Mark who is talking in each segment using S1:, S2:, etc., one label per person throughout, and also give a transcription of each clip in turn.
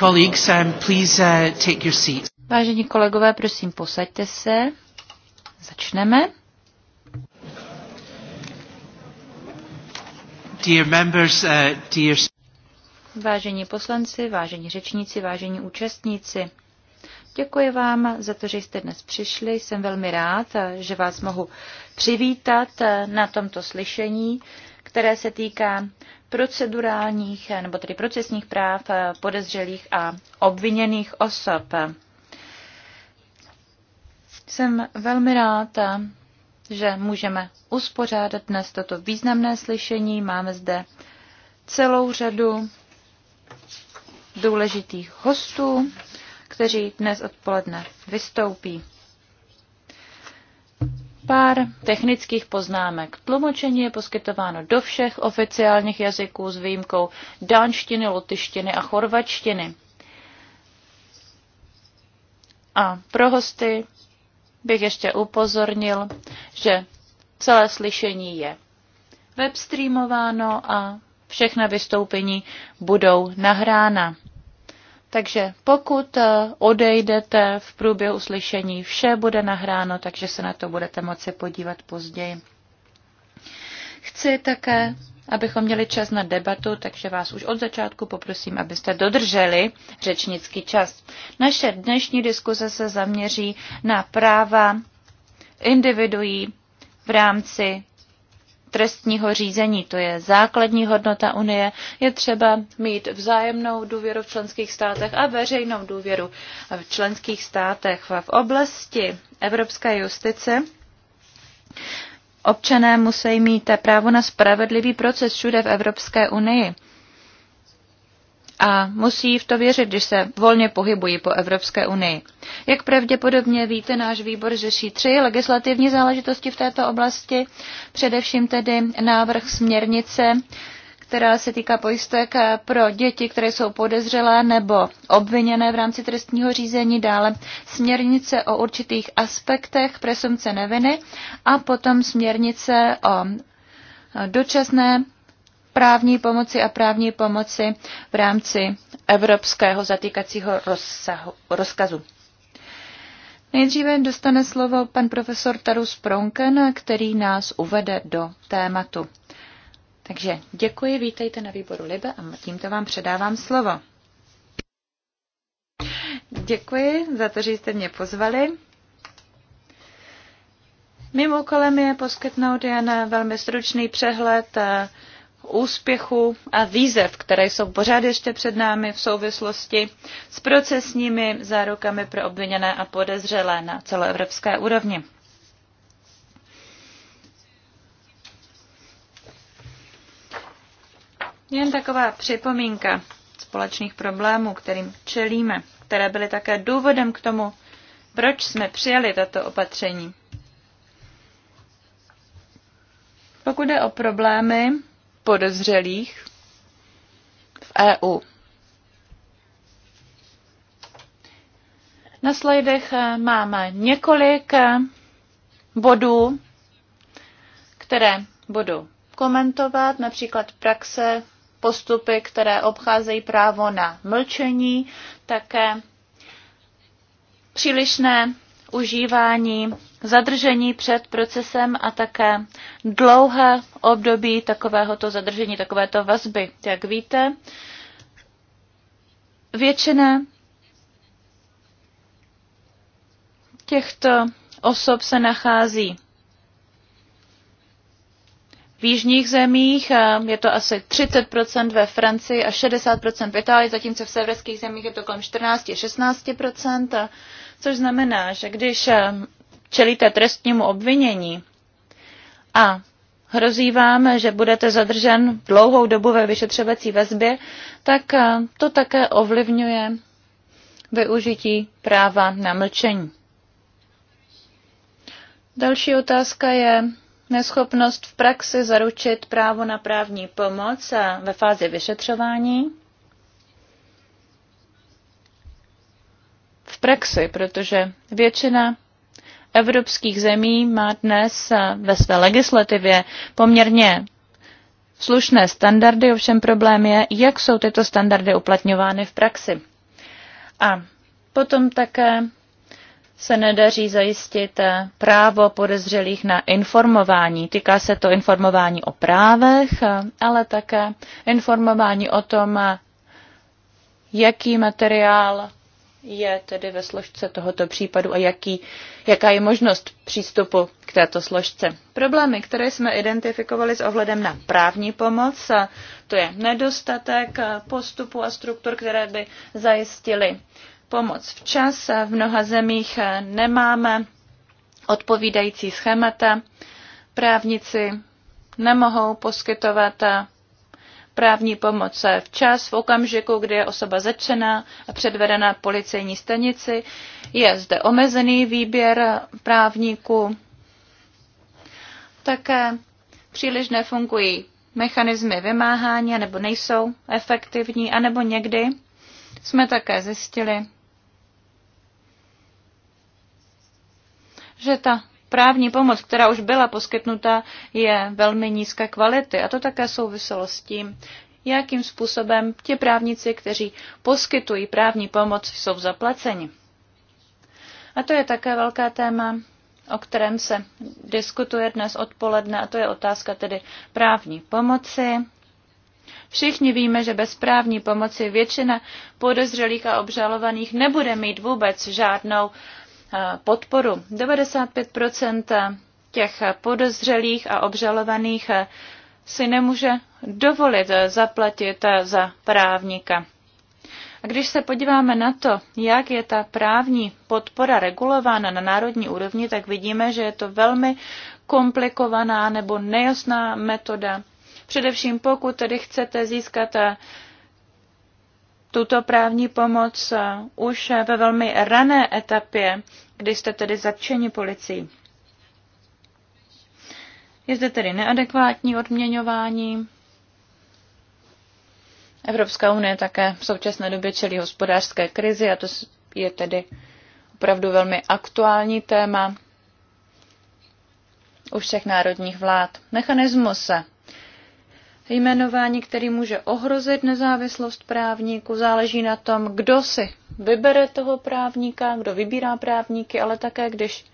S1: colleagues, um, please uh, take your seats.
S2: Vážení kolegové, prosím, posaďte se. Začneme.
S1: Dear members, uh, dear...
S2: Vážení poslanci, vážení řečníci, vážení účastníci, děkuji vám za to, že jste dnes přišli. Jsem velmi rád, že vás mohu přivítat na tomto slyšení které se týká procedurálních eh, nebo tedy procesních práv eh, podezřelých a obviněných osob. Jsem velmi rád, eh, že můžeme uspořádat dnes toto významné slyšení. Máme zde celou řadu důležitých hostů, kteří dnes odpoledne vystoupí. Pár technických poznámek. Tlumočení je poskytováno do všech oficiálních jazyků s výjimkou dánštiny, lotyštiny a chorvačtiny. A pro hosty bych ještě upozornil, že celé slyšení je webstreamováno a všechna vystoupení budou nahrána. Takže pokud eh, odejdete v průběhu slyšení, vše bude nahráno, takže se na to budete moci podívat později. Chci také, abychom měli čas na debatu, takže vás už od začátku poprosím, abyste dodrželi řečnický čas. Naše dnešní diskuze se zaměří na práva individuí v rámci trestního řízení. To je základní hodnota Unie. Je třeba mít vzájemnou důvěru v členských státech a veřejnou důvěru v členských státech. V oblasti evropské justice občané musí mít právo na spravedlivý proces všude v Evropské unii a musí v to věřit, když se volně pohybují po Evropské unii. Jak pravděpodobně víte, náš výbor řeší tři legislativní záležitosti v této oblasti, především tedy návrh směrnice, která se týká pojistek pro děti, které jsou podezřelé nebo obviněné v rámci trestního řízení, dále směrnice o určitých aspektech presumce neviny a potom směrnice o dočasné právní pomoci a právní pomoci v rámci evropského zatýkacího rozsahu, rozkazu. Nejdříve dostane slovo pan profesor Tarus Pronken, který nás uvede do tématu. Takže děkuji, vítejte na výboru Libe a tímto vám předávám slovo. Děkuji za to, že jste mě pozvali. Mým úkolem je poskytnout jen velmi stručný přehled eh, úspěchů a výzev, které jsou pořád ještě před námi v souvislosti s procesními zárukami pro obviněné a podezřelé na celoevropské úrovni. Jen taková připomínka společných problémů, kterým čelíme, které byly také důvodem k tomu, proč jsme přijali tato opatření. Pokud jde o problémy, podezřelých v EU. Na slajdech eh, máme několik eh, bodů, které budu komentovat, například praxe, postupy, které obcházejí právo na mlčení, také přílišné užívání zadržení před procesem a také dlouhé období takovéhoto zadržení, takovéto vazby. Jak víte, většina těchto osob se nachází v jižních zemích, je to asi 30% ve Francii a 60% v Itálii, zatímco v severských zemích je to kolem 14-16%, což znamená, že když čelíte trestnímu obvinění a hrozí vám, že budete zadržen dlouhou dobu ve vyšetřovací vazbě, tak eh, to také ovlivňuje využití práva na mlčení. Další otázka je neschopnost v praxi zaručit právo na právní pomoc eh, ve fázi vyšetřování. V praxi, protože většina evropských zemí má dnes eh, ve své legislativě poměrně slušné standardy, ovšem problém je, jak jsou tyto standardy uplatňovány v praxi. A potom také se nedaří zajistit eh, právo podezřelých na informování. Týká se to informování o právech, eh, ale také informování o tom, jaký materiál je tedy ve složce tohoto případu a jaký, jaká je možnost přístupu k této složce. Problémy, které jsme identifikovali s ohledem na právní pomoc, to je nedostatek postupu a struktur, které by zajistily pomoc včas. V mnoha zemích nemáme odpovídající schémata. Právníci nemohou poskytovat právní pomoc včas, v okamžiku, kdy je osoba začena a předvedena policejní stanici. Je zde omezený výběr právníků. Také příliš nefungují mechanismy vymáhání, nebo nejsou efektivní, anebo někdy jsme také zjistili, že ta právní pomoc, která už byla poskytnuta, je velmi nízké kvality. A to také souviselo s tím, jakým způsobem ti právníci, kteří poskytují právní pomoc, jsou zaplaceni. A to je také velká téma, o kterém se diskutuje dnes odpoledne, a to je otázka tedy právní pomoci. Všichni víme, že bez právní pomoci většina podezřelých a obžalovaných nebude mít vůbec žádnou podporu. 95 těch podezřelých a obžalovaných si nemůže dovolit zaplatit za právníka. A když se podíváme na to, jak je ta právní podpora regulována na národní úrovni, tak vidíme, že je to velmi komplikovaná nebo nejasná metoda. Především pokud tedy chcete získat tuto právní pomoc eh, už ve velmi rané etapě, kdy jste tedy zatčeni policií. Je zde tedy neadekvátní odměňování. Evropská unie také v současné době čelí hospodářské krizi a to je tedy opravdu velmi aktuální téma u všech národních vlád. Mechanismus eh, jmenování, který může ohrozit nezávislost právníku. Záleží na tom, kdo si vybere toho právníka, kdo vybírá právníky, ale také když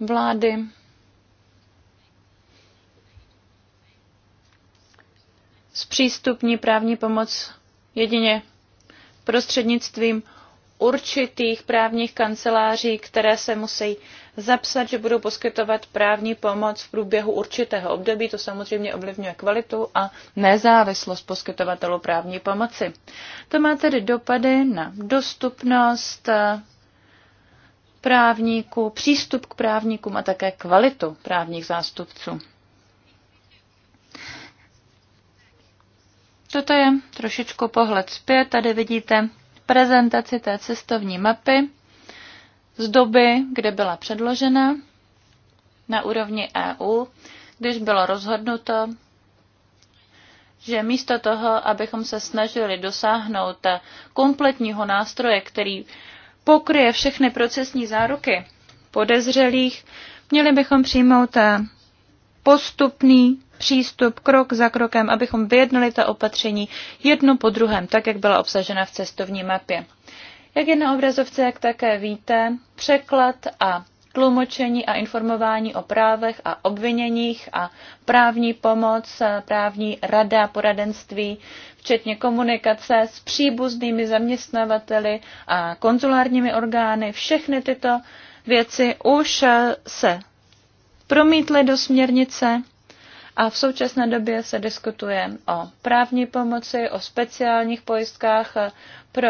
S2: vlády zpřístupní právní pomoc jedině prostřednictvím určitých právních kanceláří, které se musí zapsat, že budou poskytovat právní pomoc v průběhu určitého období, to samozřejmě ovlivňuje kvalitu a nezávislost poskytovatelů právní pomoci. To má tedy dopady na dostupnost eh, právníků, přístup k právníkům a také kvalitu právních zástupců. Toto je trošičku pohled zpět. Tady vidíte prezentaci té cestovní mapy z doby, kde byla předložena na úrovni EU, když bylo rozhodnuto, že místo toho, abychom se snažili dosáhnout kompletního nástroje, který pokryje všechny procesní záruky podezřelých, měli bychom přijmout postupný přístup krok za krokem, abychom vyjednali ta opatření jedno po druhém, tak jak byla obsažena v cestovní mapě. Jak je na obrazovce, jak také víte, překlad a tlumočení a informování o právech a obviněních a právní pomoc, právní rada, poradenství, včetně komunikace s příbuznými zaměstnavateli a konzulárními orgány. Všechny tyto věci už se promítly do směrnice a v současné době se diskutuje o právní pomoci, o speciálních pojistkách pro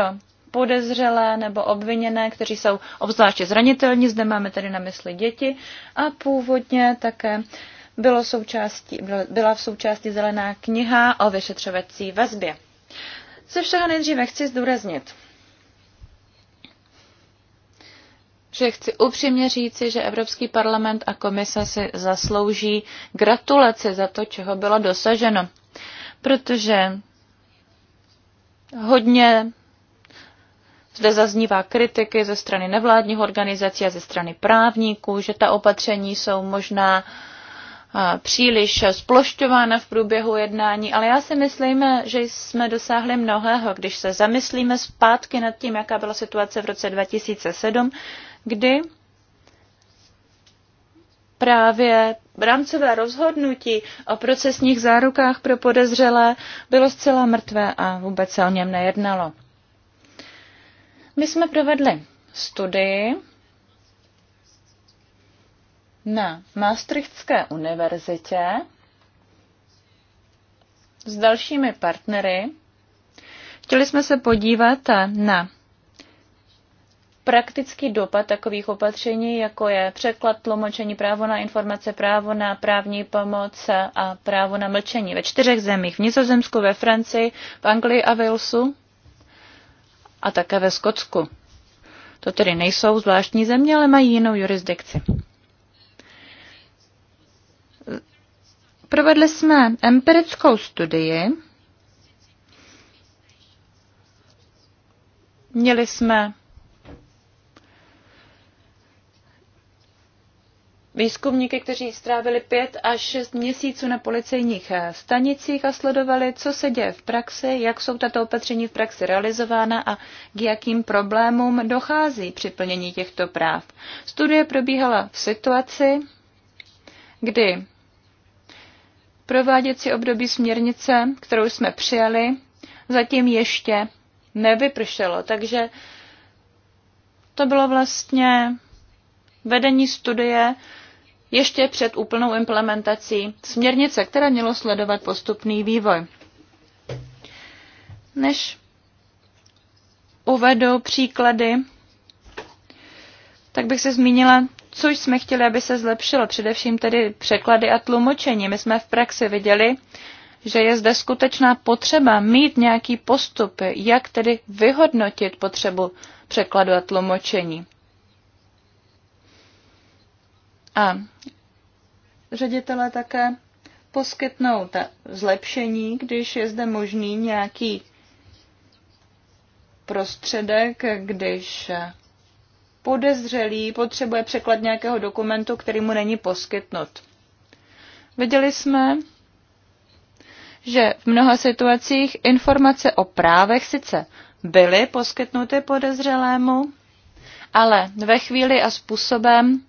S2: podezřelé nebo obviněné, kteří jsou obzvláště zranitelní, zde máme tedy na mysli děti a původně také bylo součástí, byla v součásti zelená kniha o vyšetřovací vazbě. Ze všeho nejdříve chci zdůraznit, že chci upřímně říci, že Evropský parlament a komise si zaslouží gratulaci za to, čeho bylo dosaženo. Protože hodně zde zaznívá kritiky ze strany nevládních organizací a ze strany právníků, že ta opatření jsou možná příliš splošťována v průběhu jednání, ale já si myslím, že jsme dosáhli mnohého, když se zamyslíme zpátky nad tím, jaká byla situace v roce 2007, kdy právě rámcové rozhodnutí o procesních zárukách pro podezřelé bylo zcela mrtvé a vůbec se o něm nejednalo. My jsme provedli studii na Maastrichtské univerzitě s dalšími partnery. Chtěli jsme se podívat na praktický dopad takových opatření, jako je překlad, tlumočení, právo na informace, právo na právní pomoc a právo na mlčení ve čtyřech zemích, v Nizozemsku, ve Francii, v Anglii a Walesu a také ve Skotsku. To tedy nejsou zvláštní země, ale mají jinou jurisdikci. Provedli jsme empirickou studii. Měli jsme výzkumníky, kteří strávili pět až šest měsíců na policejních eh, stanicích a sledovali, co se děje v praxi, jak jsou tato opatření v praxi realizována a k jakým problémům dochází při plnění těchto práv. Studie probíhala v situaci, kdy prováděcí období směrnice, kterou jsme přijali, zatím ještě nevypršelo. Takže to bylo vlastně vedení studie ještě před úplnou implementací směrnice, které mělo sledovat postupný vývoj. Než uvedu příklady, tak bych se zmínila, co jsme chtěli, aby se zlepšilo, především tedy překlady a tlumočení. My jsme v praxi viděli, že je zde skutečná potřeba mít nějaký postup, jak tedy vyhodnotit potřebu překladu a tlumočení. A ředitelé také ta zlepšení, když je zde možný nějaký prostředek, když podezřelý potřebuje překlad nějakého dokumentu, který mu není poskytnut. Viděli jsme, že v mnoha situacích informace o právech sice byly poskytnuty podezřelému, ale ve chvíli a způsobem,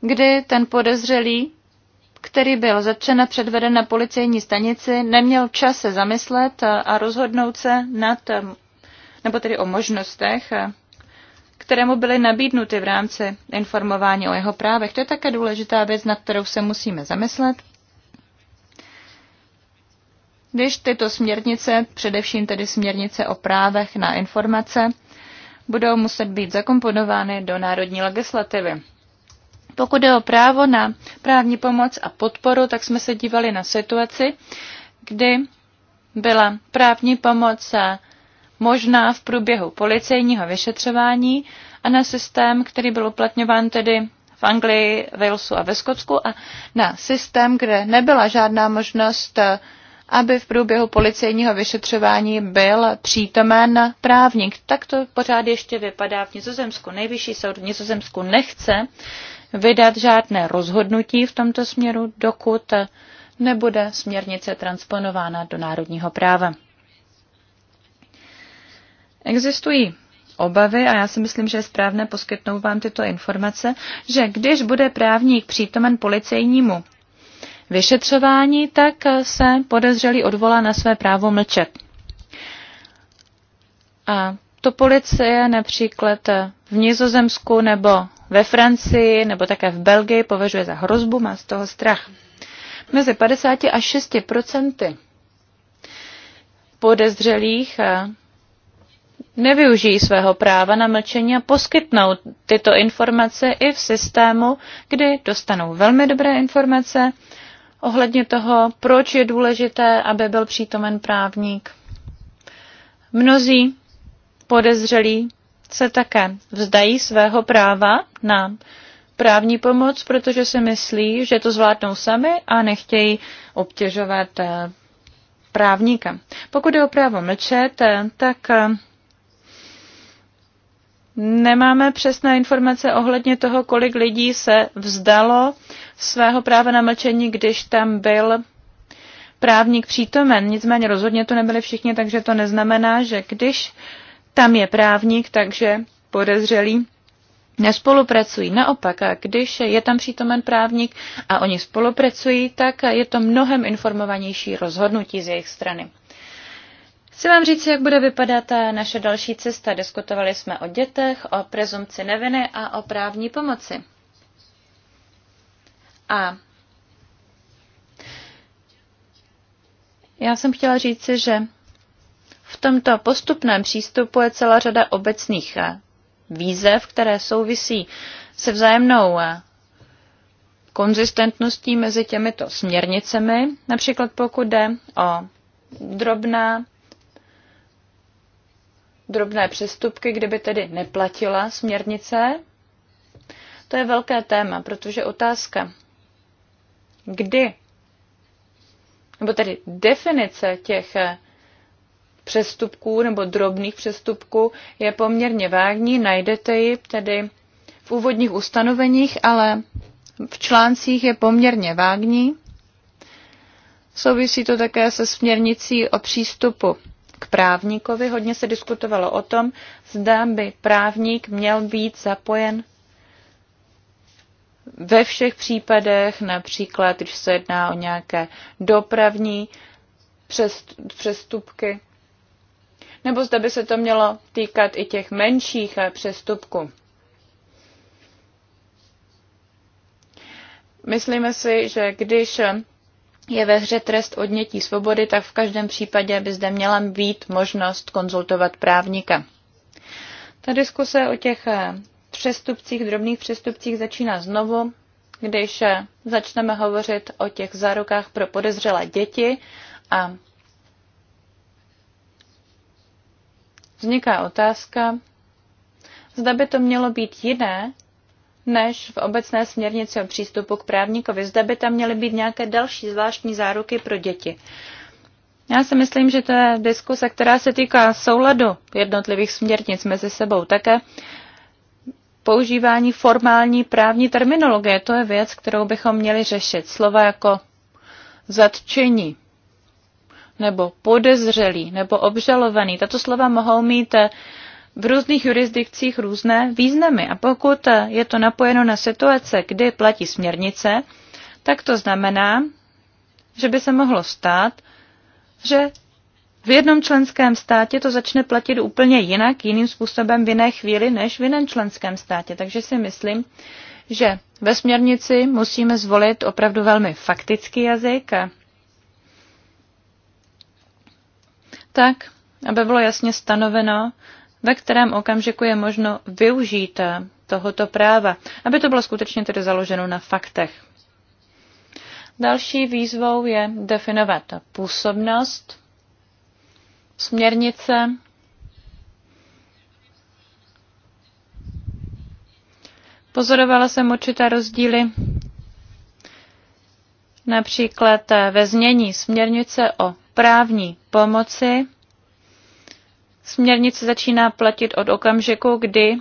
S2: kdy ten podezřelý, který byl zatčen a předveden na policejní stanici, neměl čas se zamyslet a rozhodnout se nad, nebo tedy o možnostech, které mu byly nabídnuty v rámci informování o jeho právech. To je také důležitá věc, nad kterou se musíme zamyslet. Když tyto směrnice, především tedy směrnice o právech na informace, budou muset být zakomponovány do národní legislativy. Pokud je o právo na právní pomoc a podporu, tak jsme se dívali na situaci, kdy byla právní pomoc možná v průběhu policejního vyšetřování a na systém, který byl uplatňován tedy v Anglii, Walesu a ve Skotsku a na systém, kde nebyla žádná možnost, aby v průběhu policejního vyšetřování byl přítomen právník. Tak to pořád ještě vypadá v Nizozemsku. Nejvyšší soud v Nizozemsku nechce, vydat žádné rozhodnutí v tomto směru, dokud nebude směrnice transponována do národního práva. Existují obavy, a já si myslím, že je správné poskytnout vám tyto informace, že když bude právník přítomen policejnímu vyšetřování, tak se podezřelý odvolá na své právo mlčet. A to policie například v Nizozemsku nebo ve Francii nebo také v Belgii považuje za hrozbu, má z toho strach. Mezi 50 a 6 podezřelých eh, nevyužijí svého práva na mlčení a poskytnou tyto informace i v systému, kdy dostanou velmi dobré informace ohledně toho, proč je důležité, aby byl přítomen právník. Mnozí podezřelí se také vzdají svého práva na právní pomoc, protože si myslí, že to zvládnou sami a nechtějí obtěžovat eh, právníka. Pokud je o právo mlčet, eh, tak eh, nemáme přesné informace ohledně toho, kolik lidí se vzdalo svého práva na mlčení, když tam byl právník přítomen. Nicméně rozhodně to nebyli všichni, takže to neznamená, že když tam je právník, takže podezřelý nespolupracují. Naopak, když je tam přítomen právník a oni spolupracují, tak je to mnohem informovanější rozhodnutí z jejich strany. Chci vám říct, jak bude vypadat naše další cesta. Diskutovali jsme o dětech, o prezumci neviny a o právní pomoci. A já jsem chtěla říct, že v tomto postupném přístupu je celá řada obecných eh, výzev, které souvisí se vzájemnou eh, konzistentností mezi těmito směrnicemi, například pokud jde o drobná, drobné přestupky, kdyby tedy neplatila směrnice. To je velké téma, protože otázka, kdy, nebo tedy definice těch eh, přestupků nebo drobných přestupků je poměrně vágní, najdete ji tedy v úvodních ustanoveních, ale v článcích je poměrně vágní. Souvisí to také se směrnicí o přístupu k právníkovi. Hodně se diskutovalo o tom, zda by právník měl být zapojen ve všech případech, například když se jedná o nějaké dopravní přestupky nebo zda by se to mělo týkat i těch menších eh, přestupků. Myslíme si, že když eh, je ve hře trest odnětí svobody, tak v každém případě by zde měla být možnost konzultovat právníka. Ta diskuse o těch eh, přestupcích, drobných přestupcích začíná znovu, když začneme hovořit o těch zárukách pro podezřelé děti a vzniká otázka, zda by to mělo být jiné než v obecné směrnici o přístupu k právníkovi. Zda by tam měly být nějaké další zvláštní záruky pro děti. Já si myslím, že to je diskuse, která se týká souladu jednotlivých směrnic mezi sebou. Také používání formální právní terminologie, to je věc, kterou bychom měli řešit. Slova jako zatčení, nebo podezřelý nebo obžalovaný. Tato slova mohou mít eh, v různých jurisdikcích různé významy a pokud eh, je to napojeno na situace, kdy platí směrnice, tak to znamená, že by se mohlo stát, že v jednom členském státě to začne platit úplně jinak, jiným způsobem v jiné chvíli než v jiném členském státě. Takže si myslím, že ve směrnici musíme zvolit opravdu velmi faktický jazyk, tak, aby bylo jasně stanoveno, ve kterém okamžiku je možno využít tohoto práva, aby to bylo skutečně tedy založeno na faktech. Další výzvou je definovat působnost směrnice. Pozorovala jsem určité rozdíly například ve změní směrnice o právní pomoci. Směrnice začíná platit od okamžiku, kdy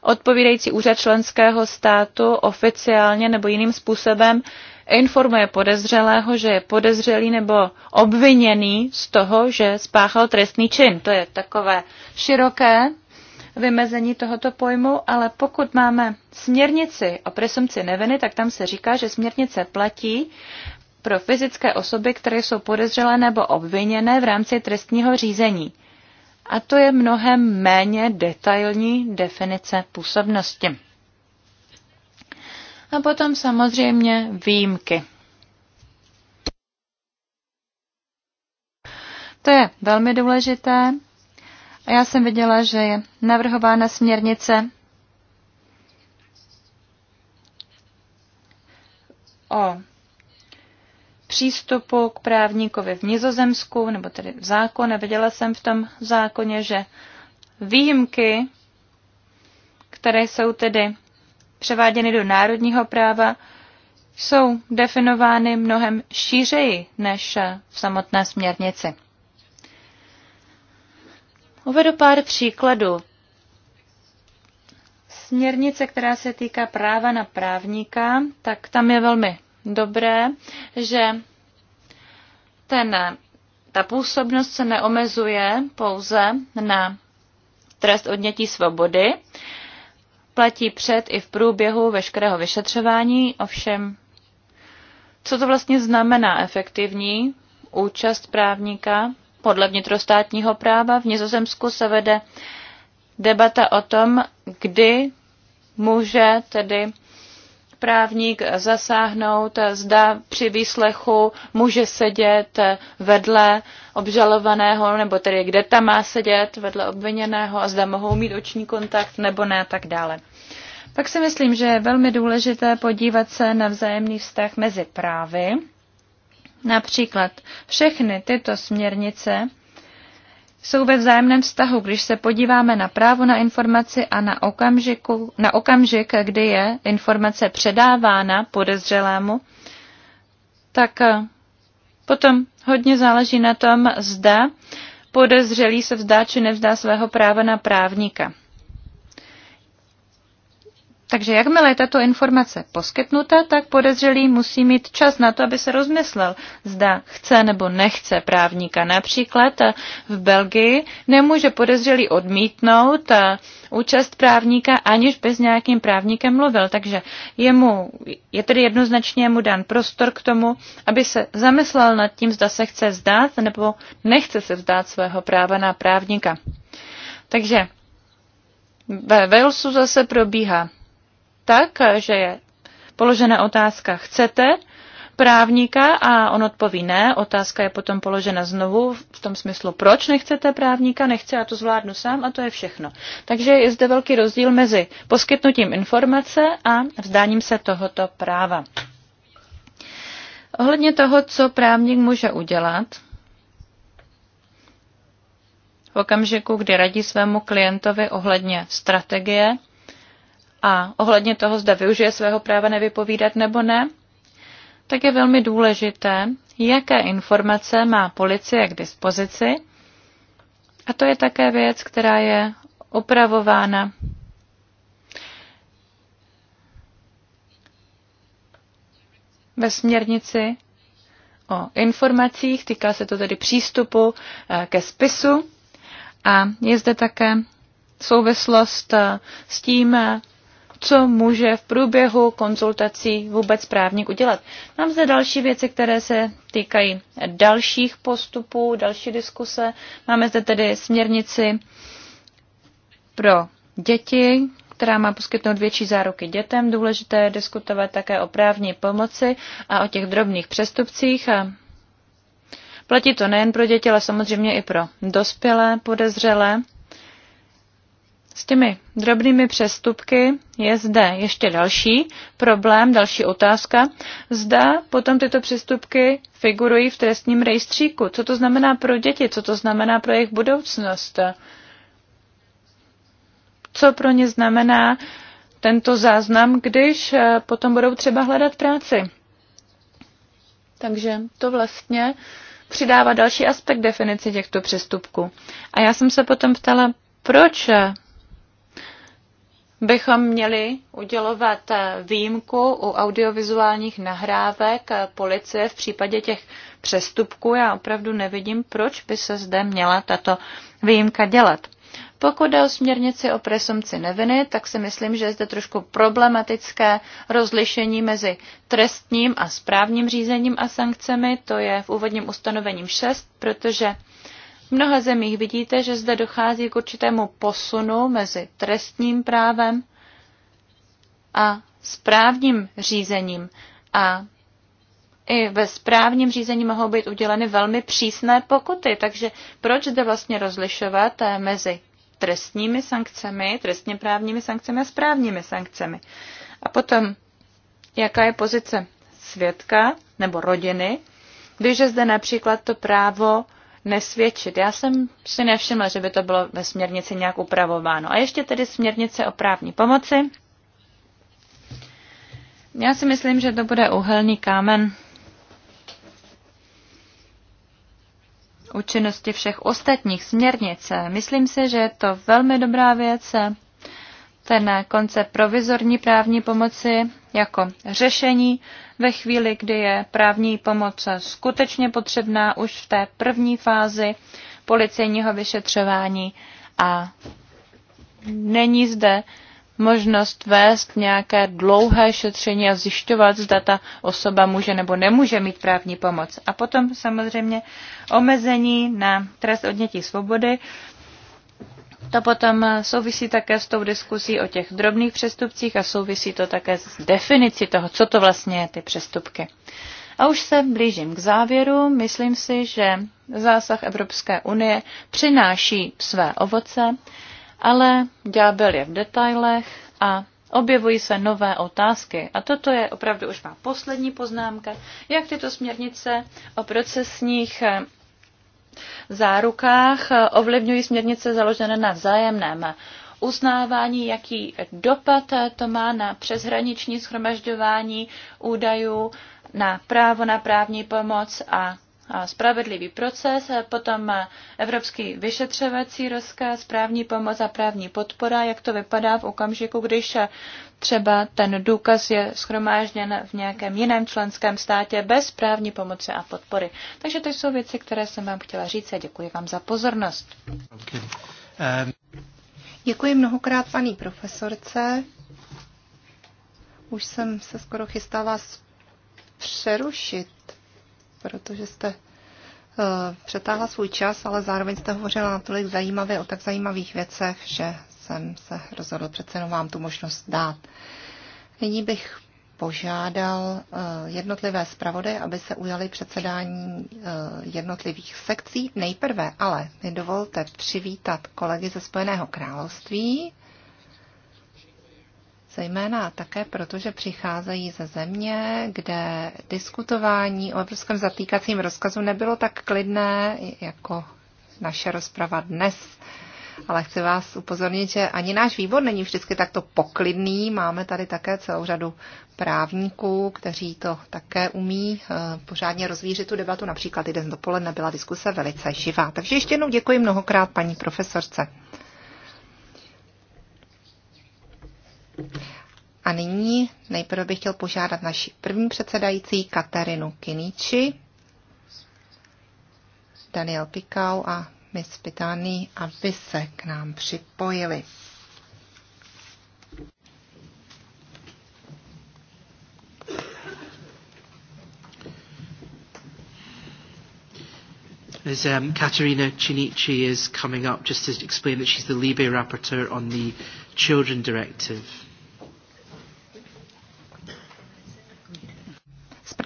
S2: odpovídající úřad členského státu oficiálně nebo jiným způsobem informuje podezřelého, že je podezřelý nebo obviněný z toho, že spáchal trestný čin. To je takové široké vymezení tohoto pojmu, ale pokud máme směrnici o presumci neviny, tak tam se říká, že směrnice platí pro fyzické osoby, které jsou podezřelé nebo obviněné v rámci trestního řízení. A to je mnohem méně detailní definice působnosti. A potom samozřejmě výjimky. To je velmi důležité. A já jsem viděla, že je navrhována směrnice o přístupu k právníkovi v Nizozemsku, nebo tedy v zákone. viděla jsem v tom zákoně, že výjimky, které jsou tedy převáděny do národního práva, jsou definovány mnohem šířeji než v samotné směrnici. Uvedu pár příkladů. Směrnice, která se týká práva na právníka, tak tam je velmi dobré, že ten, ta působnost se neomezuje pouze na trest odnětí svobody, platí před i v průběhu veškerého vyšetřování, ovšem co to vlastně znamená efektivní účast právníka podle vnitrostátního práva? V Nizozemsku se vede debata o tom, kdy může tedy právník zasáhnout, zda při výslechu může sedět vedle obžalovaného, nebo tedy kde tam má sedět vedle obviněného a zda mohou mít oční kontakt nebo ne a tak dále. Pak si myslím, že je velmi důležité podívat se na vzájemný vztah mezi právy. Například všechny tyto směrnice jsou ve vzájemném vztahu, když se podíváme na právo na informaci a na, okamžiku, na okamžik, kdy je informace předávána podezřelému, tak eh, potom hodně záleží na tom, zda podezřelý se vzdá či nevzdá svého práva na právníka. Takže jakmile je tato informace poskytnuta, tak podezřelý musí mít čas na to, aby se rozmyslel, zda chce nebo nechce právníka. Například eh, v Belgii nemůže podezřelý odmítnout eh, účast právníka, aniž by s nějakým právníkem mluvil. Takže jemu, je tedy jednoznačně mu dán prostor k tomu, aby se zamyslel nad tím, zda se chce vzdát nebo nechce se vzdát svého práva na právníka. Takže ve Walesu zase probíhá tak, že je položena otázka chcete právníka a on odpoví ne. Otázka je potom položena znovu v tom smyslu, proč nechcete právníka, nechci, a to zvládnu sám a to je všechno. Takže je zde velký rozdíl mezi poskytnutím informace a vzdáním se tohoto práva. Ohledně toho, co právník může udělat, v okamžiku, kdy radí svému klientovi ohledně strategie, a ohledně toho, zda využije svého práva nevypovídat nebo ne, tak je velmi důležité, jaké informace má policie k dispozici. A to je také věc, která je upravována ve směrnici o informacích, týká se to tedy přístupu eh, ke spisu a je zde také souvislost eh, s tím, eh, co může v průběhu konzultací vůbec právník udělat. Mám zde další věci, které se týkají dalších postupů, další diskuse. Máme zde tedy směrnici pro děti, která má poskytnout větší záruky dětem. Důležité je diskutovat také o právní pomoci a o těch drobných přestupcích. A platí to nejen pro děti, ale samozřejmě i pro dospělé podezřelé. S těmi drobnými přestupky je zde ještě další problém, další otázka. Zda potom tyto přestupky figurují v trestním rejstříku. Co to znamená pro děti? Co to znamená pro jejich budoucnost? Co pro ně znamená tento záznam, když eh, potom budou třeba hledat práci? Takže to vlastně přidává další aspekt definici těchto přestupků. A já jsem se potom ptala, proč bychom měli udělovat eh, výjimku u audiovizuálních nahrávek eh, policie v případě těch přestupků. Já opravdu nevidím, proč by se zde měla tato výjimka dělat. Pokud jde o směrnici o presumci neviny, tak si myslím, že je zde trošku problematické rozlišení mezi trestním a správním řízením a sankcemi. To je v úvodním ustanovením 6, protože v mnoha zemích vidíte, že zde dochází k určitému posunu mezi trestním právem a správním řízením. A i ve správním řízení mohou být uděleny velmi přísné pokuty. Takže proč zde vlastně rozlišovat eh, mezi trestními sankcemi, trestně právními sankcemi a správními sankcemi? A potom, jaká je pozice svědka nebo rodiny, když je zde například to právo nesvědčit. Já jsem si nevšimla, že by to bylo ve směrnici nějak upravováno. A ještě tedy směrnice o právní pomoci. Já si myslím, že to bude uhelný kámen účinnosti všech ostatních směrnic. Myslím si, že je to velmi dobrá věc. Ten koncept provizorní právní pomoci jako řešení ve chvíli, kdy je právní pomoc skutečně potřebná už v té první fázi policejního vyšetřování a není zde možnost vést nějaké dlouhé šetření a zjišťovat, zda ta osoba může nebo nemůže mít právní pomoc. A potom samozřejmě omezení na trest odnětí svobody. To potom souvisí také s tou diskusí o těch drobných přestupcích a souvisí to také s definicí toho, co to vlastně je ty přestupky. A už se blížím k závěru. Myslím si, že zásah Evropské unie přináší své ovoce, ale ďábel je v detailech a objevují se nové otázky. A toto je opravdu už má poslední poznámka, jak tyto směrnice o procesních zárukách eh, ovlivňují směrnice založené na vzájemném uznávání, jaký dopad eh, to má na přeshraniční schromažďování údajů, na právo na právní pomoc a spravedlivý proces, potom evropský vyšetřovací rozkaz, správní pomoc a právní podpora, jak to vypadá v okamžiku, když třeba ten důkaz je schromážděn v nějakém jiném členském státě bez právní pomoci a podpory. Takže to jsou věci, které jsem vám chtěla říct
S3: a děkuji vám za pozornost. Děkuji mnohokrát paní profesorce. Už jsem se skoro chystala přerušit protože jste eh, přetáhla svůj čas, ale zároveň jste hovořila natolik zajímavě o tak zajímavých věcech, že jsem se rozhodl přece jenom vám tu možnost dát. Nyní bych požádal eh, jednotlivé zpravody, aby se ujali předsedání eh, jednotlivých sekcí. Nejprve ale mi dovolte přivítat kolegy ze Spojeného království, zejména také proto, že přicházejí ze země, kde diskutování o evropském zatýkacím rozkazu nebylo tak klidné jako naše rozprava dnes. Ale chci vás upozornit, že ani náš výbor není vždycky takto poklidný. Máme tady také celou řadu právníků, kteří to také umí eh, pořádně rozvířit tu debatu. Například i dnes dopoledne byla diskuse velice živá. Takže ještě jednou děkuji mnohokrát paní profesorce. A nyní nejprve bych chtěl požádat naši první předsedající Katarinu Kiniči, Daniel Pikau a Miss Pitani, aby se k nám připojili.
S1: As um, Katerina Chinichi is coming up, just to explain that she's the Libe rapporteur on the Children Directive.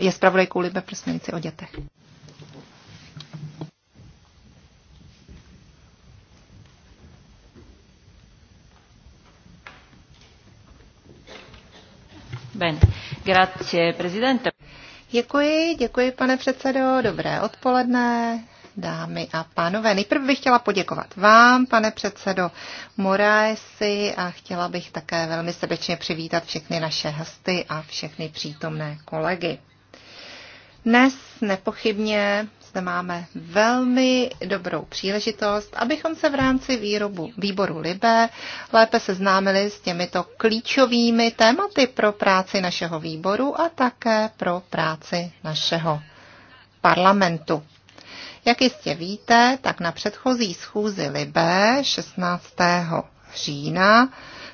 S3: je zpravodajkou Libe pro směrnici o dětech. Ben. Grazie, prezidente. Děkuji, děkuji, pane předsedo. Dobré odpoledne, dámy a pánové. Nejprve bych chtěla poděkovat vám, pane předsedo Moraesi, a chtěla bych také velmi srdečně přivítat všechny naše hosty a všechny přítomné kolegy. Dnes nepochybně zde máme velmi dobrou příležitost, abychom se v rámci výrobu, výboru Libe lépe seznámili s těmito klíčovými tématy pro práci našeho výboru a také pro práci našeho parlamentu. Jak jistě víte, tak na předchozí schůzi Libe 16. října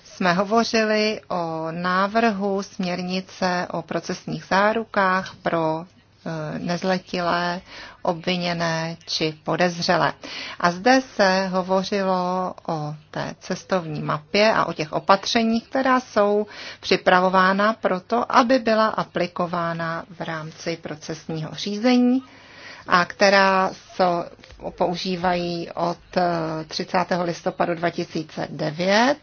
S3: jsme hovořili o návrhu směrnice o procesních zárukách pro Eh, nezletilé, obviněné či podezřelé. A zde se hovořilo o té cestovní mapě a o těch opatřeních, která jsou připravována proto, aby byla aplikována v rámci procesního řízení a která se používají od 30. Eh, listopadu 2009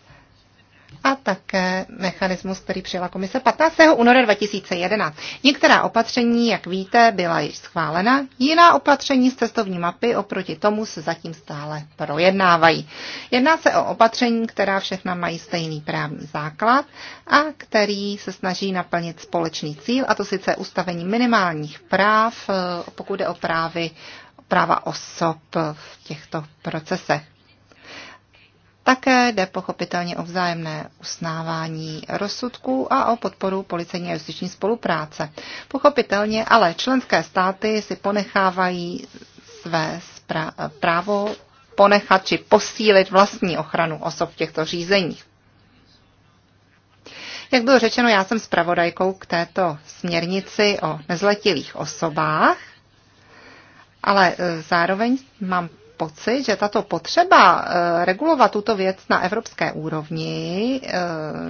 S3: a také mechanismus, který přijela komise 15. února 2011. Některá opatření, jak víte, byla již schválena, jiná opatření z cestovní mapy oproti tomu se zatím stále projednávají. Jedná se o opatření, která všechna mají stejný právní základ a který se snaží naplnit společný cíl, a to sice ustavení minimálních práv, eh, pokud jde o právy, práva osob v těchto procesech. Také jde pochopitelně o vzájemné usnávání rozsudků a o podporu policejní a justiční spolupráce. Pochopitelně ale členské státy si ponechávají své právo ponechat či posílit vlastní ochranu osob v těchto řízeních. Jak bylo řečeno, já jsem zpravodajkou k této směrnici o nezletilých osobách, ale e, zároveň mám pocit, že tato potřeba eh, regulovat tuto věc na evropské úrovni, eh,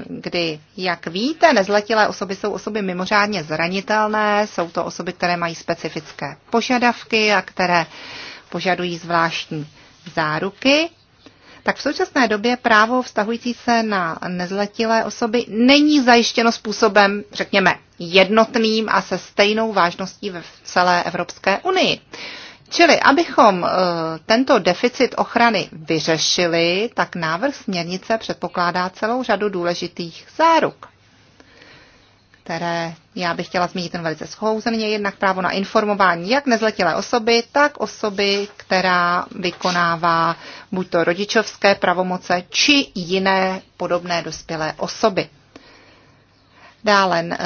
S3: kdy, jak víte, nezletilé osoby jsou osoby mimořádně zranitelné, jsou to osoby, které mají specifické požadavky a které požadují zvláštní záruky, tak v současné době právo vztahující se na nezletilé osoby není zajištěno způsobem, řekněme, jednotným a se stejnou vážností ve celé Evropské unii. Čili abychom eh, tento deficit ochrany vyřešili, tak návrh směrnice předpokládá celou řadu důležitých záruk které já bych chtěla zmínit ten velice schouzeně, jednak právo na informování jak nezletilé osoby, tak osoby, která vykonává buď to rodičovské pravomoce, či jiné podobné dospělé osoby. Dále eh,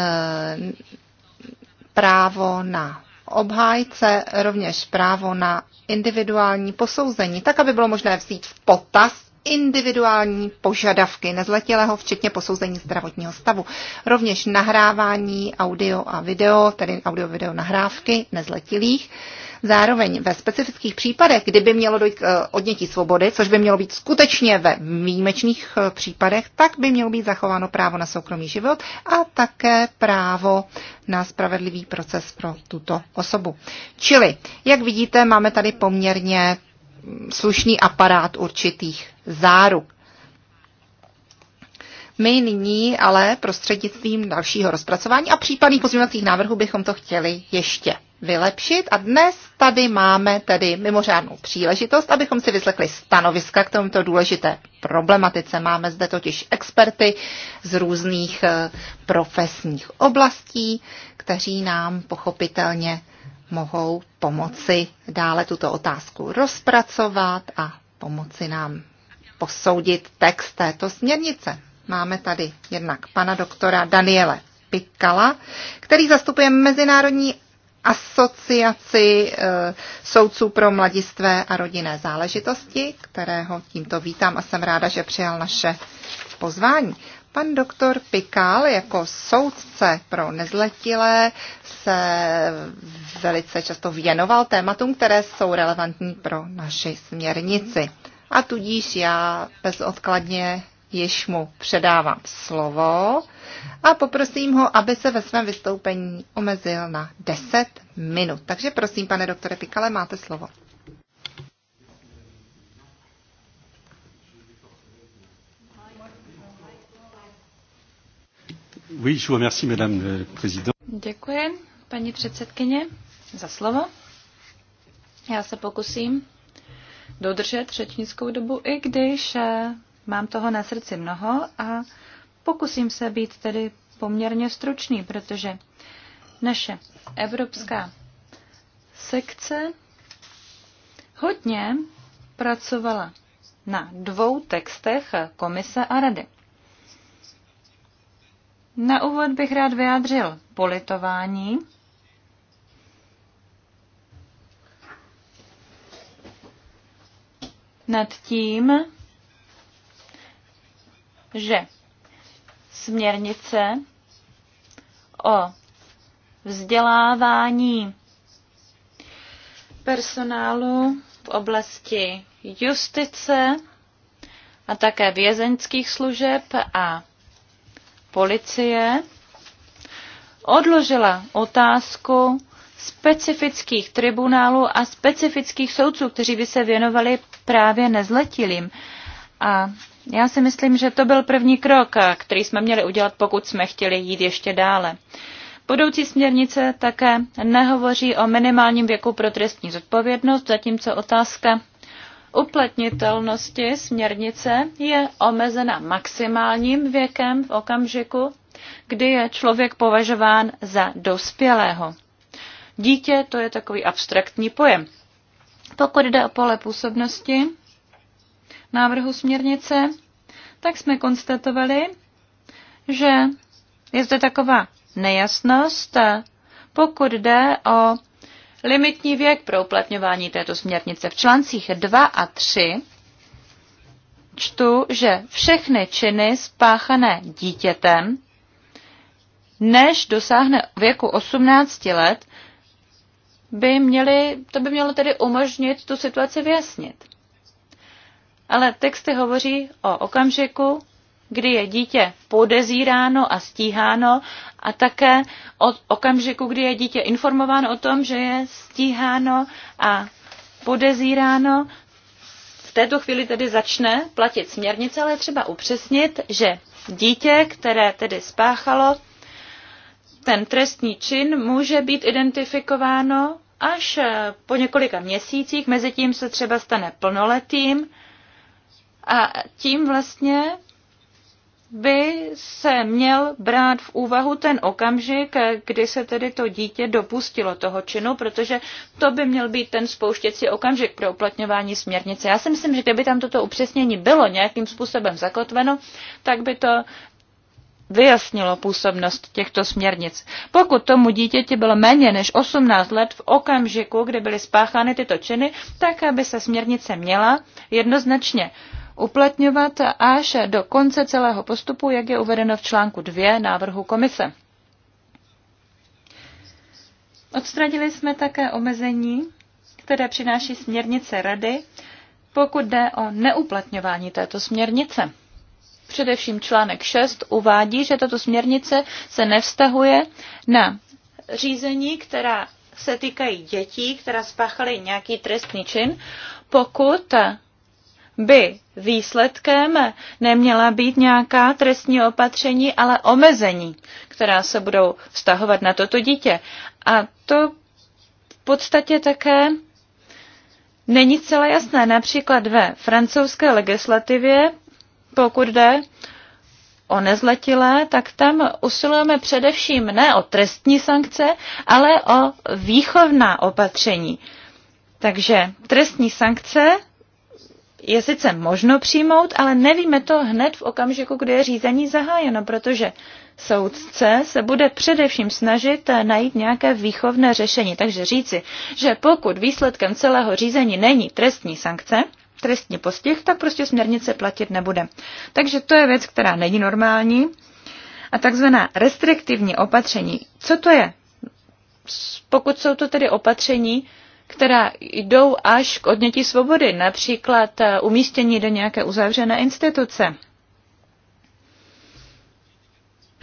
S3: právo na obhájce rovněž právo na individuální posouzení, tak aby bylo možné vzít v potaz individuální požadavky nezletilého, včetně posouzení zdravotního stavu. Rovněž nahrávání audio a video, tedy audio-video nahrávky nezletilých, Zároveň ve specifických případech, kdyby mělo dojít k eh, odnětí svobody, což by mělo být skutečně ve výjimečných eh, případech, tak by mělo být zachováno právo na soukromý život a také právo na spravedlivý proces pro tuto osobu. Čili, jak vidíte, máme tady poměrně mm, slušný aparát určitých záruk. My nyní ale prostřednictvím dalšího rozpracování a případných pozměňovacích návrhů bychom to chtěli ještě vylepšit a dnes tady máme tedy mimořádnou příležitost, abychom si vyslechli stanoviska k tomuto důležité problematice. Máme zde totiž experty z různých eh, profesních oblastí, kteří nám pochopitelně mohou pomoci dále tuto otázku rozpracovat a pomoci nám posoudit text této směrnice. Máme tady jednak pana doktora Daniele Pikala, který zastupuje Mezinárodní asociaci eh, soudců pro mladistvé a rodinné záležitosti, kterého tímto vítám a jsem ráda, že přijal naše pozvání. Pan doktor Pikal jako soudce pro nezletilé se velice často věnoval tématům, které jsou relevantní pro naši směrnici. A tudíž já bezodkladně již mu předávám slovo a poprosím ho, aby se ve svém vystoupení omezil na 10 minut. Takže prosím, pane doktore Pikale, máte slovo.
S2: Děkuji, paní předsedkyně, za slovo. Já se pokusím dodržet řečnickou dobu, i když eh, Mám toho na srdci mnoho a pokusím se být tedy poměrně stručný, protože naše evropská sekce hodně pracovala na dvou textech Komise a Rady. Na úvod bych rád vyjádřil politování. Nad tím, že směrnice o vzdělávání personálu v oblasti justice a také vězeňských služeb a policie odložila otázku specifických tribunálů a specifických soudců, kteří by se věnovali právě nezletilým. A já si myslím, že to byl první krok, eh, který jsme měli udělat, pokud jsme chtěli jít ještě dále. Budoucí směrnice také nehovoří o minimálním věku pro trestní zodpovědnost, zatímco otázka uplatnitelnosti směrnice je omezena maximálním věkem v okamžiku, kdy je člověk považován za dospělého. Dítě to je takový abstraktní pojem. Pokud jde o pole působnosti, návrhu směrnice, tak jsme konstatovali, že je zde taková nejasnost, pokud jde o limitní věk pro uplatňování této směrnice. V článcích 2 a 3 čtu, že všechny činy spáchané dítětem, než dosáhne věku 18 let, by měly, to by mělo tedy umožnit tu situaci vyjasnit ale texty hovoří o okamžiku, kdy je dítě podezíráno a stíháno a také o okamžiku, kdy je dítě informováno o tom, že je stíháno a podezíráno. V této chvíli tedy začne platit směrnice, ale třeba upřesnit, že dítě, které tedy spáchalo ten trestní čin, může být identifikováno až po několika měsících, mezi tím se třeba stane plnoletým a tím vlastně by se měl brát v úvahu ten okamžik, kdy se tedy to dítě dopustilo toho činu, protože to by měl být ten spouštěcí okamžik pro uplatňování směrnice. Já si myslím, že kdyby tam toto upřesnění bylo nějakým způsobem zakotveno, tak by to vyjasnilo působnost těchto směrnic. Pokud tomu dítěti bylo méně než 18 let v okamžiku, kdy byly spáchány tyto činy, tak aby se směrnice měla jednoznačně uh, uplatňovat až do konce celého postupu, jak je uvedeno v článku 2 návrhu komise. Odstranili jsme také omezení, které přináší směrnice Rady, pokud jde o neuplatňování této směrnice. Především článek 6 uvádí, že tato směrnice se nevztahuje na řízení, která se týkají dětí, která spáchaly nějaký trestný čin, pokud by výsledkem neměla být nějaká trestní opatření, ale omezení, která se budou vztahovat na toto dítě. A to v podstatě také není celé jasné. Například ve francouzské legislativě, pokud jde o nezletilé, tak tam usilujeme především ne o trestní sankce, ale o výchovná opatření. Takže trestní sankce je sice možno přijmout, ale nevíme to hned v okamžiku, kdy je řízení zahájeno, protože soudce se bude především snažit eh, najít nějaké výchovné řešení. Takže říci, že pokud výsledkem celého řízení není trestní sankce, trestní postih, tak prostě směrnice platit nebude. Takže to je věc, která není normální. A takzvaná restriktivní opatření, co to je? Pokud jsou to tedy opatření, která jdou až k odnětí svobody, například eh, umístění do nějaké uzavřené instituce.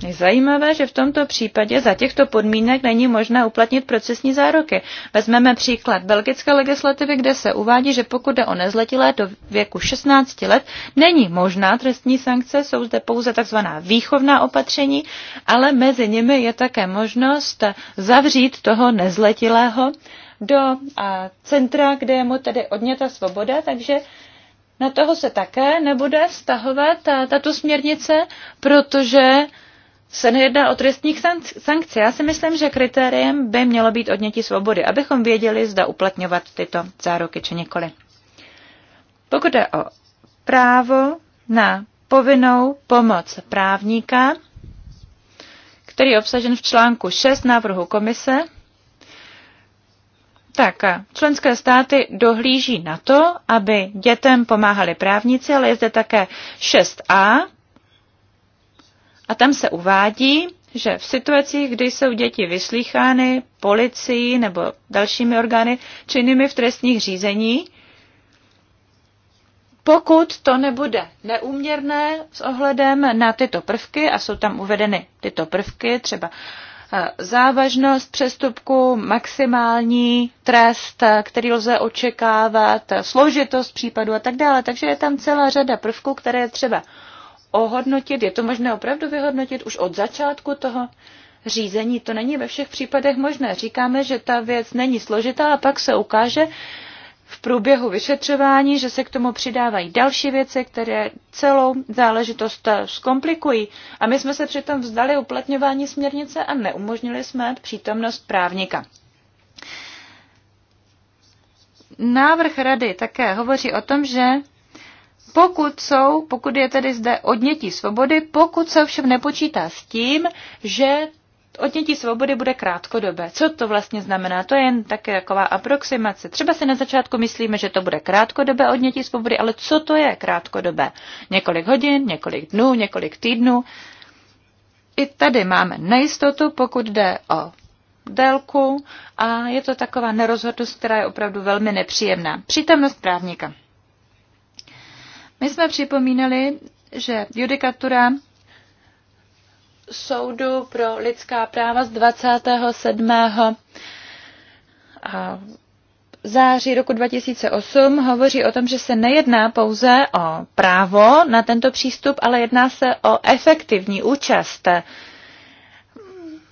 S2: Je zajímavé, že v tomto případě za těchto podmínek není možné uplatnit procesní zároky. Vezmeme příklad belgické legislativy, kde se uvádí, že pokud jde o nezletilé do věku 16 let, není možná trestní sankce, jsou zde pouze tzv. výchovná opatření, ale mezi nimi je také možnost zavřít toho nezletilého do a centra, kde je mu tedy odněta svoboda, takže na toho se také nebude vztahovat tato směrnice, protože se nejedná o trestních sankcí. Já si myslím, že kritériem by mělo být odnětí svobody, abychom věděli, zda uplatňovat tyto záruky či nikoli. Pokud je o právo na povinnou pomoc právníka, který je obsažen v článku 6 návrhu komise, tak členské státy dohlíží na to, aby dětem pomáhali právníci, ale je zde také 6a a tam se uvádí, že v situacích, kdy jsou děti vyslýchány policií nebo dalšími orgány činnými v trestních řízení, pokud to nebude neuměrné s ohledem na tyto prvky, a jsou tam uvedeny tyto prvky, třeba závažnost přestupku, maximální trest, který lze očekávat, složitost případu a tak dále. Takže je tam celá řada prvků, které je třeba ohodnotit. Je to možné opravdu vyhodnotit už od začátku toho řízení. To není ve všech případech možné. Říkáme, že ta věc není složitá a pak se ukáže, v průběhu vyšetřování, že se k tomu přidávají další věci, které celou záležitost eh, zkomplikují. A my jsme se přitom vzdali uplatňování směrnice a neumožnili jsme přítomnost právníka. Návrh rady také hovoří o tom, že pokud jsou, pokud je tedy zde odnětí svobody, pokud se ovšem nepočítá s tím, že odnětí svobody bude krátkodobé. Co to vlastně znamená? To je jen také taková aproximace. Třeba si na začátku myslíme, že to bude krátkodobé odnětí svobody, ale co to je krátkodobé? Několik hodin, několik dnů, několik týdnů. I tady máme nejistotu, pokud jde o délku a je to taková nerozhodnost, která je opravdu velmi nepříjemná. Přítomnost právníka. My jsme připomínali, že judikatura soudu pro lidská práva z 27. září roku 2008 hovoří o tom, že se nejedná pouze o právo na tento přístup, ale jedná se o efektivní účast.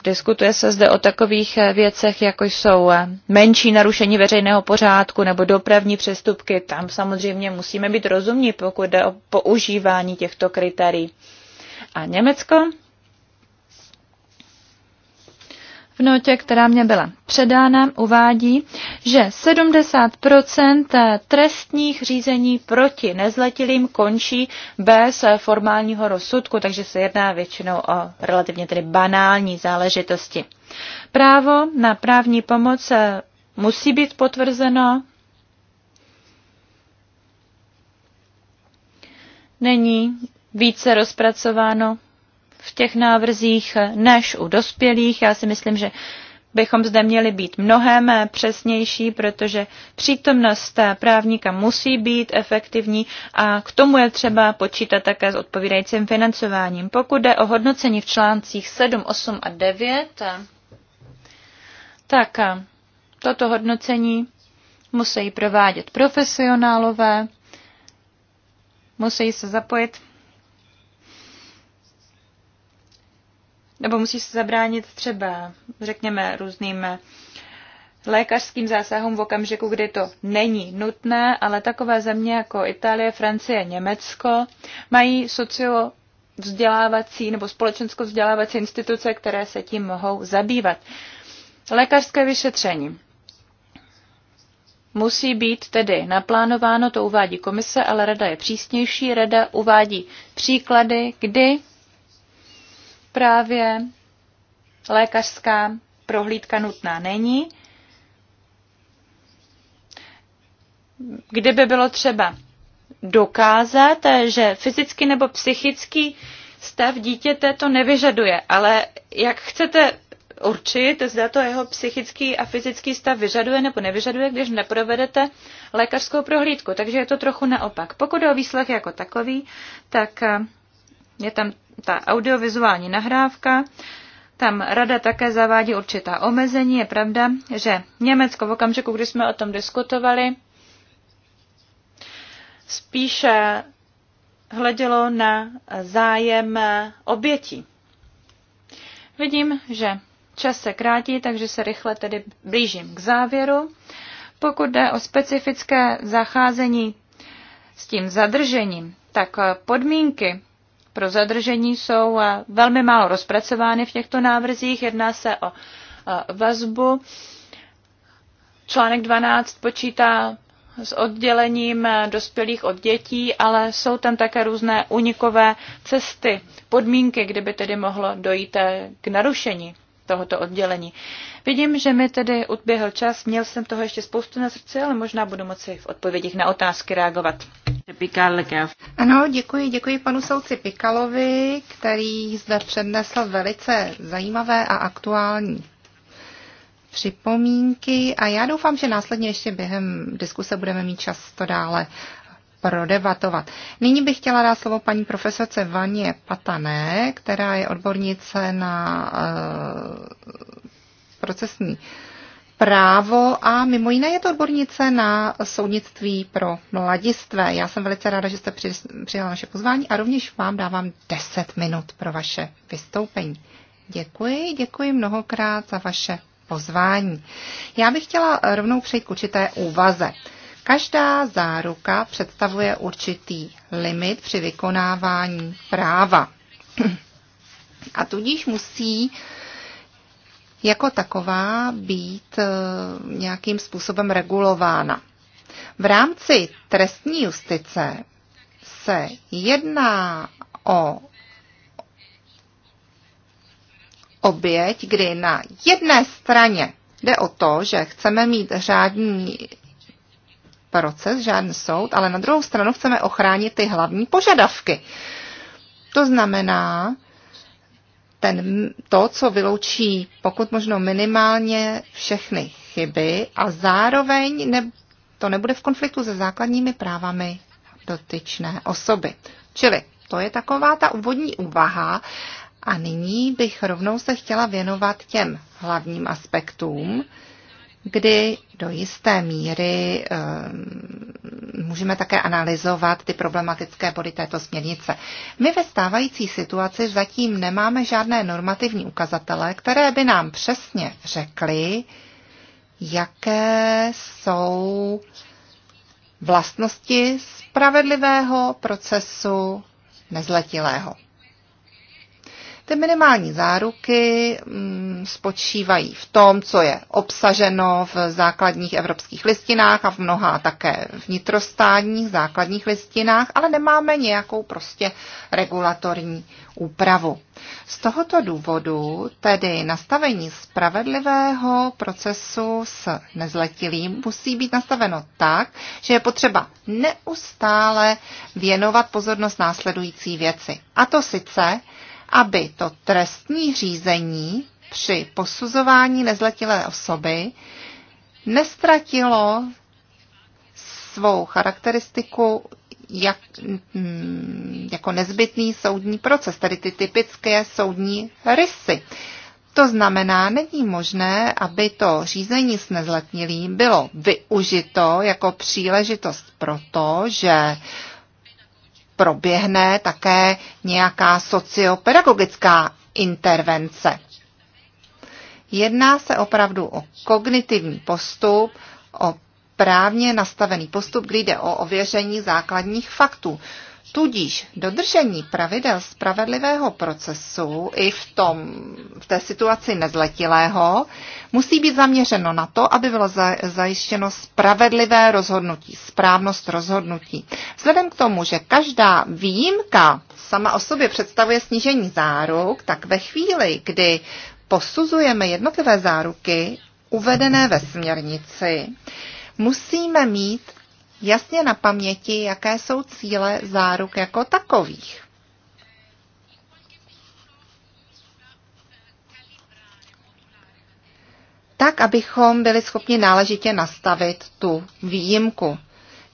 S2: Diskutuje se zde o takových věcech, jako jsou menší narušení veřejného pořádku nebo dopravní přestupky. Tam samozřejmě musíme být rozumní, pokud jde o používání těchto kritérií. A Německo v notě, která mě byla předána, uvádí, že 70 trestních řízení proti nezletilým končí bez formálního rozsudku, takže se jedná většinou o relativně tedy banální záležitosti. Právo na právní pomoc musí být potvrzeno. Není více rozpracováno v těch návrzích než u dospělých. Já si myslím, že bychom zde měli být mnohem přesnější, protože přítomnost právníka musí být efektivní a k tomu je třeba počítat také s odpovídajícím financováním. Pokud jde o hodnocení v článcích 7, 8 a 9, tak toto hodnocení musí provádět profesionálové, musí se zapojit nebo musí se zabránit třeba, řekněme, různým lékařským zásahům v okamžiku, kdy to není nutné, ale takové země jako Itálie, Francie, Německo mají socio vzdělávací nebo společensko-vzdělávací instituce, které se tím mohou zabývat. Lékařské vyšetření musí být tedy naplánováno, to uvádí komise, ale rada je přísnější. Rada uvádí příklady, kdy právě lékařská prohlídka nutná není. Kdyby bylo třeba dokázat, že fyzický nebo psychický stav dítěte to nevyžaduje, ale jak chcete určit, zda to jeho psychický a fyzický stav vyžaduje nebo nevyžaduje, když neprovedete lékařskou prohlídku. Takže je to trochu naopak. Pokud je o výslech jako takový, tak je tam ta audiovizuální nahrávka, tam rada také zavádí určitá omezení. Je pravda, že Německo v okamžiku, kdy jsme o tom diskutovali, spíše hledělo na zájem obětí. Vidím, že čas se krátí, takže se rychle tedy blížím k závěru. Pokud jde o specifické zacházení s tím zadržením, tak podmínky pro zadržení jsou velmi málo rozpracovány v těchto návrzích. Jedná se o vazbu. Článek 12 počítá s oddělením e, dospělých od dětí, ale jsou tam také různé unikové cesty, podmínky, kdyby tedy mohlo dojít e, k narušení tohoto oddělení. Vidím, že mi tedy odběhl čas, měl jsem toho ještě spoustu na srdci, ale možná budu moci v odpovědích na otázky reagovat.
S3: Ano, děkuji, děkuji panu soudci Pikalovi, který zde přednesl velice zajímavé a aktuální připomínky a já doufám, že následně ještě během diskuse budeme mít čas to dále prodebatovat. Nyní bych chtěla dát slovo paní profesorce Vaně Patané, která je odbornice na uh, procesní uh, právo a mimo jiné je to odbornice na soudnictví pro mladistvé. Já jsem velice ráda, že jste přijala naše pozvání a rovněž vám dávám 10 minut pro vaše vystoupení. Děkuji, děkuji mnohokrát za vaše pozvání. Já bych chtěla rovnou přejít k určité úvaze. Každá záruka představuje určitý limit při vykonávání práva. A tudíž musí uh, jako taková být eh, nějakým způsobem regulována. V rámci trestní justice se jedná o oběť, kdy na jedné straně jde o to, že chceme mít řádný proces, žádný soud, ale na druhou stranu chceme ochránit ty hlavní požadavky. To znamená, ten, to, co vyloučí pokud možno minimálně všechny chyby a zároveň ne, to nebude v konfliktu se základními právami dotyčné osoby. Čili to je taková ta úvodní úvaha a nyní bych rovnou se chtěla věnovat těm hlavním aspektům, kdy do jisté míry eh, můžeme také analyzovat ty problematické body této směrnice. My ve stávající situaci zatím nemáme žádné normativní ukazatele, které by nám přesně řekly, jaké jsou vlastnosti spravedlivého procesu nezletilého. Ty minimální záruky mm, spočívají v tom, co je obsaženo v základních evropských listinách a v mnoha také vnitrostátních základních listinách, ale nemáme nějakou prostě regulatorní úpravu. Z tohoto důvodu tedy nastavení spravedlivého procesu s nezletilým musí být nastaveno tak, že je potřeba neustále věnovat pozornost následující věci. A to sice aby to trestní řízení při posuzování nezletilé osoby nestratilo svou charakteristiku jak, mm, jako nezbytný soudní proces, tedy ty typické soudní rysy. To znamená, není možné, aby to řízení s nezletnilým bylo využito jako příležitost proto, že proběhne také nějaká sociopedagogická intervence. Jedná se opravdu o kognitivní postup, o právně nastavený postup, kdy jde o ověření základních faktů. Tudíž dodržení pravidel spravedlivého procesu i v, tom, v té situaci nezletilého musí být zaměřeno na to, aby bylo zajištěno spravedlivé rozhodnutí, správnost rozhodnutí. Vzhledem k tomu, že každá výjimka sama o sobě představuje snížení záruk, tak ve chvíli, kdy posuzujeme jednotlivé záruky uvedené ve směrnici, musíme mít jasně na paměti, jaké jsou cíle záruk jako takových. Tak, abychom byli schopni náležitě nastavit tu výjimku.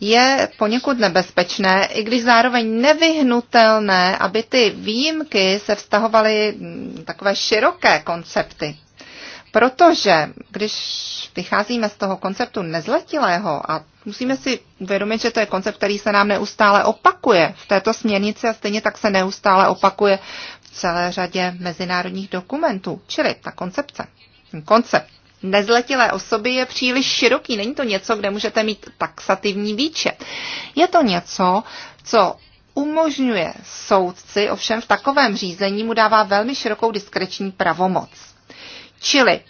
S3: Je poněkud nebezpečné, i když zároveň nevyhnutelné, aby ty výjimky se vztahovaly mm, takové široké koncepty. Protože když vycházíme z toho konceptu nezletilého a musíme si uvědomit, že to je koncept, který se nám neustále opakuje v této směrnici a stejně tak se neustále opakuje v celé řadě mezinárodních dokumentů. Čili ta koncepce, ten koncept nezletilé osoby je příliš široký. Není to něco, kde můžete mít taxativní výčet. Je to něco, co umožňuje soudci, ovšem v takovém řízení mu dává velmi širokou diskreční pravomoc. Čili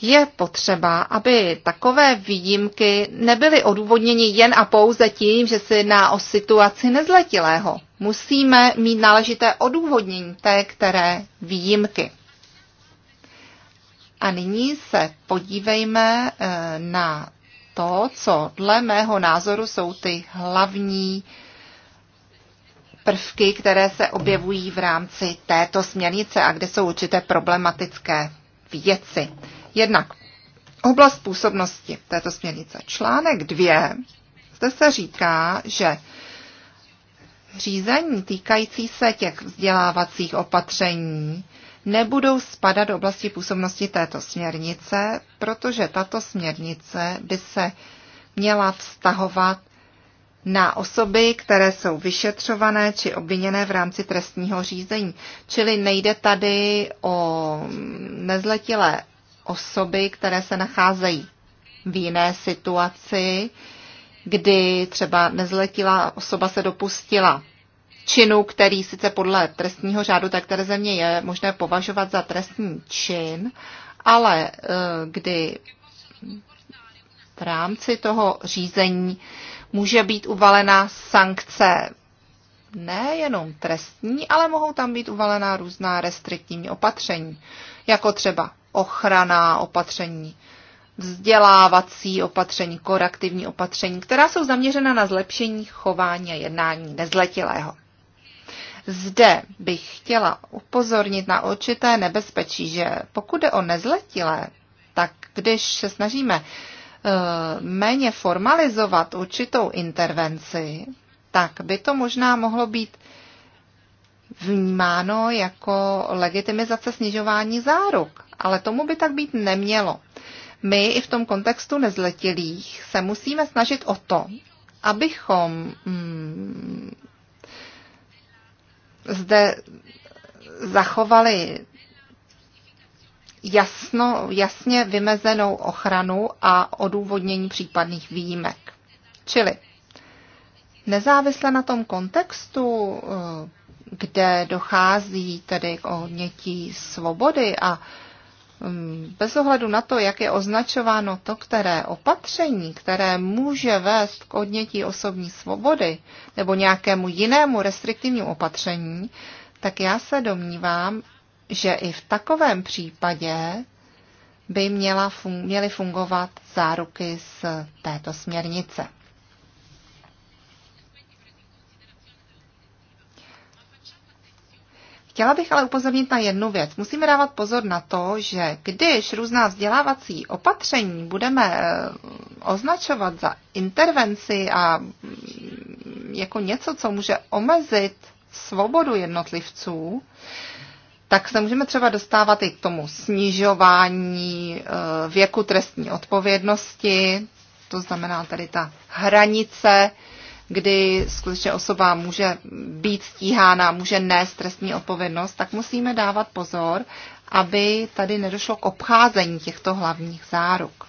S3: je potřeba, aby takové výjimky nebyly odůvodněny jen a pouze tím, že se jedná o situaci nezletilého. Musíme mít náležité odůvodnění té které výjimky. A nyní se podívejme eh, na to, co dle mého názoru jsou ty hlavní prvky, které se objevují v rámci této směrnice a kde jsou určité problematické věci. Jednak oblast působnosti této směrnice. Článek 2. Zde se říká, že řízení týkající se těch vzdělávacích opatření nebudou spadat do oblasti působnosti této směrnice, protože tato směrnice by se měla vztahovat na osoby, které jsou vyšetřované či obviněné v rámci trestního řízení. Čili nejde tady o nezletilé osoby, které se nacházejí v jiné situaci, kdy třeba nezletilá osoba se dopustila činu, který sice podle trestního řádu tak které země je možné považovat za trestní čin, ale eh, kdy v rámci toho řízení může být uvalena sankce nejenom trestní, ale mohou tam být uvalená různá restriktivní opatření, jako třeba ochrana opatření, vzdělávací opatření, koraktivní opatření, která jsou zaměřena na zlepšení chování a jednání nezletilého. Zde bych chtěla upozornit na určité nebezpečí, že pokud jde o nezletilé, tak když se snažíme uh, Eh, méně formalizovat určitou intervenci, tak by to možná mohlo být vnímáno jako legitimizace snižování záruk, ale tomu by tak být nemělo. My i v tom kontextu nezletilých se musíme snažit o to, abychom hmm, zde zachovali jasno, jasně vymezenou ochranu a odůvodnění případných výjimek. Čili nezávisle na tom kontextu, eh, kde dochází tedy k odnětí svobody a hm, bez ohledu na to, jak je označováno to, které opatření, které může vést k odnětí osobní svobody nebo nějakému jinému restriktivnímu opatření, tak já se domnívám, že i v takovém případě by měla fun- měly fungovat záruky z této směrnice. Chtěla bych ale upozornit na jednu věc. Musíme dávat pozor na to, že když různá vzdělávací opatření budeme eh, označovat za intervenci a mm, jako něco, co může omezit svobodu jednotlivců, tak se můžeme třeba dostávat i k tomu snižování eh, věku trestní odpovědnosti, to znamená tady ta hranice, kdy skutečně osoba může být stíhána, může nést trestní odpovědnost, tak musíme dávat pozor, aby tady nedošlo k obcházení těchto hlavních záruk.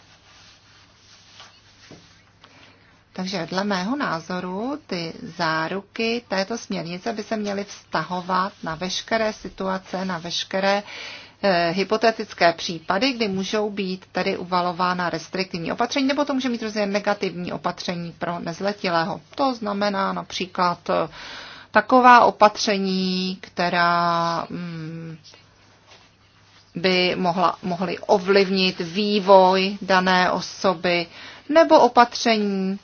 S3: Takže dle mého názoru ty záruky této směrnice by se měly vztahovat na veškeré situace, na veškeré eh, hypotetické případy, kdy můžou být tedy uvalována restriktivní opatření, nebo to může mít různě negativní opatření pro nezletilého. To znamená například eh, taková opatření, která mm, by mohla, mohly ovlivnit vývoj dané osoby, nebo opatření,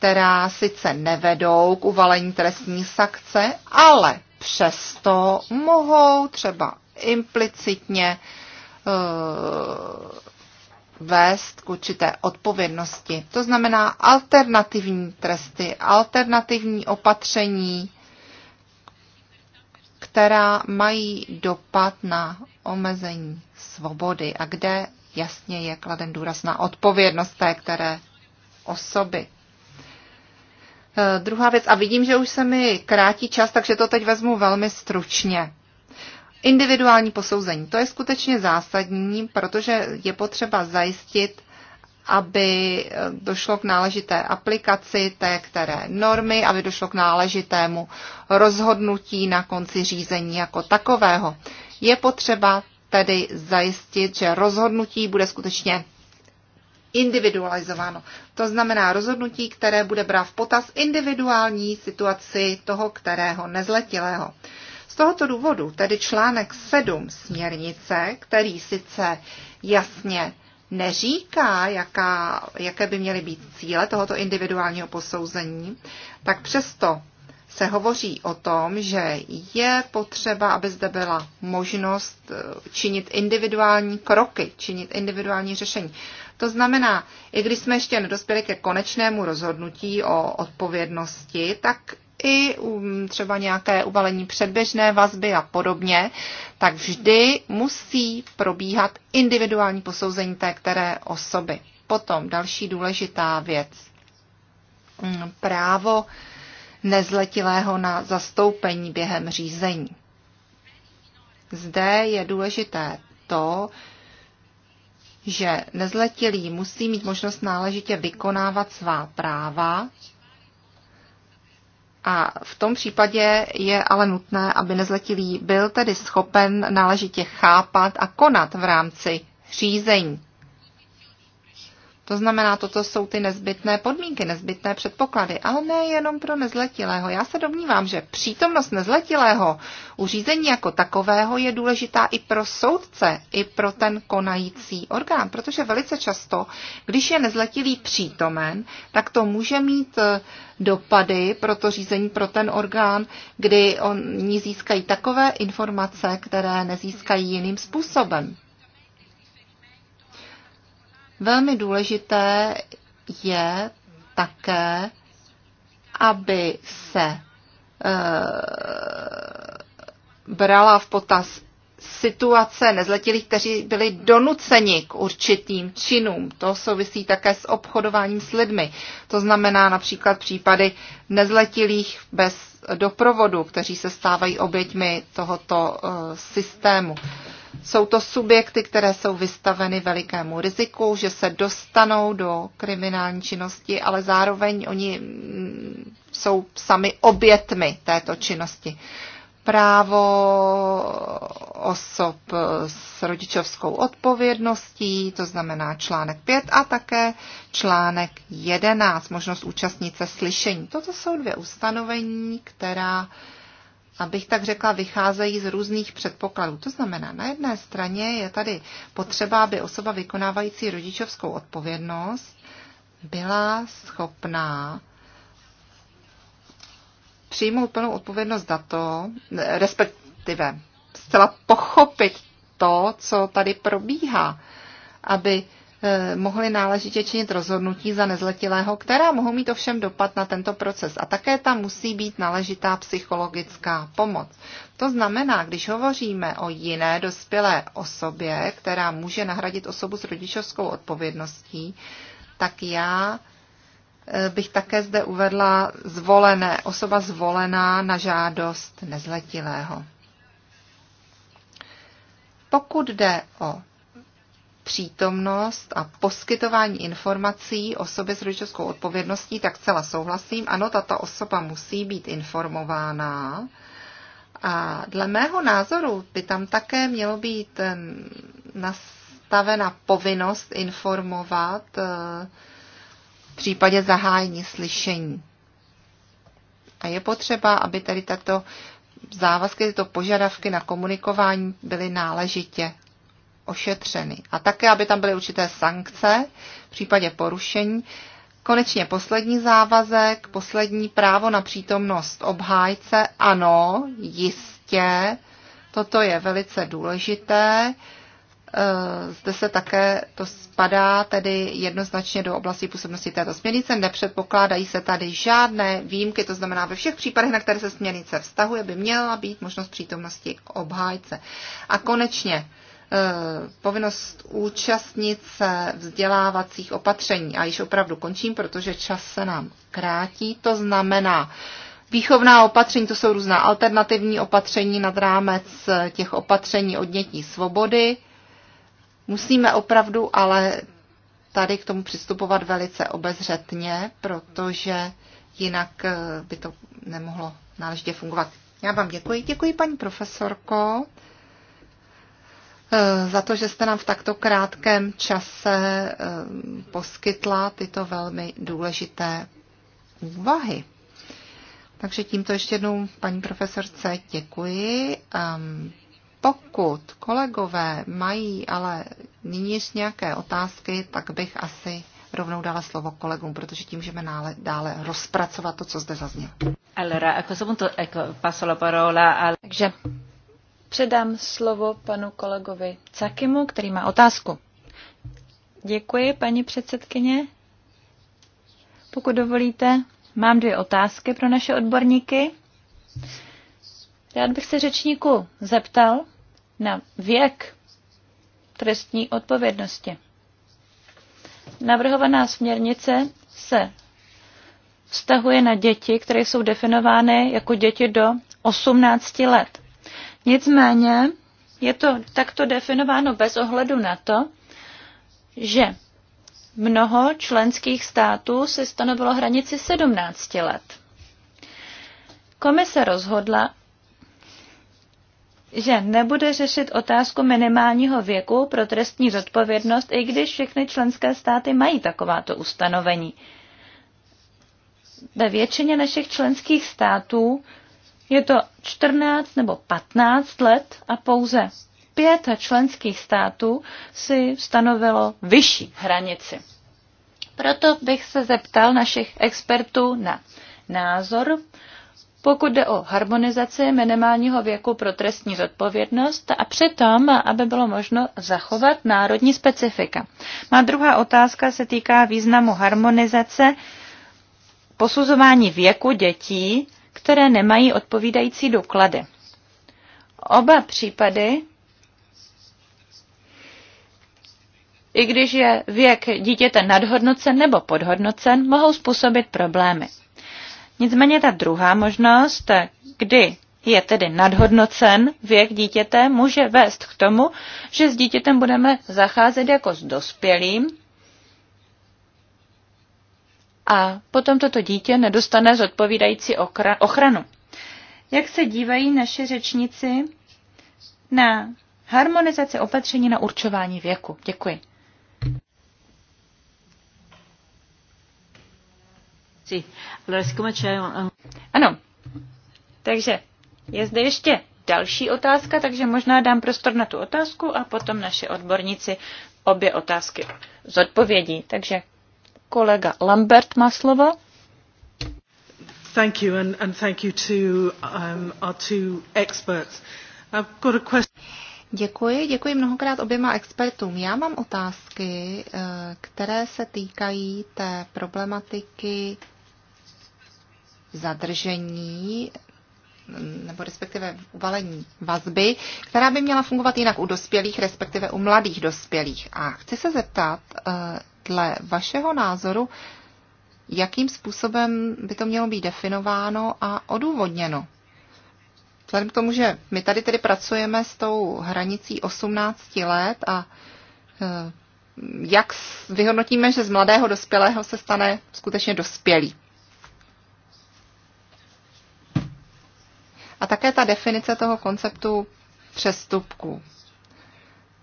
S3: která sice nevedou k uvalení trestní sankce, ale přesto mohou třeba implicitně eh, vést k určité odpovědnosti. To znamená alternativní tresty, alternativní opatření, která mají dopad na omezení svobody a kde jasně je kladen důraz na odpovědnost té které osoby. Eh, druhá věc, a vidím, že už se mi krátí čas, takže to teď vezmu velmi stručně. Individuální posouzení. To je skutečně zásadní, protože je potřeba zajistit, aby eh, došlo k náležité aplikaci té které normy, aby došlo k náležitému rozhodnutí na konci řízení jako takového. Je potřeba tedy zajistit, že rozhodnutí bude skutečně individualizováno. To znamená rozhodnutí, které bude brát v potaz individuální situaci toho, kterého nezletilého. Z tohoto důvodu tedy článek 7 směrnice, který sice jasně neříká, jaká, jaké by měly být cíle tohoto individuálního posouzení, tak přesto se hovoří o tom, že je potřeba, aby zde byla možnost eh, činit individuální kroky, činit individuální řešení. To znamená, i když jsme ještě nedospěli ke konečnému rozhodnutí o odpovědnosti, tak i um, třeba nějaké uvalení předběžné vazby a podobně, tak vždy musí probíhat individuální posouzení té které osoby. Potom další důležitá věc. Mm, právo nezletilého na zastoupení během řízení. Zde je důležité to, že nezletilí musí mít možnost náležitě vykonávat svá práva a v tom případě je ale nutné, aby nezletilý byl tedy schopen náležitě chápat a konat v rámci řízení. To znamená, toto jsou ty nezbytné podmínky, nezbytné předpoklady, ale ne jenom pro nezletilého. Já se domnívám, že přítomnost nezletilého u řízení jako takového je důležitá i pro soudce, i pro ten konající orgán, protože velice často, když je nezletilý přítomen, tak to může mít eh, dopady pro to řízení, pro ten orgán, kdy oni získají takové informace, které nezískají jiným způsobem. Velmi důležité je také, aby se e, brala v potaz situace nezletilých, kteří byli donuceni k určitým činům. To souvisí také s obchodováním s lidmi. To znamená například případy nezletilých bez doprovodu, kteří se stávají oběťmi tohoto eh, systému. Jsou to subjekty, které jsou vystaveny velikému riziku, že se dostanou do kriminální činnosti, ale zároveň oni mm, jsou sami obětmi této činnosti. Právo osob s rodičovskou odpovědností, to znamená článek 5 a také článek 11, možnost účastnit se slyšení. Toto jsou dvě ustanovení, která abych tak řekla, vycházejí z různých předpokladů. To znamená, na jedné straně je tady potřeba, aby osoba vykonávající rodičovskou odpovědnost byla schopná přijmout plnou odpovědnost za to, respektive zcela pochopit to, co tady probíhá, aby Eh, mohli náležitě činit rozhodnutí za nezletilého, která mohou mít ovšem dopad na tento proces. A také tam musí být náležitá psychologická pomoc. To znamená, když hovoříme o jiné dospělé osobě, která může nahradit osobu s rodičovskou odpovědností, tak já eh, bych také zde uvedla zvolené, osoba zvolená na žádost nezletilého. Pokud jde o přítomnost a poskytování informací osobě s rodičovskou odpovědností, tak celá souhlasím. Ano, tato osoba musí být informována. A dle mého názoru by tam také mělo být eh, nastavena povinnost informovat eh, v případě zahájení slyšení. A je potřeba, aby tady tato závazky, tyto požadavky na komunikování byly náležitě ošetřeny. A také, aby tam byly určité sankce v případě porušení. Konečně poslední závazek, poslední právo na přítomnost obhájce. Ano, jistě, toto je velice důležité. Eh, zde se také to spadá tedy jednoznačně do oblasti působnosti této směrnice. Nepředpokládají se tady žádné výjimky, to znamená ve všech případech, na které se směrnice vztahuje, by měla být možnost přítomnosti obhájce. A konečně Eh, povinnost účastnit se vzdělávacích opatření. A již opravdu končím, protože čas se nám krátí. To znamená, Výchovná opatření, to jsou různá alternativní opatření nad rámec těch opatření odnětí svobody. Musíme opravdu ale tady k tomu přistupovat velice obezřetně, protože jinak eh, by to nemohlo náležitě fungovat. Já vám děkuji. Děkuji, paní profesorko. Eh, za to, že jste nám v takto krátkém čase eh, poskytla tyto velmi důležité úvahy. Takže tímto ještě jednou paní profesorce děkuji. Ehm, pokud kolegové mají ale nyní ještě nějaké otázky, tak bych asi rovnou dala slovo kolegům, protože tím můžeme nále, dále rozpracovat to, co zde zaznělo.
S1: Allora, a questo punto, ecco, passo la parola al... Takže
S2: předám slovo panu kolegovi Cakimu, který má otázku. Děkuji, paní předsedkyně. Pokud dovolíte, mám dvě otázky pro naše odborníky. Rád bych se řečníku zeptal na věk trestní odpovědnosti. Navrhovaná směrnice se vztahuje na děti, které jsou definovány jako děti do 18 let. Nicméně je to takto definováno bez ohledu na to, že mnoho členských států si stanovilo hranici 17 let. Komise rozhodla, že nebude řešit otázku minimálního věku pro trestní zodpovědnost, i když všechny členské státy mají takováto ustanovení. Ve většině našich členských států je to 14 nebo 15 let a pouze pět členských států si stanovilo vyšší hranici. Proto bych se zeptal našich expertů na názor, pokud jde o harmonizaci minimálního věku pro trestní zodpovědnost a přitom, aby bylo možno zachovat národní specifika. Má druhá otázka se týká významu harmonizace posuzování věku dětí které nemají odpovídající doklady. Oba případy, i když je věk dítěte nadhodnocen nebo podhodnocen, mohou způsobit problémy. Nicméně ta druhá možnost, kdy je tedy nadhodnocen věk dítěte, může vést k tomu, že s dítětem budeme zacházet jako s dospělým a potom toto dítě nedostane zodpovídající ochranu. Jak se dívají naši řečníci na harmonizaci opatření na určování věku? Děkuji. Ano, takže je zde ještě další otázka, takže možná dám prostor na tu otázku a potom naše odborníci obě otázky zodpovědí. Takže Kolega Lambert má slovo.
S1: Thank you and, and thank you to um, our two experts.
S3: I've got a question. Děkuji, děkuji mnohokrát oběma expertům. Já mám otázky, eh, které se týkají té problematiky zadržení mm, nebo respektive uvalení vazby, která by měla fungovat jinak u dospělých, respektive u mladých dospělých. A chci se zeptat, eh, dle vašeho názoru, jakým způsobem by to mělo být definováno a odůvodněno. Vzhledem k tomu, že my tady tedy pracujeme s tou hranicí 18 let a e, jak vyhodnotíme, že z mladého dospělého se stane skutečně dospělý. A také ta definice toho konceptu přestupku.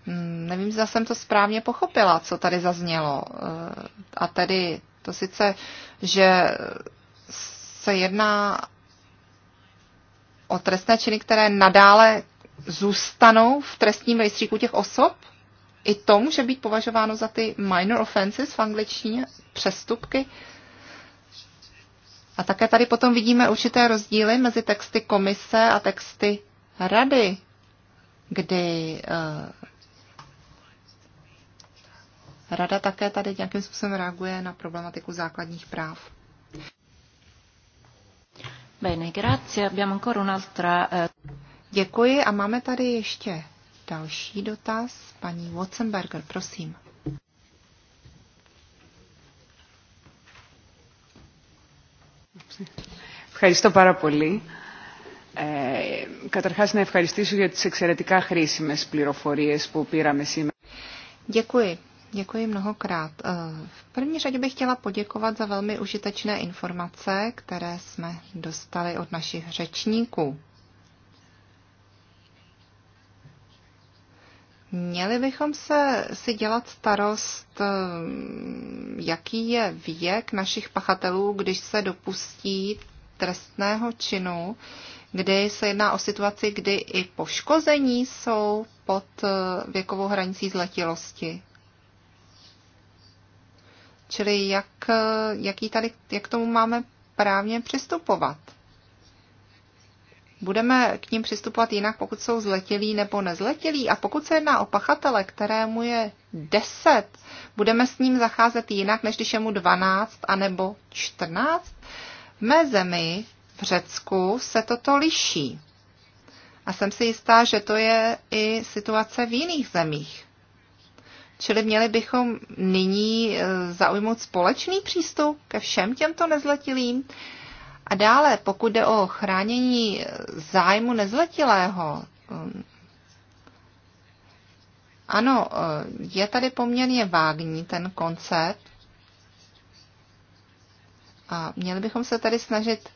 S3: Mm, nevím, zda jsem to správně pochopila, co tady zaznělo. Eh, a tedy to sice, že se jedná o trestné činy, které nadále zůstanou v trestním rejstříku těch osob? I to může být považováno za ty minor offenses v angličtině, přestupky? A také tady potom vidíme určité rozdíly mezi texty komise a texty rady, kdy eh, Rada také tady nějakým způsobem reaguje na problematiku základních práv. Bene, grazie. Abbiamo ancora un'altra... Eh, Děkuji a máme tady ještě další dotaz. Paní Watzenberger, prosím.
S1: Ευχαριστώ πάρα πολύ. Ε, καταρχάς να ευχαριστήσω για τις εξαιρετικά χρήσιμες πληροφορίες που πήραμε σήμερα.
S3: Děkuji. Děkuji mnohokrát. Eh, v první řadě bych chtěla poděkovat za velmi užitečné informace, které jsme dostali od našich řečníků. Měli bychom se si dělat starost, eh, jaký je věk našich pachatelů, když se dopustí trestného činu, kdy se jedná o situaci, kdy i poškození jsou pod eh, věkovou hranicí zletilosti. Čili jak, jaký tady, jak tomu máme právně přistupovat? Budeme k ním přistupovat jinak, pokud jsou zletilí nebo nezletilí. A pokud se jedná o pachatele, kterému je 10, budeme s ním zacházet jinak, než když je mu 12 nebo 14? V mé zemi, v Řecku, se toto liší. A jsem si jistá, že to je i situace v jiných zemích. Čili měli bychom nyní eh, zaujmout společný přístup ke všem těmto nezletilým. A dále, pokud jde o chránění eh, zájmu nezletilého, eh, ano, je tady poměrně vágní ten koncept. A měli bychom se tady snažit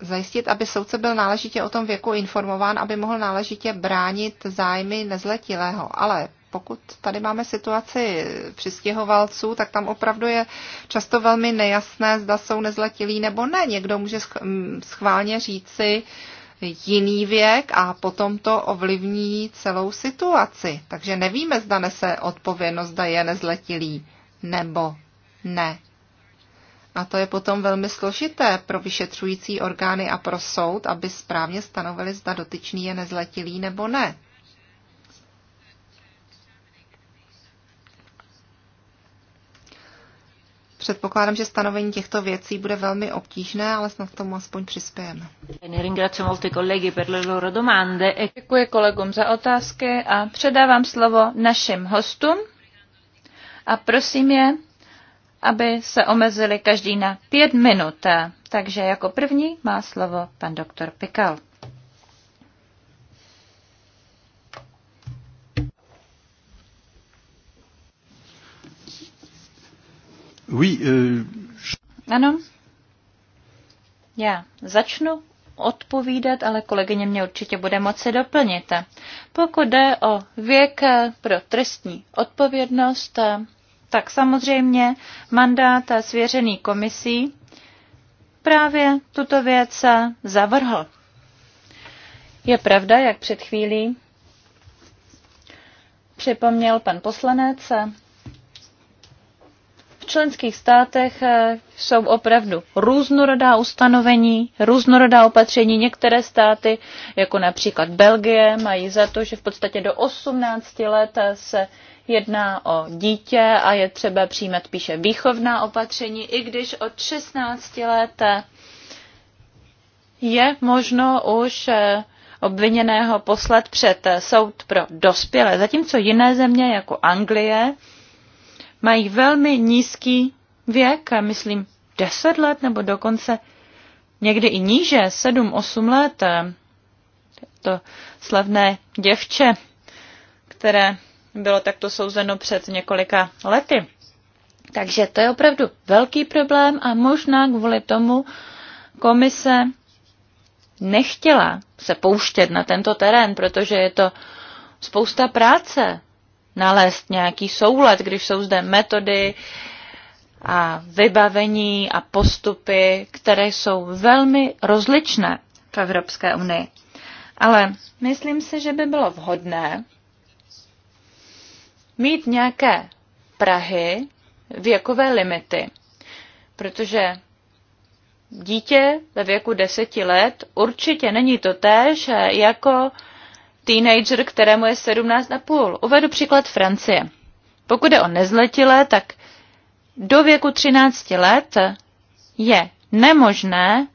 S3: zajistit, aby soudce byl náležitě o tom věku informován, aby mohl náležitě bránit zájmy nezletilého. Ale pokud tady máme situaci přistěhovalců, tak tam opravdu je často velmi nejasné, zda jsou nezletilí nebo ne. Někdo může schválně říci jiný věk a potom to ovlivní celou situaci. Takže nevíme, zda nese odpovědnost, zda je nezletilý nebo ne. A to je potom velmi složité pro vyšetřující orgány a pro soud, aby správně stanovili, zda dotyčný je nezletilý nebo ne. Předpokládám, že stanovení těchto věcí bude velmi obtížné, ale snad tomu aspoň přispějeme.
S1: E-
S2: Děkuji kolegům za otázky a předávám slovo našim hostům a prosím je, aby se omezili každý na pět minut. Takže jako první má slovo pan doktor Pikal.
S1: Oui, euh...
S2: Ano. Já začnu odpovídat, ale kolegyně mě určitě bude moci doplnit. Pokud jde o věk eh, pro trestní odpovědnost, eh, tak samozřejmě mandát eh, svěřený komisí právě tuto věc zavrhl. Je pravda, jak před chvílí připomněl pan poslanec, členských státech eh, jsou opravdu různorodá ustanovení, různorodá opatření. Některé státy, jako například Belgie, mají za to, že v podstatě do 18 let eh, se jedná o dítě a je třeba přijímat píše výchovná opatření, i když od 16 let eh, je možno už obviněného poslat před soud pro dospělé, zatímco jiné země jako Anglie mají velmi nízký věk, myslím 10 let nebo dokonce někdy i níže, 7-8 let. To slavné děvče, které bylo takto souzeno před několika lety. Takže to je opravdu velký problém a možná kvůli tomu komise nechtěla se pouštět na tento terén, protože je to spousta práce nalézt nějaký soulad, když jsou zde metody a vybavení a postupy, které jsou velmi rozličné v Evropské unii. Ale myslím si, že by bylo vhodné mít nějaké Prahy, věkové limity, protože dítě ve věku deseti let určitě není to též jako teenager, kterému je na půl. Uvedu příklad Francie. Pokud je o nezletilé, tak do věku 13 let je nemožné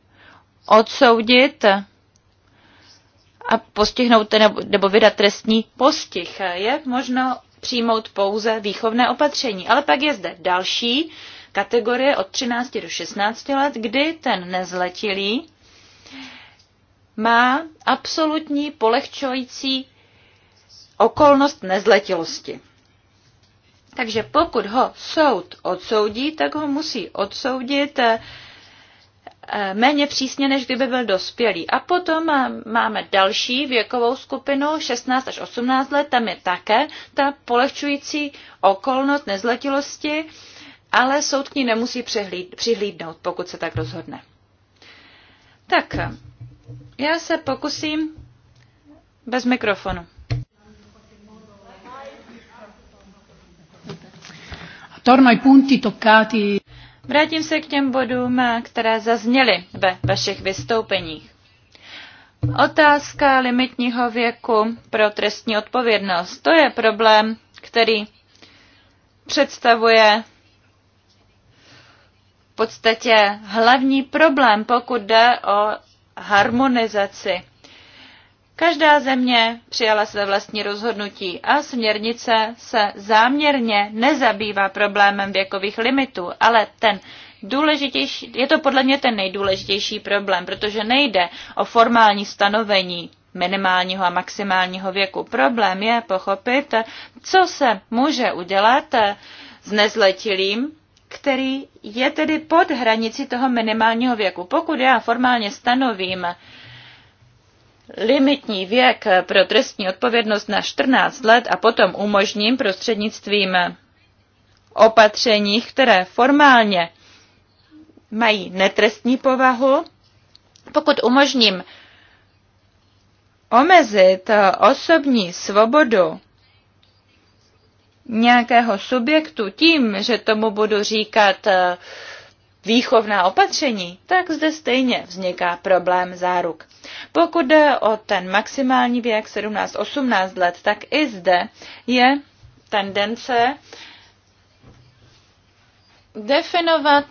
S2: odsoudit a postihnout nebo, nebo vydat trestní postih. Je možno přijmout pouze výchovné opatření. Ale pak je zde další kategorie od 13 do 16 let, kdy ten nezletilý má absolutní polehčující okolnost nezletilosti. Takže pokud ho soud odsoudí, tak ho musí odsoudit eh, eh, méně přísně, než kdyby byl dospělý. A potom eh, máme další věkovou skupinu, 16 až 18 let, tam je také ta polehčující okolnost nezletilosti, ale soud k ní nemusí přihlídnout, pokud se tak rozhodne. Tak, já se pokusím bez mikrofonu. Torno ai punti toccati. Vrátím se k těm bodům, které zazněly ve vašich vystoupeních. Otázka limitního věku pro trestní odpovědnost. To je problém, který představuje v podstatě hlavní problém, pokud jde o harmonizaci. Každá země přijala své vlastní rozhodnutí a směrnice se záměrně nezabývá problémem věkových limitů, ale ten důležitější, je to podle mě ten nejdůležitější problém, protože nejde o formální stanovení minimálního a maximálního věku. Problém je pochopit, co se může udělat s nezletilým, který je tedy pod hranici toho minimálního věku. Pokud já formálně stanovím limitní věk pro trestní odpovědnost na 14 let a potom umožním prostřednictvím opatření, které formálně mají netrestní povahu, pokud umožním omezit osobní svobodu nějakého subjektu tím, že tomu budu říkat eh, výchovná opatření, tak zde stejně vzniká problém záruk. Pokud jde o ten maximální věk 17-18 let, tak i zde je tendence definovat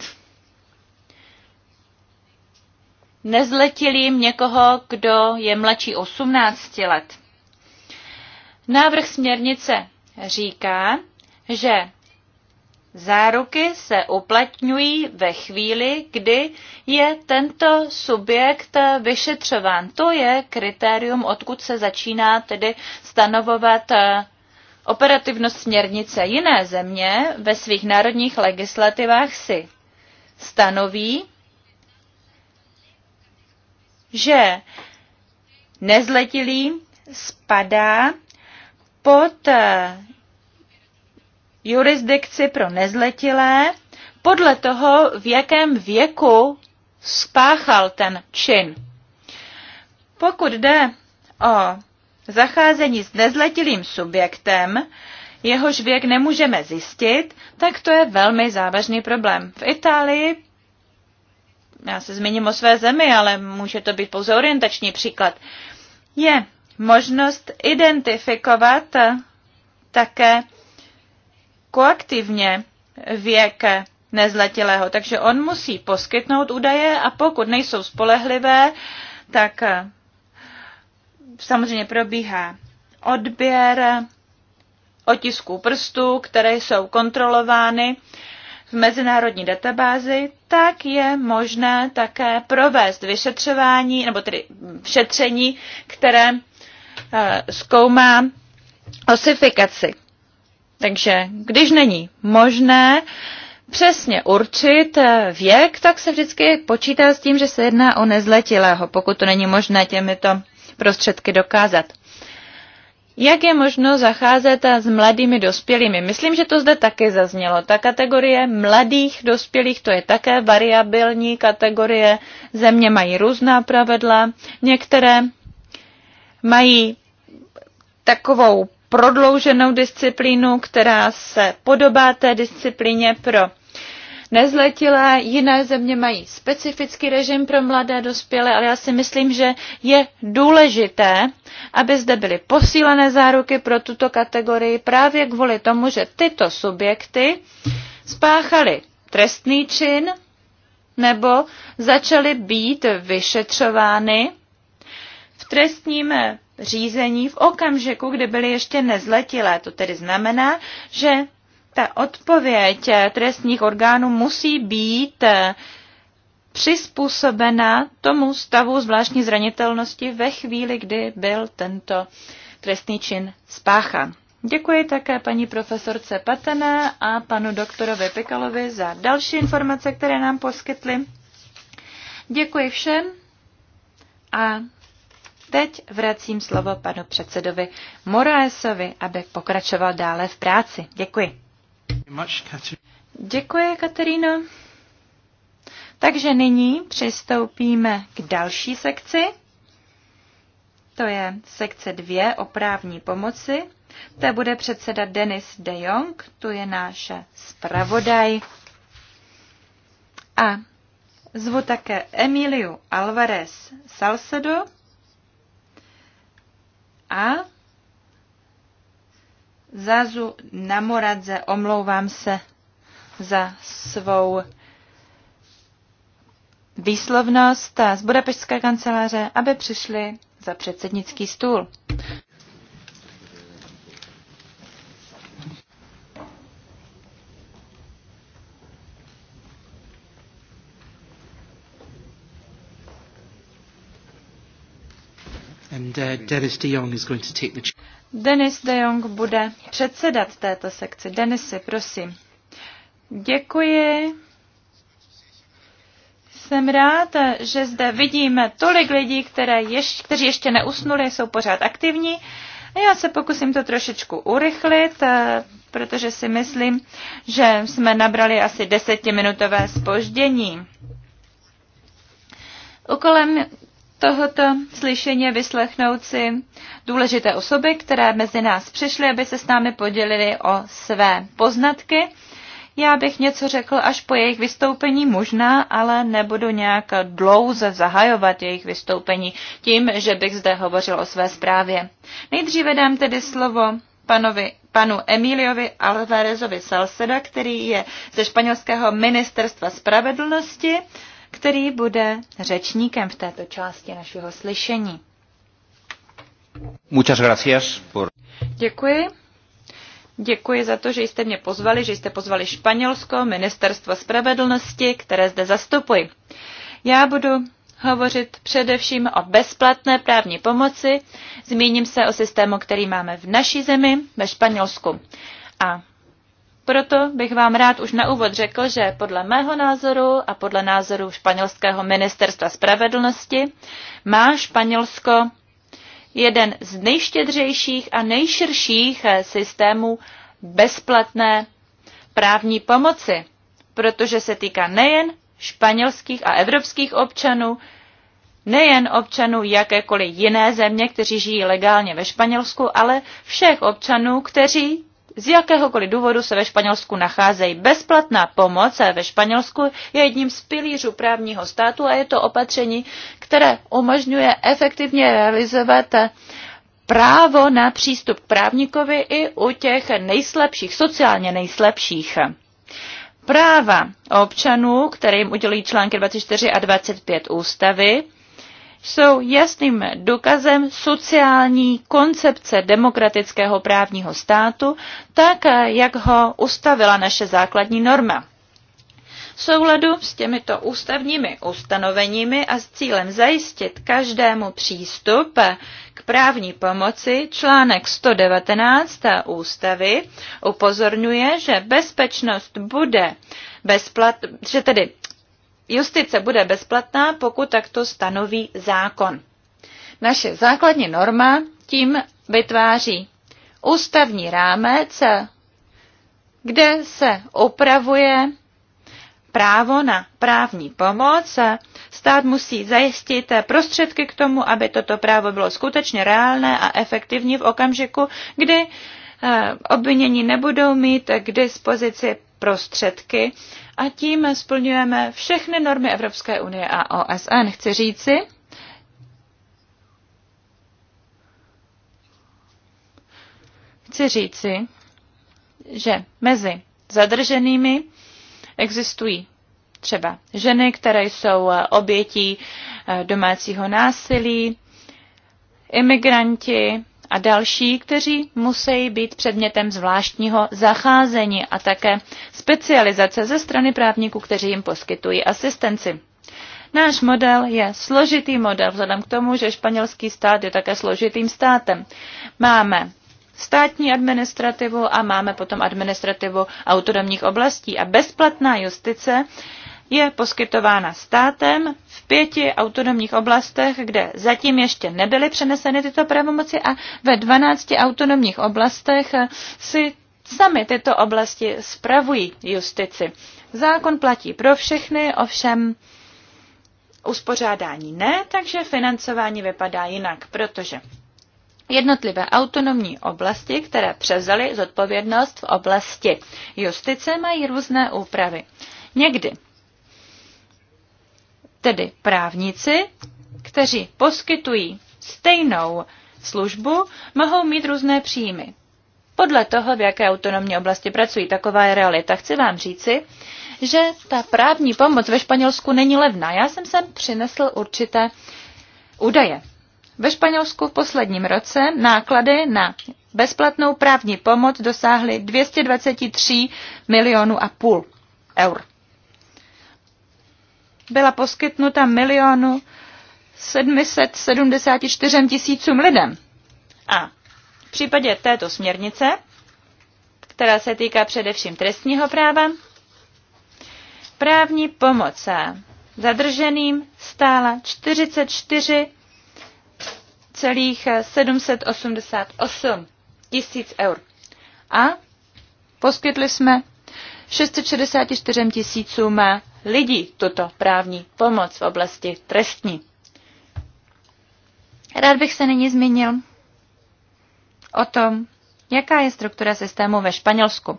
S2: nezletilým někoho, kdo je mladší 18 let. Návrh směrnice říká, že záruky se uplatňují ve chvíli, kdy je tento subjekt vyšetřován. To je kritérium, odkud se začíná tedy stanovovat eh, operativnost směrnice. Jiné země ve svých národních legislativách si stanoví, že nezletilý spadá pod eh, jurisdikci pro nezletilé podle toho, v jakém věku spáchal ten čin. Pokud jde o zacházení s nezletilým subjektem, jehož věk nemůžeme zjistit, tak to je velmi závažný problém. V Itálii, já se zmíním o své zemi, ale může to být pouze orientační příklad, je možnost identifikovat také koaktivně věk nezletilého. Takže on musí poskytnout údaje a pokud nejsou spolehlivé, tak eh, samozřejmě probíhá odběr otisků prstů, které jsou kontrolovány v mezinárodní databázi, tak je možné také provést vyšetřování, nebo tedy šetření, které Eh, zkoumá osifikaci. Takže když není možné přesně určit eh, věk, tak se vždycky počítá s tím, že se jedná o nezletilého, pokud to není možné těmito prostředky dokázat. Jak je možno zacházet eh, s mladými dospělými? Myslím, že to zde také zaznělo. Ta kategorie mladých dospělých, to je také variabilní kategorie. Země mají různá pravidla. Některé mají takovou prodlouženou disciplínu, která se podobá té disciplíně pro nezletilé. Jiné země mají specifický režim pro mladé dospělé, ale já si myslím, že je důležité, aby zde byly posílené záruky pro tuto kategorii právě kvůli tomu, že tyto subjekty spáchaly trestný čin nebo začaly být vyšetřovány v trestním řízení v okamžiku, kdy byly ještě nezletilé. To tedy znamená, že ta odpověď trestních orgánů musí být eh, přizpůsobena tomu stavu zvláštní zranitelnosti ve chvíli, kdy byl tento trestný čin spáchán. Děkuji také paní profesorce Patené a panu doktorovi Pikalovi za další informace, které nám poskytli. Děkuji všem a Teď vracím slovo panu předsedovi Moraesovi, aby pokračoval dále v práci. Děkuji. Děkuji, Katerino. Takže nyní přistoupíme k další sekci. To je sekce 2 o právní pomoci. To bude předseda Denis de Jong, tu je náše zpravodaj. A zvu také Emiliu Alvarez Salcedo, a Zazu Namoradze, omlouvám se za svou výslovnost z Budapešské kanceláře, aby přišli za předsednický stůl.
S1: and uh, Dennis de Jong is going to take the
S2: Denis de Jong bude předsedat této sekci. Denisy, prosím. Děkuji. Jsem rád, že zde vidíme tolik lidí, které ještě, kteří ještě neusnuli, jsou pořád aktivní. A já se pokusím to trošičku urychlit, eh, protože si myslím, že jsme nabrali asi desetiminutové spoždění. Úkolem tohoto slyšení vyslechnout si důležité osoby, které mezi nás přišly, aby se s námi podělili o své poznatky. Já bych něco řekl až po jejich vystoupení možná, ale nebudu nějak dlouze zahajovat jejich vystoupení tím, že bych zde hovořil o své zprávě. Nejdříve dám tedy slovo panovi, panu Emiliovi Alvarezovi Salceda, který je ze španělského ministerstva spravedlnosti který bude řečníkem v této části našeho slyšení.
S3: Muchas gracias por...
S2: Děkuji. Děkuji za to, že jste mě pozvali, že jste pozvali Španělsko, Ministerstvo spravedlnosti, které zde zastupuji. Já budu hovořit především o bezplatné právní pomoci, zmíním se o systému, který máme v naší zemi, ve Španělsku. A proto bych vám rád už na úvod řekl, že podle mého názoru a podle názoru španělského ministerstva spravedlnosti má Španělsko jeden z nejštědřejších a nejširších eh, systémů bezplatné právní pomoci, protože se týká nejen španělských a evropských občanů, nejen občanů jakékoliv jiné země, kteří žijí legálně ve Španělsku, ale všech občanů, kteří z jakéhokoliv důvodu se ve Španělsku nacházejí. Bezplatná pomoc ve Španělsku je jedním z pilířů právního státu a je to opatření, které umožňuje efektivně realizovat právo na přístup k právníkovi i u těch nejslabších, sociálně nejslabších. Práva občanů, kterým udělí články 24 a 25 ústavy, jsou jasným důkazem sociální koncepce demokratického právního státu, tak jak ho ustavila naše základní norma. V souladu s těmito ústavními ustanoveními a s cílem zajistit každému přístup k právní pomoci článek 119 ústavy upozorňuje, že bezpečnost bude bezplat, že tedy Justice bude bezplatná, pokud takto stanoví zákon. Naše základní norma tím vytváří ústavní rámec, kde se upravuje právo na právní pomoc. Stát musí zajistit prostředky k tomu, aby toto právo bylo skutečně reálné a efektivní v okamžiku, kdy eh, obvinění nebudou mít k dispozici prostředky a tím splňujeme všechny normy Evropské unie a OSN. Chci říci, chci říci, že mezi zadrženými existují třeba ženy, které jsou obětí eh, domácího násilí, imigranti, a další, kteří musí být předmětem zvláštního zacházení a také specializace ze strany právníků, kteří jim poskytují asistenci. Náš model je složitý model, vzhledem k tomu, že španělský stát je také složitým státem. Máme státní administrativu a máme potom administrativu autonomních oblastí. A bezplatná justice je poskytována státem v pěti autonomních oblastech, kde zatím ještě nebyly přeneseny tyto pravomoci a ve dvanácti autonomních oblastech si sami tyto oblasti spravují justici. Zákon platí pro všechny, ovšem uspořádání ne, takže financování vypadá jinak, protože Jednotlivé autonomní oblasti, které převzaly zodpovědnost v oblasti justice, mají různé úpravy. Někdy tedy právníci, kteří poskytují stejnou službu, mohou mít různé příjmy. Podle toho, v jaké autonomní oblasti pracují, taková je realita. Chci vám říci, že ta právní pomoc ve Španělsku není levná. Já jsem sem přinesl určité údaje. Ve Španělsku v posledním roce náklady na bezplatnou právní pomoc dosáhly 223 milionů a půl eur byla poskytnuta milionu 774 tisícům lidem. A v případě této směrnice, která se týká především trestního práva, právní pomoc zadrženým stála 44 788 tisíc eur. A poskytli jsme 664 tisícům lidí tuto právní pomoc v oblasti trestní. Rád bych se nyní zmínil o tom, jaká je struktura systému ve Španělsku.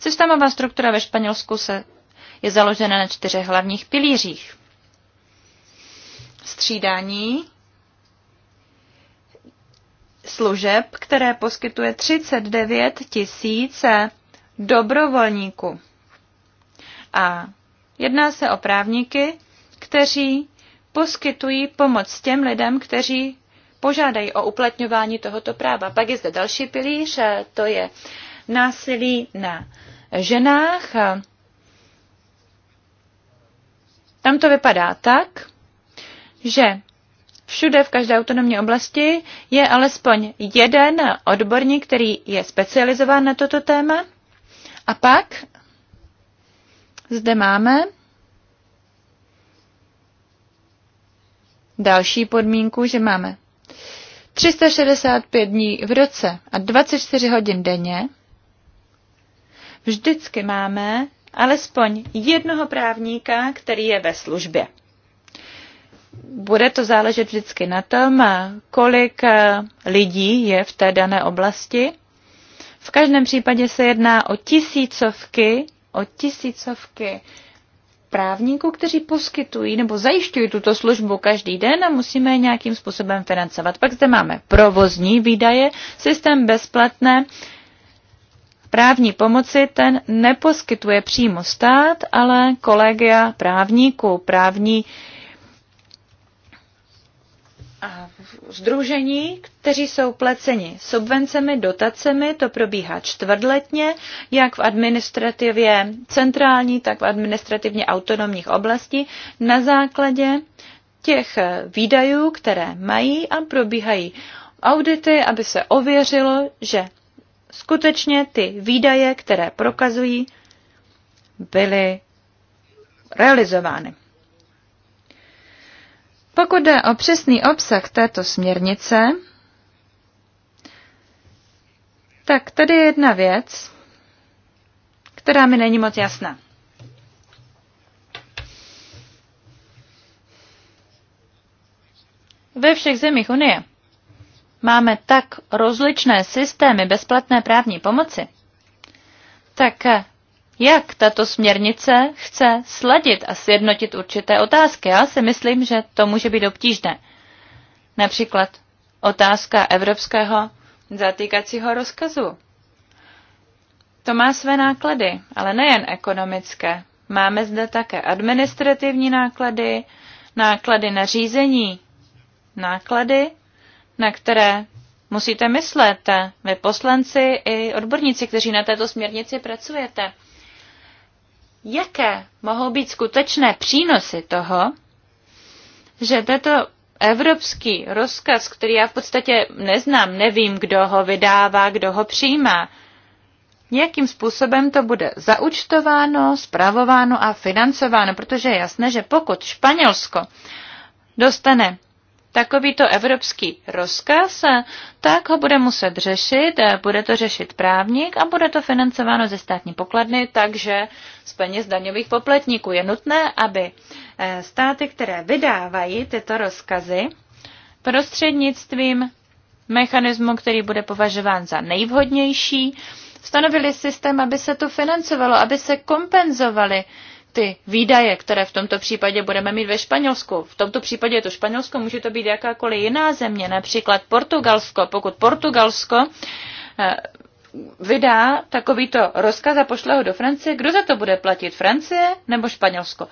S2: Systémová struktura ve Španělsku se je založena na čtyřech hlavních pilířích. Střídání služeb, které poskytuje 39 tisíce dobrovolníků. A Jedná se o právníky, kteří poskytují pomoc těm lidem, kteří požádají o uplatňování tohoto práva. Pak je zde další pilíř, to je násilí na ženách. Tam to vypadá tak, že všude v každé autonomní oblasti je alespoň jeden odborník, který je specializován na toto téma. A pak zde máme další podmínku, že máme 365 dní v roce a 24 hodin denně. Vždycky máme alespoň jednoho právníka, který je ve službě. Bude to záležet vždycky na tom, kolik eh, lidí je v té dané oblasti. V každém případě se jedná o tisícovky o tisícovky právníků, kteří poskytují nebo zajišťují tuto službu každý den a musíme je nějakým způsobem financovat. Pak zde máme provozní výdaje, systém bezplatné právní pomoci, ten neposkytuje přímo stát, ale kolegia právníků, právní združení, kteří jsou pleceni subvencemi, dotacemi, to probíhá čtvrtletně, jak v administrativě centrální, tak v administrativně autonomních oblastí, na základě těch výdajů, které mají a probíhají audity, aby se ověřilo, že skutečně ty výdaje, které prokazují, byly realizovány. Pokud jde o přesný obsah této směrnice, tak tady je jedna věc, která mi není moc jasná. Ve všech zemích Unie máme tak rozličné systémy bezplatné právní pomoci, tak jak tato směrnice chce sladit a sjednotit určité otázky. Já si myslím, že to může být obtížné. Například otázka evropského zatýkacího rozkazu. To má své náklady, ale nejen ekonomické. Máme zde také administrativní náklady, náklady na řízení, náklady, na které musíte myslet vy poslanci i odborníci, kteří na této směrnici pracujete jaké mohou být skutečné přínosy toho, že tento evropský rozkaz, který já v podstatě neznám, nevím, kdo ho vydává, kdo ho přijímá, jakým způsobem to bude zaučtováno, zpravováno a financováno, protože je jasné, že pokud Španělsko dostane takovýto evropský rozkaz, tak ho bude muset řešit, bude to řešit právník a bude to financováno ze státní pokladny, takže z peněz daňových poplatníků. Je nutné, aby eh, státy, které vydávají tyto rozkazy, prostřednictvím mechanismu, který bude považován za nejvhodnější, stanovili systém, aby se to financovalo, aby se kompenzovaly ty výdaje, které v tomto případě budeme mít ve Španělsku. V tomto případě je to Španělsko, může to být jakákoliv jiná země, například Portugalsko. Pokud Portugalsko eh, vydá takovýto rozkaz a pošle ho do Francie, kdo za to bude platit? Francie nebo Španělsko?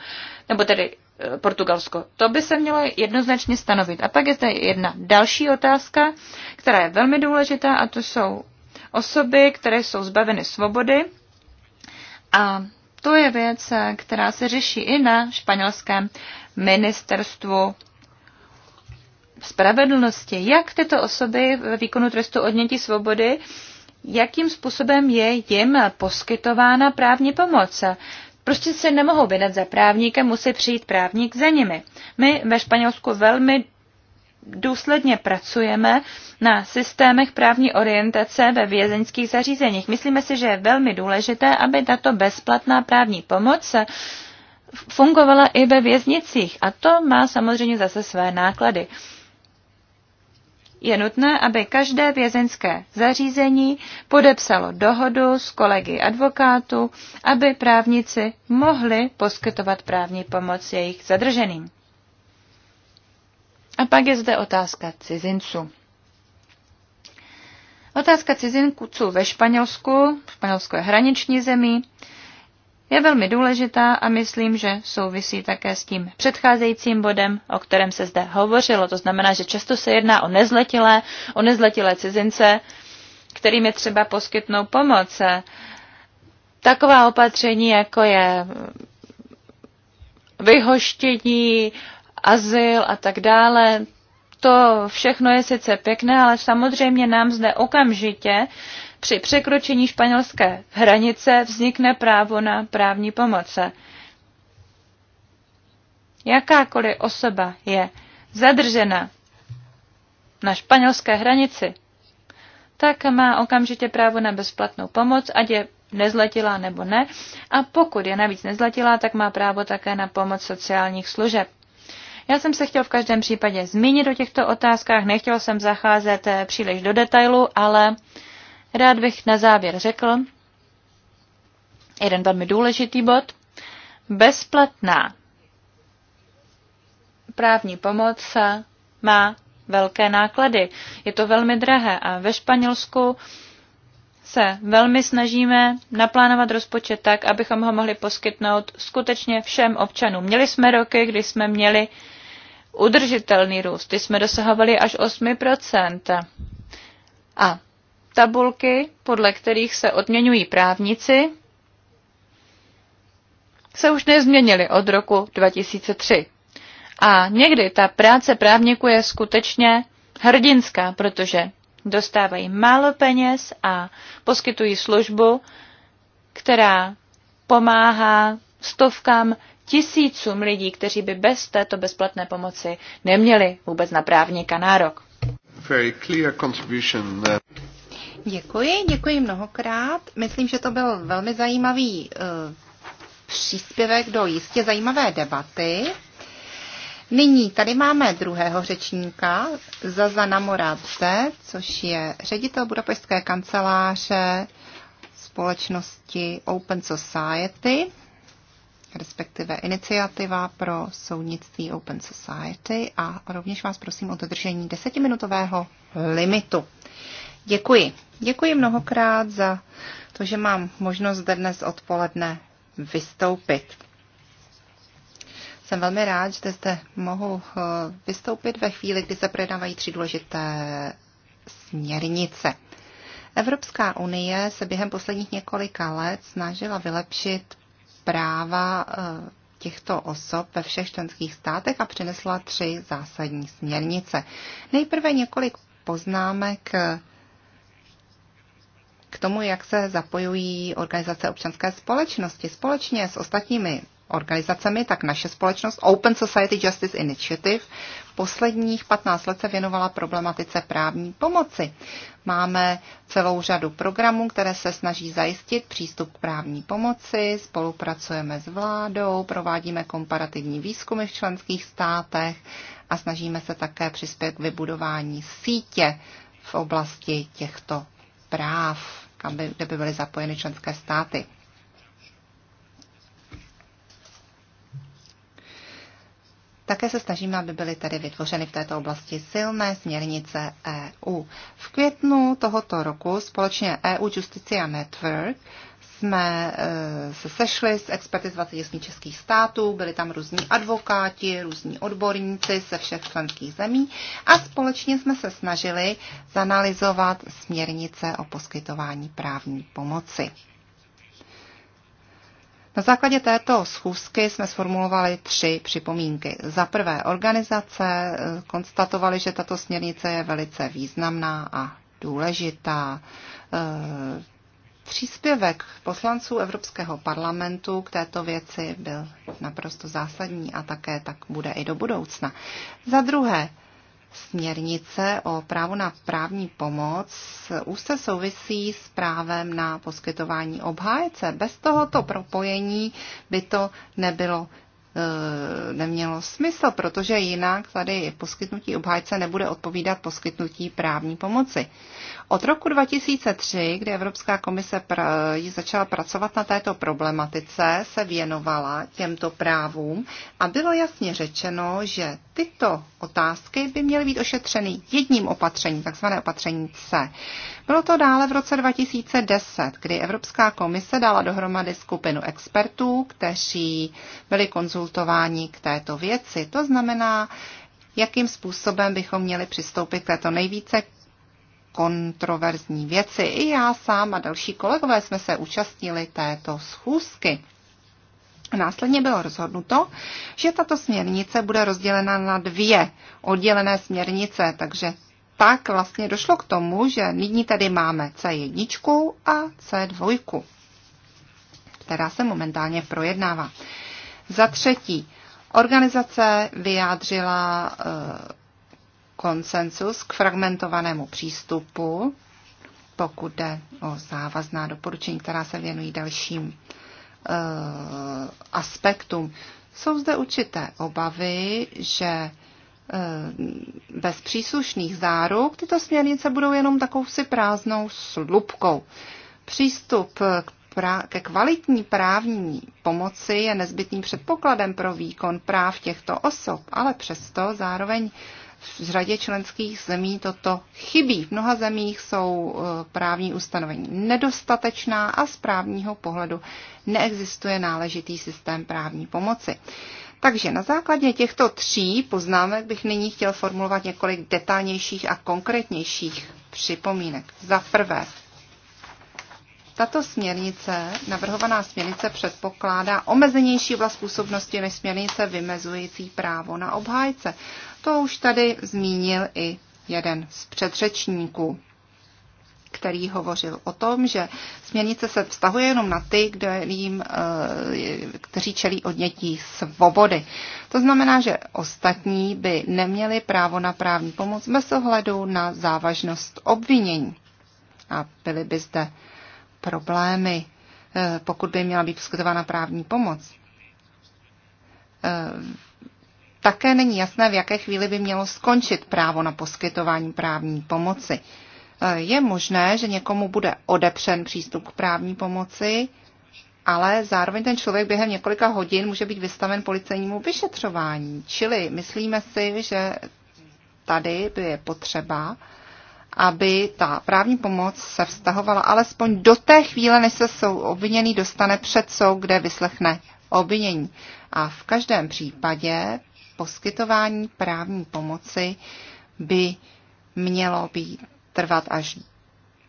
S2: Nebo tedy eh, Portugalsko. To by se mělo jednoznačně stanovit. A pak je zde jedna další otázka, která je velmi důležitá, a to jsou osoby, které jsou zbaveny svobody a to je věc, která se řeší i na španělském ministerstvu spravedlnosti. Jak tyto osoby ve výkonu trestu odnětí svobody, jakým způsobem je jim poskytována právní pomoc? Prostě se nemohou vydat za právníkem, musí přijít právník za nimi. My ve Španělsku velmi důsledně pracujeme na systémech právní orientace ve vězeňských zařízeních. Myslíme si, že je velmi důležité, aby tato bezplatná právní pomoc fungovala i ve věznicích a to má samozřejmě zase své náklady. Je nutné, aby každé vězeňské zařízení podepsalo dohodu s kolegy advokátů, aby právníci mohli poskytovat právní pomoc jejich zadrženým. A pak je zde otázka cizinců. Otázka cizinců ve Španělsku, Španělsko je hraniční zemí, je velmi důležitá a myslím, že souvisí také s tím předcházejícím bodem, o kterém se zde hovořilo. To znamená, že často se jedná o nezletilé, o nezletilé cizince, kterým je třeba poskytnout pomoc. Taková opatření, jako je vyhoštění, azyl a tak dále. To všechno je sice pěkné, ale samozřejmě nám zde okamžitě při překročení španělské hranice vznikne právo na právní pomoc. Jakákoliv osoba je zadržena na španělské hranici, tak má okamžitě právo na bezplatnou pomoc, ať je nezletilá nebo ne. A pokud je navíc nezletilá, tak má právo také na pomoc sociálních služeb. Já jsem se chtěl v každém případě zmínit o těchto otázkách, nechtěl jsem zacházet eh, příliš do detailu, ale rád bych na závěr řekl jeden velmi důležitý bod. Bezplatná právní pomoc má velké náklady. Je to velmi drahé a ve Španělsku se velmi snažíme naplánovat rozpočet tak, abychom ho mohli poskytnout skutečně všem občanům. Měli jsme roky, kdy jsme měli udržitelný růst. Ty jsme dosahovali až 8%. A tabulky, podle kterých se odměňují právníci, se už nezměnily od roku 2003. A někdy ta práce právníků je skutečně hrdinská, protože dostávají málo peněz a poskytují službu, která pomáhá stovkám tisícům lidí, kteří by bez této bezplatné pomoci neměli vůbec na právníka nárok.
S3: Děkuji, děkuji mnohokrát. Myslím, že to byl velmi zajímavý uh, příspěvek do jistě zajímavé debaty. Nyní tady máme druhého řečníka, Zazana Moradze, což je ředitel Budapešské kanceláře společnosti Open Society respektive iniciativa pro soudnictví Open Society a rovněž vás prosím o dodržení desetiminutového limitu. Děkuji. Děkuji mnohokrát za to, že mám možnost zde dnes odpoledne vystoupit. Jsem velmi rád, že zde mohu eh, vystoupit ve chvíli, kdy se projednávají tři důležité směrnice. Evropská unie se během posledních několika let snažila vylepšit práva eh, těchto osob ve všech členských státech a přinesla tři zásadní směrnice. Nejprve několik poznámek eh, k tomu, jak se zapojují organizace občanské společnosti společně s ostatními organizacemi, tak naše společnost Open Society Justice Initiative posledních 15 let se věnovala problematice právní pomoci. Máme celou řadu programů, které se snaží zajistit přístup k právní pomoci, spolupracujeme s vládou, provádíme komparativní výzkumy v členských státech a snažíme se také přispět k vybudování sítě v oblasti těchto práv, kde by byly zapojeny členské státy. Také se snažíme, aby byly tedy vytvořeny v této oblasti silné směrnice EU. V květnu tohoto roku společně EU Justicia Network jsme eh, se sešli s experty z 28 českých států, byli tam různí advokáti, různí odborníci ze všech členských zemí a společně jsme se snažili zanalizovat směrnice o poskytování právní pomoci. Na základě této schůzky jsme sformulovali tři připomínky. Za prvé, organizace konstatovali, že tato směrnice je velice významná a důležitá. E, příspěvek poslanců Evropského parlamentu k této věci byl naprosto zásadní a také tak bude i do budoucna. Za druhé, směrnice o právu na právní pomoc úzce souvisí s právem na poskytování obhájce. Bez tohoto propojení by to nebylo Eh, nemělo smysl, protože jinak tady poskytnutí obhájce nebude odpovídat poskytnutí právní pomoci. Od roku 2003, kdy Evropská komise pra- začala pracovat na této problematice, se věnovala těmto právům a bylo jasně řečeno, že tyto otázky by měly být ošetřeny jedním opatřením, takzvané opatření C. Bylo to dále v roce 2010, kdy Evropská komise dala dohromady skupinu expertů, kteří byli konzultováni konzultování k této věci. To znamená, jakým způsobem bychom měli přistoupit k této nejvíce kontroverzní věci. I já sám a další kolegové jsme se účastnili této schůzky. Následně bylo rozhodnuto, že tato směrnice bude rozdělena na dvě oddělené směrnice, takže tak vlastně došlo k tomu, že nyní tady máme C1 a C2, která se momentálně projednává. Za třetí, organizace vyjádřila eh, konsensus k fragmentovanému přístupu, pokud jde o závazná doporučení, která se věnují dalším eh, aspektům. Jsou zde určité obavy, že eh, bez příslušných záruk tyto směrnice budou jenom takovou si prázdnou slupkou. Přístup k prá- ke kvalitní právní pomoci je nezbytným předpokladem pro výkon práv těchto osob, ale přesto zároveň v řadě členských zemí toto chybí. V mnoha zemích jsou e, právní ustanovení nedostatečná a z právního pohledu neexistuje náležitý systém právní pomoci. Takže na základě těchto tří poznámek bych nyní chtěl formulovat několik detailnějších a konkrétnějších připomínek. Za prvé, tato směrnice, navrhovaná směrnice, předpokládá omezenější vlast působnosti než směrnice vymezující právo na obhájce. To už tady zmínil i jeden z předřečníků který hovořil o tom, že směrnice se vztahuje jenom na ty, kterým, eh, kteří čelí odnětí svobody. To znamená, že ostatní by neměli právo na právní pomoc bez ohledu na závažnost obvinění a byli by zde problémy, eh, pokud by měla být poskytována právní pomoc. Eh, také není jasné, v jaké chvíli by mělo skončit právo na poskytování právní pomoci. Eh, je možné, že někomu bude odepřen přístup k právní pomoci, ale zároveň ten člověk během několika hodin může být vystaven policejnímu vyšetřování. Čili myslíme si, že tady by je potřeba aby ta právní pomoc se vztahovala alespoň do té chvíle, než se sou obviněný dostane před soud, kde vyslechne obvinění. A v každém případě poskytování právní pomoci by mělo být trvat až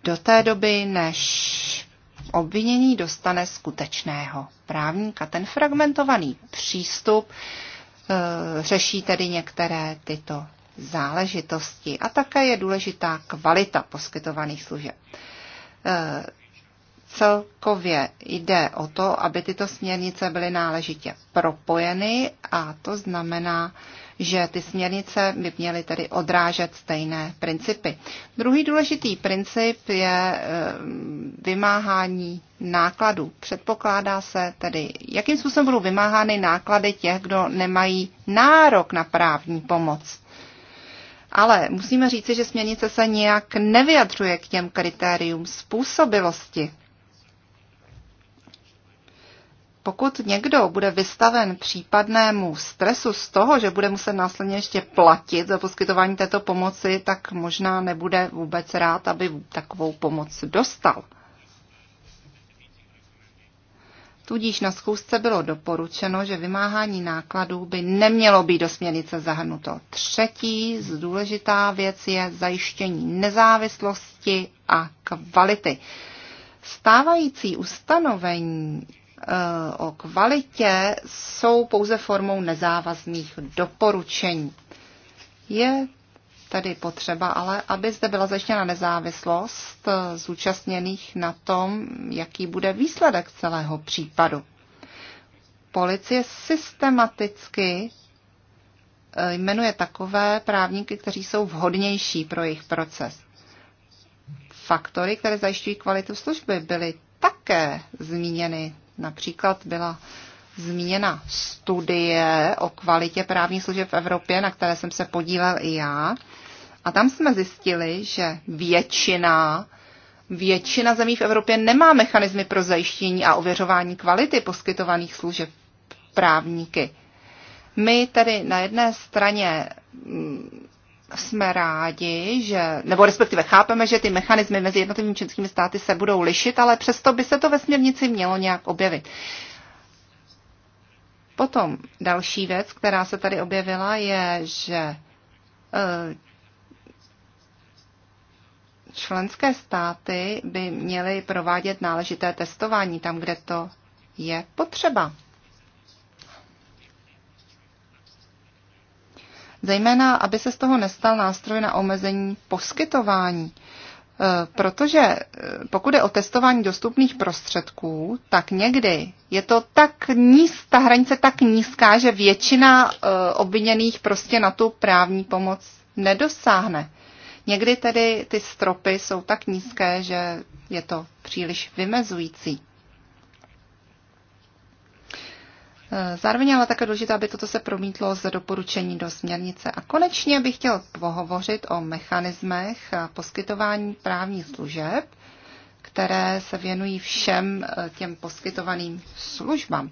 S3: do té doby, než obvinění dostane skutečného právníka. Ten fragmentovaný přístup eh, řeší tedy některé tyto záležitosti a také je důležitá kvalita poskytovaných služeb. E, celkově jde o to, aby tyto směrnice byly náležitě propojeny a to znamená, že ty směrnice by měly tedy odrážet stejné principy. Druhý důležitý princip je e, vymáhání nákladů. Předpokládá se tedy, jakým způsobem budou vymáhány náklady těch, kdo nemají nárok na právní pomoc. Ale musíme říci, že směrnice se nijak nevyjadřuje k těm kritériům způsobilosti. Pokud někdo bude vystaven případnému stresu z toho, že bude muset následně ještě platit za poskytování této pomoci, tak možná nebude vůbec rád, aby takovou pomoc dostal. Tudíž na schůzce bylo doporučeno, že vymáhání nákladů by nemělo být do směrnice zahrnuto. Třetí důležitá věc je zajištění nezávislosti a kvality. Stávající ustanovení eh, o kvalitě jsou pouze formou nezávazných doporučení. Je tedy potřeba, ale aby zde byla zajištěna nezávislost eh, zúčastněných na tom, jaký bude výsledek celého případu. Policie systematicky eh, jmenuje takové právníky, kteří jsou vhodnější pro jejich proces. Faktory, které zajišťují kvalitu služby, byly také zmíněny. Například byla zmíněna studie o kvalitě právních služeb v Evropě, na které jsem se podílel i já. A tam jsme zjistili, že většina Většina zemí v Evropě nemá mechanismy pro zajištění a ověřování kvality poskytovaných služeb právníky. My tedy na jedné straně mm, jsme rádi, že, nebo respektive chápeme, že ty mechanismy mezi jednotlivými členskými státy se budou lišit, ale přesto by se to ve směrnici mělo nějak objevit. Potom další věc, která se tady objevila, je, že eh, členské státy by měly provádět náležité testování tam, kde to je potřeba. Zejména, aby se z toho nestal nástroj na omezení poskytování. E, protože e, pokud je o testování dostupných prostředků, tak někdy je to tak níz, ta hranice tak nízká, že většina e, obviněných prostě na tu právní pomoc nedosáhne. Někdy tedy ty stropy jsou tak nízké, že je to příliš vymezující. E, zároveň ale také důležité, aby toto se promítlo z doporučení do směrnice. A konečně bych chtěl pohovořit o mechanismech poskytování právních služeb, které se věnují všem e, těm poskytovaným službám.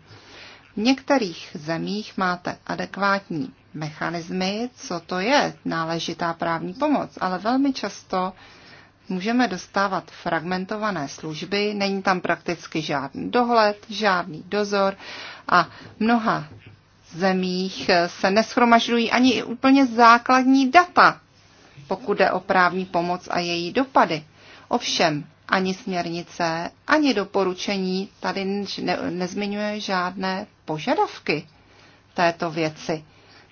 S3: V některých zemích máte adekvátní mechanismy, co to je náležitá právní pomoc, ale velmi často můžeme dostávat fragmentované služby, není tam prakticky žádný dohled, žádný dozor a mnoha zemích se neschromažďují ani i úplně základní data, pokud jde o právní pomoc a její dopady. Ovšem, ani směrnice, ani doporučení tady ne, nezmiňuje žádné požadavky této věci.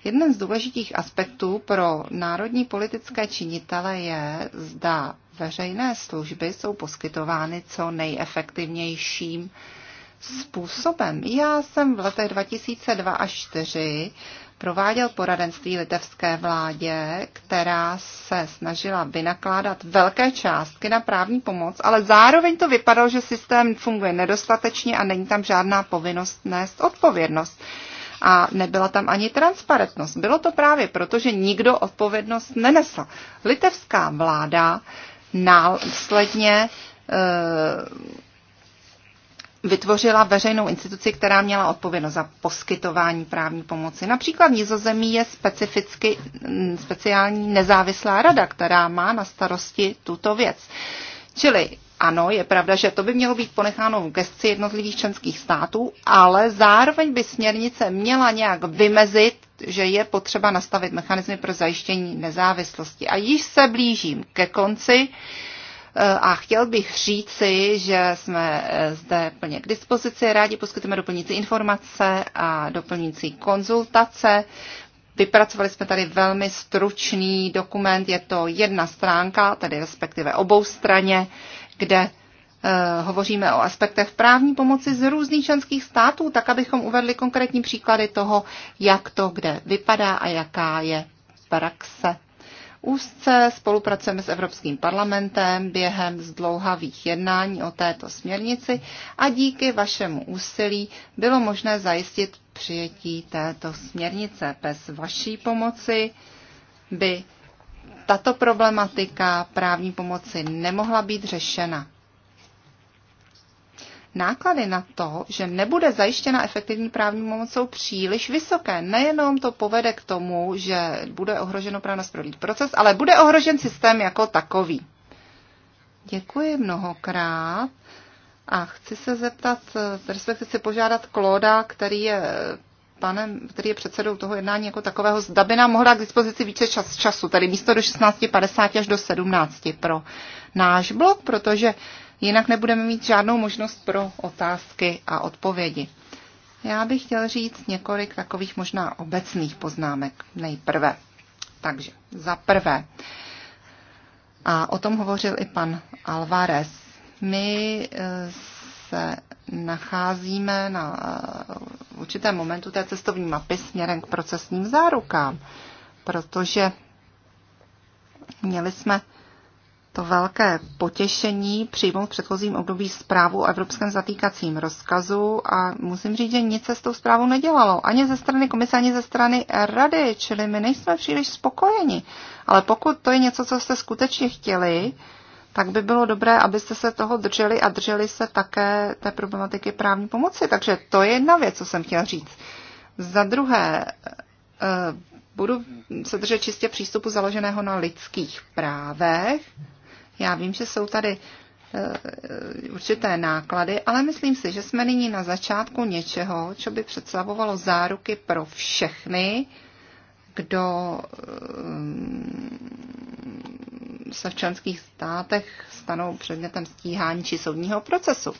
S3: Jeden z důležitých aspektů pro národní politické činitele je, zda veřejné služby jsou poskytovány co nejefektivnějším způsobem. Já jsem v letech 2002 až 2004 prováděl poradenství litevské vládě, která se snažila vynakládat velké částky na právní pomoc, ale zároveň to vypadalo, že systém funguje nedostatečně a není tam žádná povinnost nést odpovědnost a nebyla tam ani transparentnost. Bylo to právě proto, že nikdo odpovědnost nenesl. Litevská vláda následně e, vytvořila veřejnou instituci, která měla odpovědnost za poskytování právní pomoci. Například v Nizozemí je specificky, mm, speciální nezávislá rada, která má na starosti tuto věc. Čili ano, je pravda, že to by mělo být ponecháno v gestci jednotlivých členských států, ale zároveň by směrnice měla nějak vymezit, že je potřeba nastavit mechanismy pro zajištění nezávislosti. A již se blížím ke konci. Eh, a chtěl bych říci, že jsme eh, zde plně k dispozici, rádi poskytujeme doplňující informace a doplňující konzultace. Vypracovali jsme tady velmi stručný dokument, je to jedna stránka, tedy respektive obou straně, kde eh, hovoříme o aspektech právní pomoci z různých členských států, tak abychom uvedli konkrétní příklady toho, jak to kde vypadá a jaká je praxe. Úzce spolupracujeme s Evropským parlamentem během zdlouhavých jednání o této směrnici a díky vašemu úsilí bylo možné zajistit přijetí této směrnice. Bez vaší pomoci by tato problematika právní pomoci nemohla být řešena. Náklady na to, že nebude zajištěna efektivní právní pomoc, jsou příliš vysoké. Nejenom to povede k tomu, že bude ohroženo právno proces, ale bude ohrožen systém jako takový. Děkuji mnohokrát. A chci se zeptat, respektive chci požádat Kloda, který je panem, který je předsedou toho jednání jako takového, zda by nám mohla dát k dispozici více čas, času, tedy místo do 16.50 až do 17 pro náš blok, protože jinak nebudeme mít žádnou možnost pro otázky a odpovědi. Já bych chtěl říct několik takových možná obecných poznámek nejprve. Takže za prvé, a o tom hovořil i pan Alvarez, my eh, se nacházíme na eh, určitém momentu té cestovní mapy směrem k procesním zárukám, protože měli jsme to velké potěšení přijmout v předchozím období zprávu o evropském zatýkacím rozkazu a musím říct, že nic se s tou zprávou nedělalo. Ani ze strany komise, ani ze strany rady, čili my nejsme příliš spokojeni. Ale pokud to je něco, co jste skutečně chtěli, tak by bylo dobré, abyste se toho drželi a drželi se také té problematiky právní pomoci. Takže to je jedna věc, co jsem chtěla říct. Za druhé, eh, budu se držet čistě přístupu založeného na lidských právech. Já vím, že jsou tady eh, určité náklady, ale myslím si, že jsme nyní na začátku něčeho, co by představovalo záruky pro všechny, kdo eh, se v členských státech stanou předmětem stíhání či soudního procesu.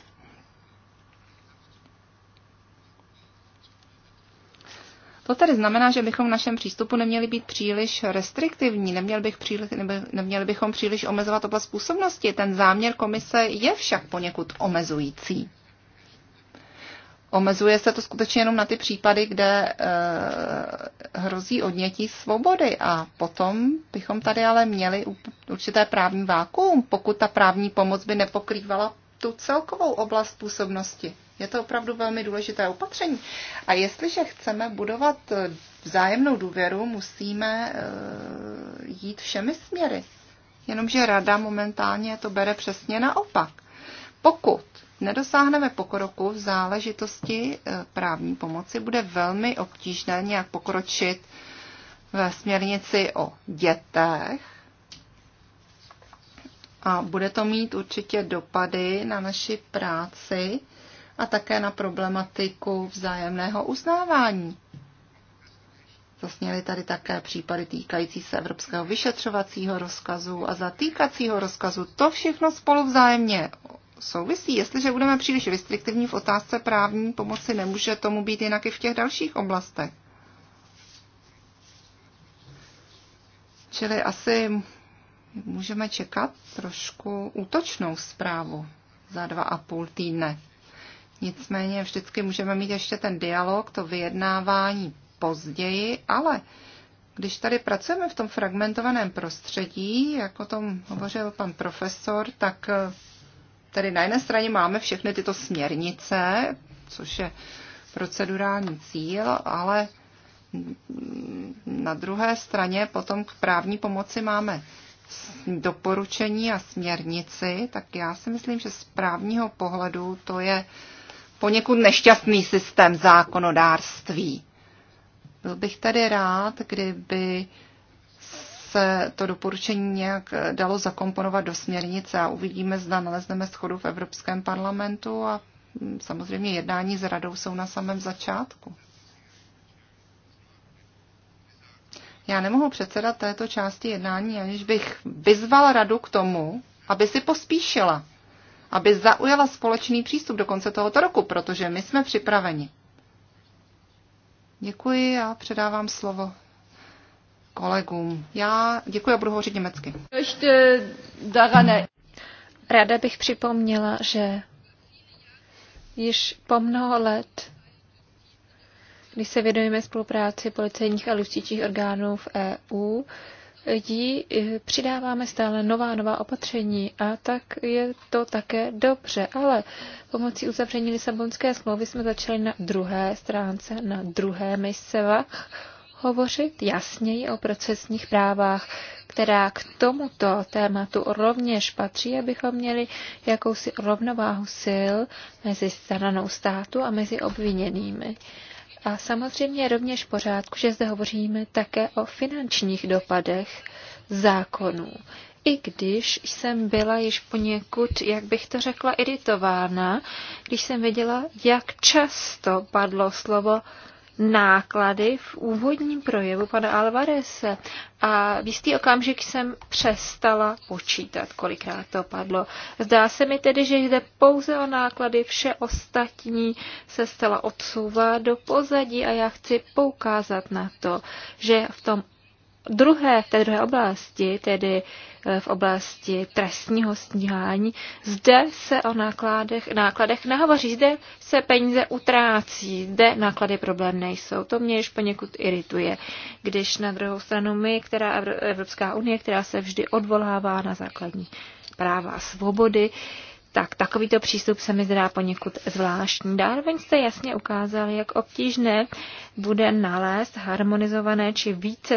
S3: To tedy znamená, že bychom v našem přístupu neměli být příliš restriktivní, neměli, bych příliš, neměli bychom příliš omezovat oblast působnosti. Ten záměr komise je však poněkud omezující. Omezuje se to skutečně jenom na ty případy, kde eh, hrozí odnětí svobody a potom bychom tady ale měli určité právní vákuum, pokud ta právní pomoc by nepokrývala tu celkovou oblast působnosti. Je to opravdu velmi důležité opatření. A jestliže chceme budovat eh, vzájemnou důvěru, musíme eh, jít všemi směry. Jenomže rada momentálně to bere přesně naopak. Pokud nedosáhneme pokroku v záležitosti eh, právní pomoci, bude velmi obtížné nějak pokročit ve směrnici o dětech. A bude to mít určitě dopady na naši práci a také na problematiku vzájemného uznávání. Zasněly tady také případy týkající se evropského vyšetřovacího rozkazu a zatýkacího rozkazu. To všechno spolu vzájemně souvisí. Jestliže budeme příliš restriktivní v otázce právní pomoci, nemůže tomu být jinak i v těch dalších oblastech. Čili asi můžeme čekat trošku útočnou zprávu za dva a půl týdne. Nicméně vždycky můžeme mít ještě ten dialog, to vyjednávání později, ale když tady pracujeme v tom fragmentovaném prostředí, jako tom hovořil pan profesor, tak tedy na jedné straně máme všechny tyto směrnice, což je procedurální cíl, ale na druhé straně potom k právní pomoci máme doporučení a směrnici, tak já si myslím, že z právního pohledu to je poněkud nešťastný systém zákonodárství. Byl bych tedy rád, kdyby se to doporučení nějak dalo zakomponovat do směrnice a uvidíme, zda nalezneme schodu v Evropském parlamentu a mm, samozřejmě jednání s radou jsou na samém začátku. Já nemohu předsedat této části jednání, aniž bych vyzval radu k tomu, aby si pospíšila, aby zaujala společný přístup do konce tohoto roku, protože my jsme připraveni. Děkuji a předávám slovo kolegům. Já děkuji a budu hovořit německy. Ještě darane. Ráda
S1: bych připomněla, že již po mnoho let, když se věnujeme spolupráci policejních a lustičních orgánů v EU, jí eh, přidáváme stále nová nová opatření a tak je to také dobře. Ale pomocí uzavření Lisabonské smlouvy jsme začali na druhé stránce, na druhé misevách hovořit jasněji o procesních právách, která k tomuto tématu rovněž patří, abychom měli jakousi rovnováhu sil mezi stranou státu a mezi obviněnými. A samozřejmě rovněž pořádku, že zde hovoříme také o finančních dopadech zákonů. I když jsem byla již poněkud, jak bych to řekla, iritována, když jsem viděla, jak často padlo slovo náklady v úvodním projevu pana Alvarese. A v jistý okamžik jsem přestala počítat, kolikrát to padlo. Zdá se mi tedy, že jde pouze o náklady, vše ostatní se stala odsouvá do pozadí a já chci poukázat na to, že v tom druhé, v té druhé oblasti, tedy eh, v oblasti trestního stíhání, zde se o nákladech, nákladech nahovoří, zde se peníze utrácí, zde náklady problém nejsou. To mě již poněkud irituje, když na druhou stranu my, která Evropská unie, která se vždy odvolává na základní práva a svobody, tak takovýto přístup se mi zdá poněkud zvláštní. Zároveň jste jasně ukázal, jak obtížné bude nalézt harmonizované či více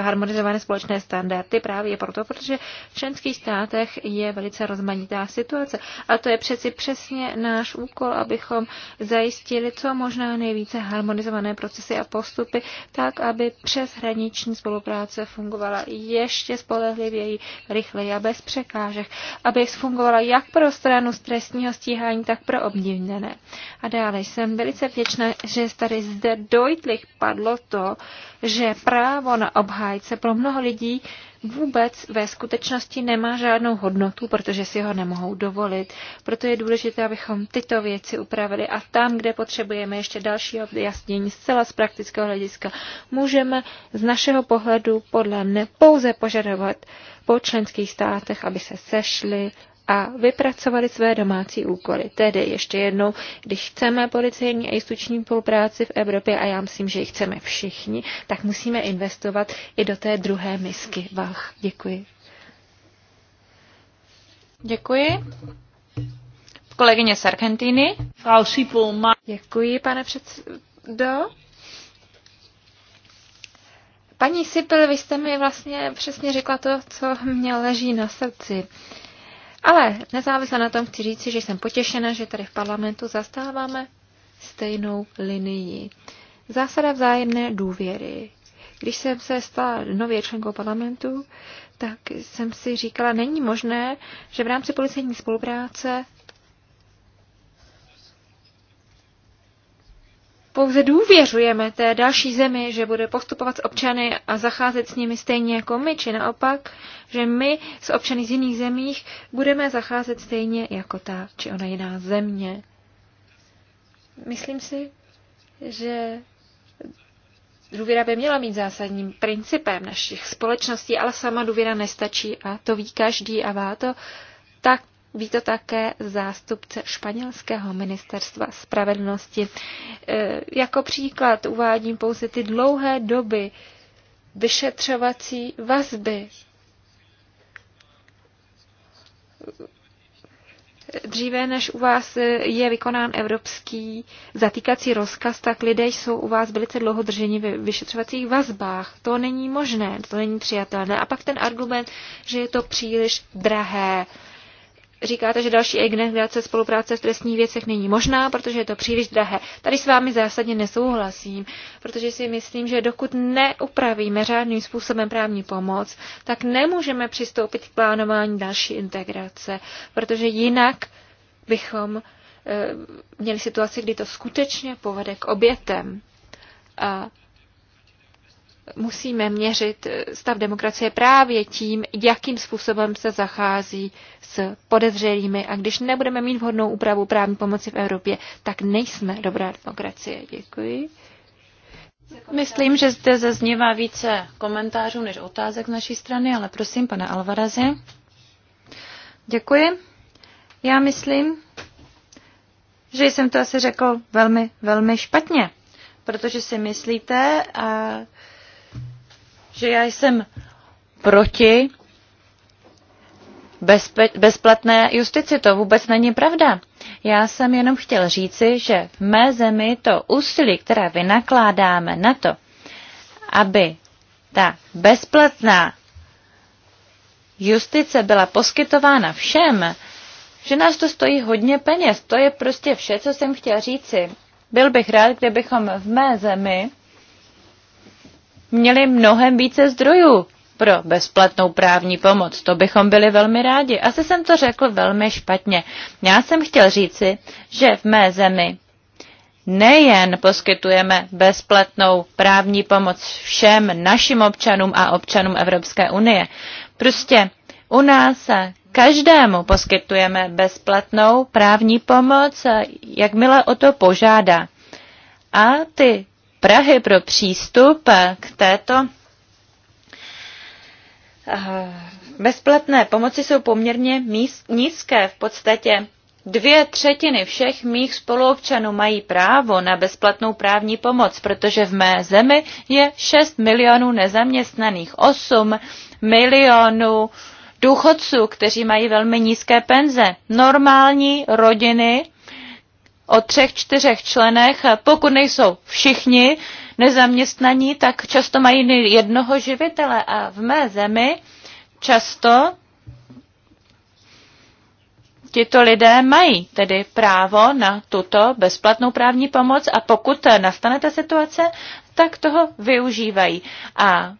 S1: harmonizované společné standardy právě proto, protože v členských státech je velice rozmanitá situace. A to je přeci přesně náš úkol, abychom zajistili co možná nejvíce harmonizované procesy a postupy, tak aby přeshraniční spolupráce fungovala ještě spolehlivěji, rychleji a bez překážek, aby fungovala jak pro pro stranu stresního stíhání, tak pro obdivněné. A dále jsem velice vděčná, že tady zde dojtlich padlo to, že právo na obhájce pro mnoho lidí vůbec ve skutečnosti nemá žádnou hodnotu, protože si ho nemohou dovolit. Proto je důležité, abychom tyto věci upravili a tam, kde potřebujeme ještě další objasnění zcela z praktického hlediska, můžeme z našeho pohledu podle mne pouze požadovat po členských státech, aby se sešli, a vypracovali své domácí úkoly. Tedy ještě jednou, když chceme policejní a justiční spolupráci v Evropě, a já myslím, že ji chceme všichni, tak musíme investovat i do té druhé misky. Vach, děkuji. Děkuji. Kolegyně z Frau Schiphol Děkuji, pane předsedo. Paní Sipil, vy jste mi vlastně přesně řekla to, co mě leží na srdci. Uh, ale nezávisle na tom chci říci, že jsem potěšena, že tady v parlamentu zastáváme stejnou linii. Zásada vzájemné důvěry. Když jsem se stala nově členkou parlamentu, tak jsem si říkala, není možné, že v rámci policejní spolupráce pouze důvěřujeme té další zemi, že bude postupovat s občany a zacházet s nimi stejně jako my, či naopak, že my s občany z jiných zemích budeme zacházet stejně jako ta či ona jiná země. Myslím si, že důvěra by měla být zásadním principem našich společností, ale sama důvěra nestačí a to ví každý a vá to tak Ví to také zástupce španělského ministerstva spravedlnosti. E, jako příklad uvádím pouze ty dlouhé doby vyšetřovací vazby. Dříve než u vás je vykonán evropský zatýkací rozkaz, tak lidé jsou u vás velice dlouho drženi ve vyšetřovacích vazbách. To není možné, to není přijatelné. A pak ten argument, že je to příliš drahé říkáte, že další ignorace spolupráce v trestních věcech není možná, protože je to příliš drahé. Tady s vámi zásadně nesouhlasím, protože si myslím, že dokud neupravíme řádným způsobem právní pomoc, tak nemůžeme přistoupit k plánování další integrace, protože jinak bychom eh, měli situaci, kdy to skutečně povede k obětem. A musíme měřit stav demokracie právě tím, jakým způsobem se zachází s podezřelými. A když nebudeme mít vhodnou úpravu právní pomoci v Evropě, tak nejsme dobrá demokracie. Děkuji.
S2: Myslím, že zde zaznívá více komentářů než otázek z naší strany, ale prosím, pane Alvaraze. Děkuji. Já myslím, že jsem to asi řekl velmi, velmi špatně, protože si myslíte, a že já jsem proti bezpe- bezplatné justici. To vůbec není pravda. Já jsem jenom chtěl říci, že v mé zemi to úsilí, které vynakládáme na to, aby ta bezplatná justice byla poskytována všem, že nás to stojí hodně peněz. To je prostě vše, co jsem chtěl říci. Byl bych rád, kdybychom v mé zemi měli mnohem více zdrojů pro bezplatnou právní pomoc. To bychom byli velmi rádi. Asi jsem to řekl velmi špatně. Já jsem chtěl říci, že v mé zemi nejen poskytujeme bezplatnou právní pomoc všem našim občanům a občanům Evropské unie. Prostě u nás každému poskytujeme bezplatnou právní pomoc, jakmile o to požádá. A ty Prahy pro přístup k této eh, bezplatné pomoci jsou poměrně nízké. V podstatě Dvě třetiny všech mých spoluobčanů mají právo na bezplatnou právní pomoc, protože v mé zemi je 6 milionů nezaměstnaných, 8 milionů důchodců, kteří mají velmi nízké penze. Normální rodiny o třech, čtyřech členech, pokud nejsou všichni nezaměstnaní, tak často mají jednoho živitele. A v mé zemi často tito lidé mají tedy právo na tuto bezplatnou právní pomoc a pokud nastane ta situace, tak toho využívají. A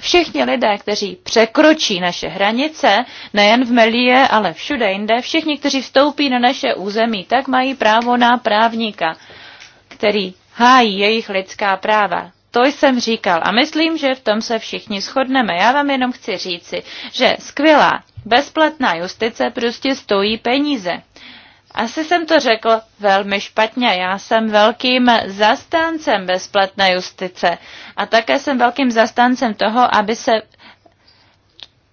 S2: všichni lidé, kteří překročí naše hranice, nejen v Melie, ale všude jinde, všichni, kteří vstoupí na naše území, tak mají právo na právníka, který hájí jejich lidská práva. To jsem říkal a myslím, že v tom se všichni shodneme. Já vám jenom chci říci, že skvělá, bezplatná justice prostě stojí peníze. Asi jsem to řekl velmi špatně. Já jsem velkým zastáncem bezplatné justice a také jsem velkým zastáncem toho, aby se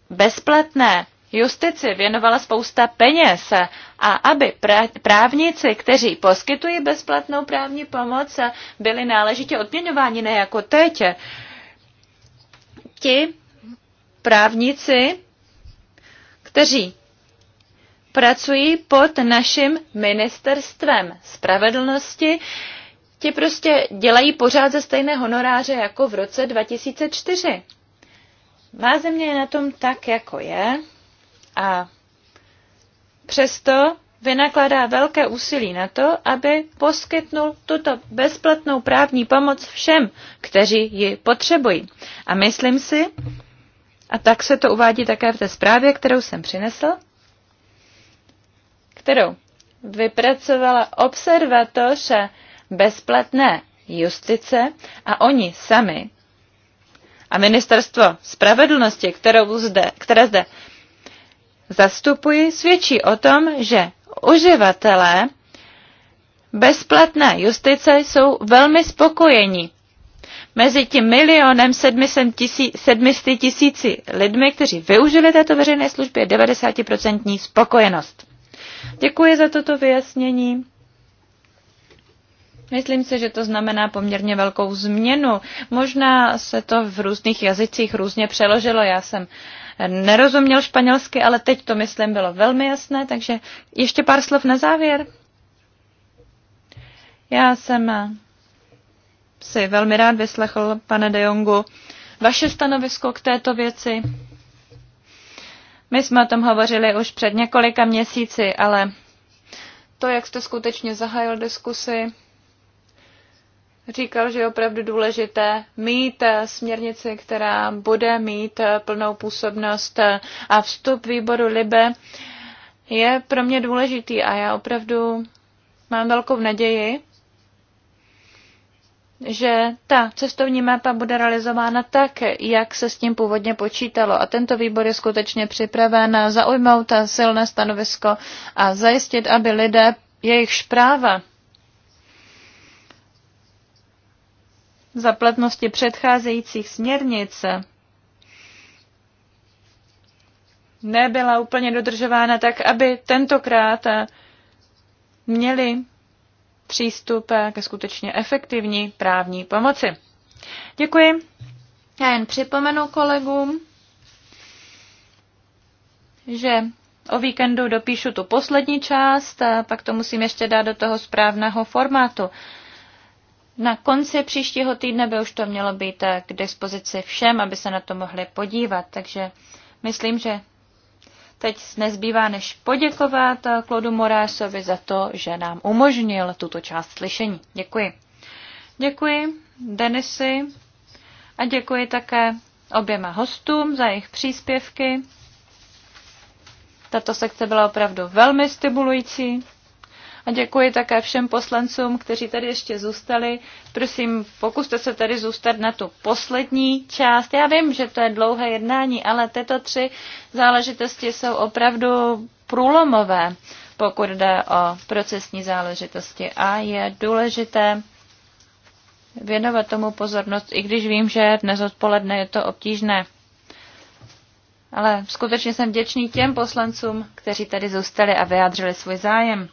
S2: bezplatné justici věnovala spousta peněz a aby právníci, kteří poskytují bezplatnou právní pomoc, byli náležitě odměňováni, ne jako teď. Ti právníci, kteří pracují pod naším ministerstvem spravedlnosti, ti prostě dělají pořád ze stejné honoráře jako v roce 2004. Má země je na tom tak, jako je a přesto vynakládá velké úsilí na to, aby poskytnul tuto bezplatnou právní pomoc všem, kteří ji potřebují. A myslím si, a tak se to uvádí také v té zprávě, kterou jsem přinesl, kterou vypracovala observatoř bezplatné justice a oni sami a ministerstvo spravedlnosti, kterou zde, které zde zastupuji, svědčí o tom, že uživatelé bezplatné justice jsou velmi spokojeni. Mezi tím milionem 700 tisíci lidmi, kteří využili této veřejné služby, je 90% spokojenost. Děkuji za toto vyjasnění. Myslím si, že to znamená poměrně velkou změnu. Možná se to v různých jazycích různě přeložilo. Já jsem nerozuměl španělsky, ale teď to, myslím, bylo velmi jasné. Takže ještě pár slov na závěr. Já jsem si velmi rád vyslechl, pane De Jongu, vaše stanovisko k této věci. My jsme o tom hovořili už před několika měsíci, ale to, jak jste skutečně zahájil diskusi, říkal, že je opravdu důležité mít eh, směrnici, která bude mít eh, plnou působnost eh, a vstup výboru Libe je pro mě důležitý a já opravdu mám velkou naději, že ta cestovní mapa bude realizována tak, jak se s tím původně počítalo. A tento výbor je skutečně připraven zaujmout silné stanovisko a zajistit, aby lidé, jejich práva zapletnosti předcházejících směrnic nebyla úplně dodržována tak, aby tentokrát měli přístup ke skutečně efektivní právní pomoci. Děkuji. Já jen připomenu kolegům, že o víkendu dopíšu tu poslední část, a pak to musím ještě dát do toho správného formátu. Na konci příštího týdne by už to mělo být k dispozici všem, aby se na to mohli podívat. Takže myslím, že Teď nezbývá než poděkovat Klodu Morásovi za to, že nám umožnil tuto část slyšení. Děkuji. Děkuji Denisy a děkuji také oběma hostům za jejich příspěvky. Tato sekce byla opravdu velmi stimulující. A děkuji také všem poslancům, kteří tady ještě zůstali. Prosím, pokuste se tady zůstat na tu poslední část. Já vím, že to je dlouhé jednání, ale tyto tři záležitosti jsou opravdu průlomové, pokud jde o procesní záležitosti. A je důležité věnovat tomu pozornost, i když vím, že dnes odpoledne je to obtížné. Ale skutečně jsem vděčný těm poslancům, kteří tady zůstali a vyjádřili svůj zájem.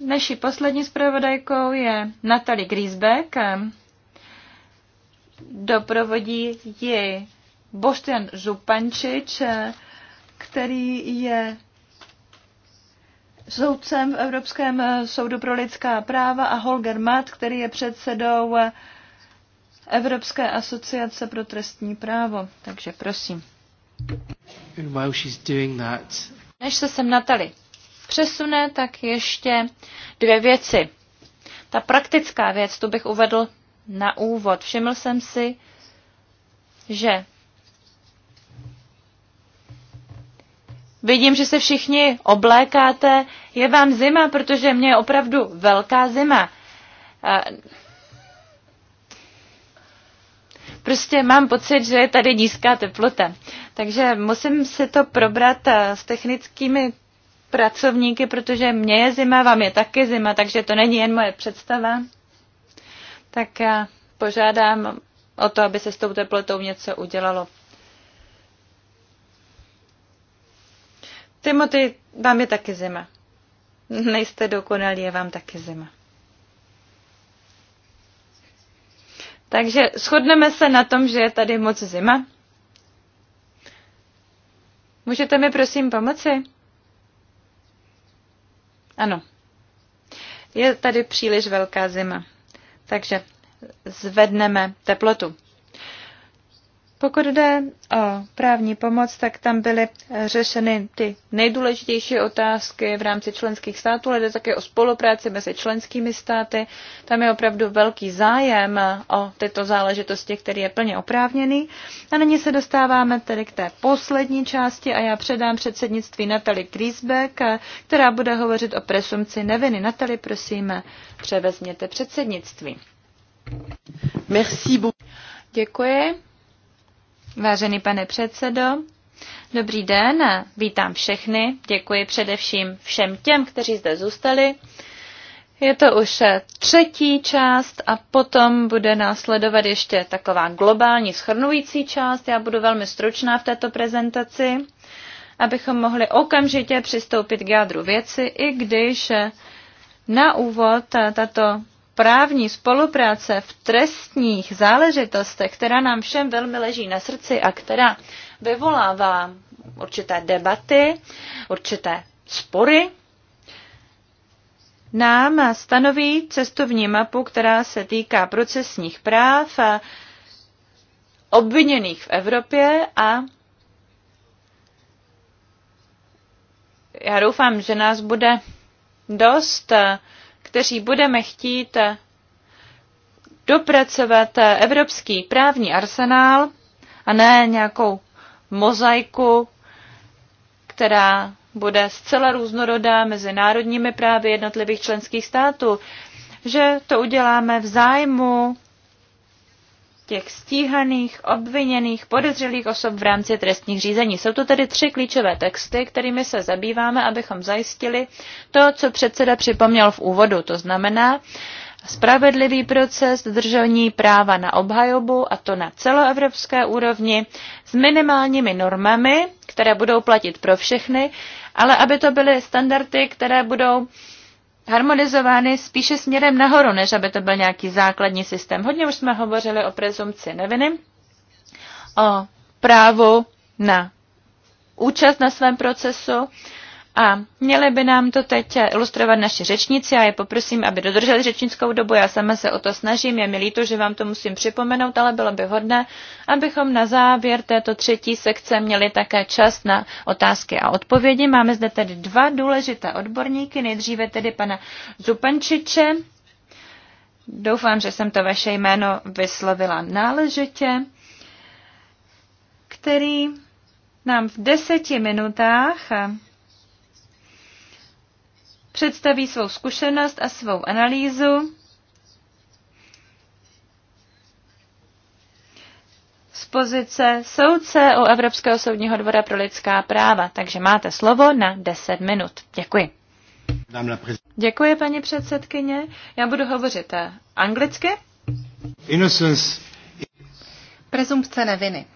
S2: Naší poslední zpravodajkou je Natalie Griesbeck. Doprovodí ji Boštěn Župančič, který je soudcem v Evropském soudu pro lidská práva a Holger Matt, který je předsedou Evropské asociace pro trestní právo. Takže prosím. Než se sem Natali přesune, tak ještě dvě věci. Ta praktická věc, tu bych uvedl na úvod. Všiml jsem si, že Vidím, že se všichni oblékáte. Je vám zima, protože mě je opravdu velká zima. Prostě mám pocit, že je tady nízká teplota. Takže musím si to probrat eh, s technickými pracovníky, protože mě je zima, vám je taky zima, takže to není jen moje představa. Tak já požádám o to, aby se s tou teplotou něco udělalo. Timothy, vám je taky zima. Nejste dokonalí, je vám taky zima. Takže shodneme se na tom, že je tady moc zima. Můžete mi prosím pomoci? Ano. Je tady příliš velká zima. Takže zvedneme teplotu. Pokud jde o právní pomoc, tak tam byly eh, řešeny ty nejdůležitější otázky v rámci členských států, ale jde také o spolupráci mezi členskými státy. Tam je opravdu velký zájem eh, o tyto záležitosti, který je plně oprávněný. A nyní se dostáváme tedy k té poslední části a já předám předsednictví Natali Griesbeck, eh, která bude hovořit o presumci neviny. Natali, prosím, převezměte předsednictví. Merci beaucoup. Děkuji. Vážený pane předsedo, dobrý den, vítám všechny, děkuji především všem těm, kteří zde zůstali. Je to už třetí část a potom bude následovat ještě taková globální schrnující část. Já budu velmi stručná v této prezentaci, abychom mohli okamžitě přistoupit k jádru věci, i když na úvod tato právní spolupráce v trestních záležitostech, která nám všem velmi leží na srdci a která vyvolává určité debaty, určité spory, nám stanoví cestovní mapu, která se týká procesních práv a obviněných v Evropě a já doufám, že nás bude dost kteří budeme chtít dopracovat evropský právní arsenál a ne nějakou mozaiku, která bude zcela různorodá mezi národními právy jednotlivých členských států, že to uděláme v zájmu těch stíhaných, obviněných, podezřelých osob v rámci trestních řízení. Jsou to tedy tři klíčové texty, kterými se zabýváme, abychom zajistili to, co předseda připomněl v úvodu. To znamená spravedlivý proces držení práva na obhajobu, a to na celoevropské úrovni, s minimálními normami, které budou platit pro všechny, ale aby to byly standardy, které budou harmonizovány spíše směrem nahoru, než aby to byl nějaký základní systém. Hodně už jsme hovořili o prezumci neviny, o právu na účast na svém procesu a měli by nám to teď ilustrovat naši řečníci a je poprosím, aby dodrželi řečnickou dobu. Já sama se o to snažím, je mi líto, že vám to musím připomenout, ale bylo by hodné, abychom na závěr této třetí sekce měli také čas na otázky a odpovědi. Máme zde tedy dva důležité odborníky, nejdříve tedy pana Zupančiče. Doufám, že jsem to vaše jméno vyslovila náležitě, který nám v deseti minutách představí svou zkušenost a svou analýzu. z pozice soudce u Evropského soudního dvora pro lidská práva. Takže máte slovo na 10 minut. Děkuji. Děkuji, paní předsedkyně. Já budu hovořit eh,
S3: anglicky.
S1: Innocence.
S3: Prezumpce neviny.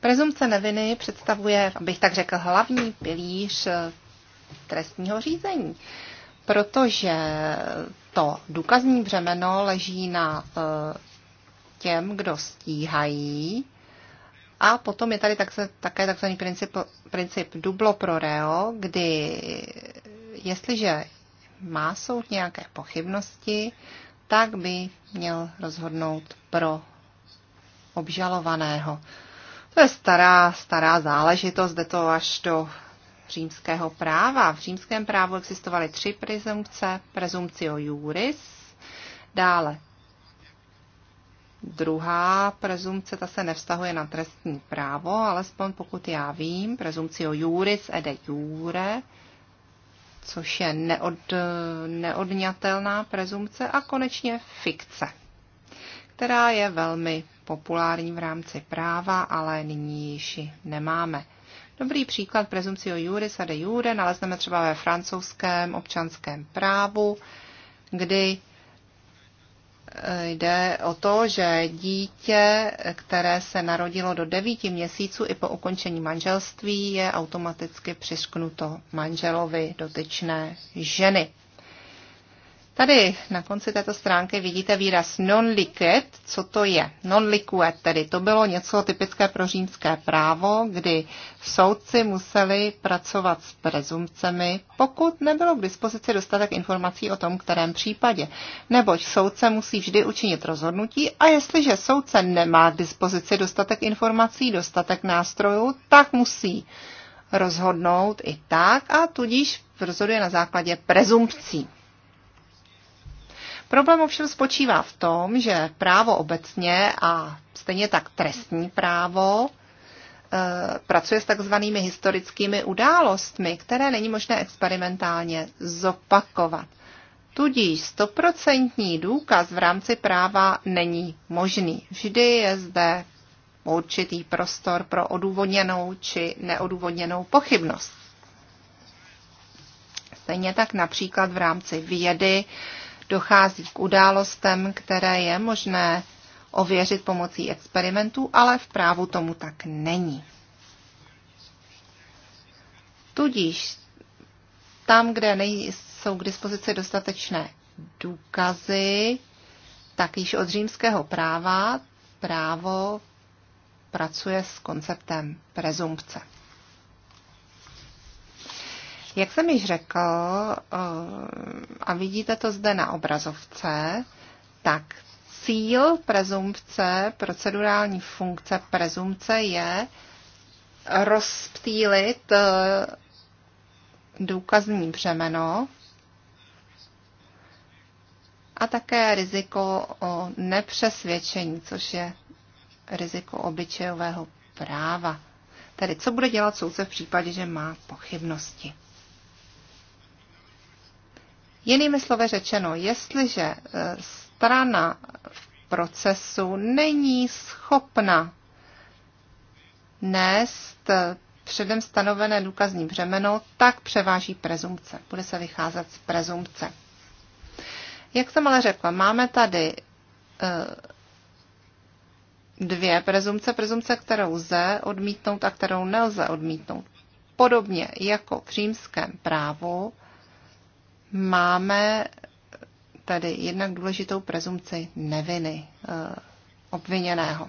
S3: Prezumce neviny představuje, abych tak řekl, hlavní pilíř eh, trestního řízení, protože to důkazní břemeno leží na eh, těm, kdo stíhají. A potom je tady takse, také takzvaný princip, princip dublo pro reo, kdy jestliže má soud nějaké pochybnosti, tak by měl rozhodnout pro obžalovaného. To je stará, stará záležitost, jde to až do římského práva. V římském právu existovaly tři prezumce, prezumcio juris, dále Druhá prezumce, ta se nevztahuje na trestní právo, alespoň pokud já vím, prezumcio juris ede jure, což je neod, neodňatelná prezumce a konečně fikce, která je velmi populární v rámci práva, ale nyní již ji nemáme. Dobrý příklad prezumcio juris a de jure nalezneme třeba ve francouzském občanském právu, kdy eh, jde o to, že dítě, které se narodilo do devíti měsíců i po ukončení manželství, je automaticky přišknuto manželovi dotyčné ženy. Tady na konci této stránky vidíte výraz non-liquid. Co to je? Non-liquid, tedy to bylo něco typické pro římské právo, kdy soudci museli pracovat s prezumcemi, pokud nebylo k dispozici dostatek informací o tom, kterém případě. Neboť soudce musí vždy učinit rozhodnutí a jestliže soudce nemá k dispozici dostatek informací, dostatek nástrojů, tak musí rozhodnout i tak a tudíž rozhoduje na základě prezumpcí. Problém ovšem spočívá v tom, že právo obecně a stejně tak trestní právo eh, pracuje s takzvanými historickými událostmi, které není možné experimentálně zopakovat. Tudíž stoprocentní důkaz v rámci práva není možný. Vždy je zde určitý prostor pro odůvodněnou či neodůvodněnou pochybnost. Stejně tak například v rámci vědy dochází k událostem, které je možné ověřit pomocí experimentů, ale v právu tomu tak není. Tudíž tam, kde nejsou k dispozici dostatečné důkazy, tak již od římského práva právo pracuje s konceptem prezumpce. Jak jsem již řekl, eh, a vidíte to zde na obrazovce, tak cíl prezumpce, procedurální funkce prezumpce je rozptýlit eh, důkazní břemeno a také riziko o nepřesvědčení, což je riziko obyčejového práva. Tedy co bude dělat soudce v případě, že má pochybnosti. Jinými slovy řečeno, jestliže eh, strana v procesu není schopna nést eh, předem stanovené důkazní břemeno, tak převáží prezumce. Bude se vycházet z prezumce. Jak jsem ale řekla, máme tady eh, dvě prezumce. Prezumce, kterou lze odmítnout a kterou nelze odmítnout. Podobně jako v římském právu, máme tady jednak důležitou prezumci neviny eh, obviněného.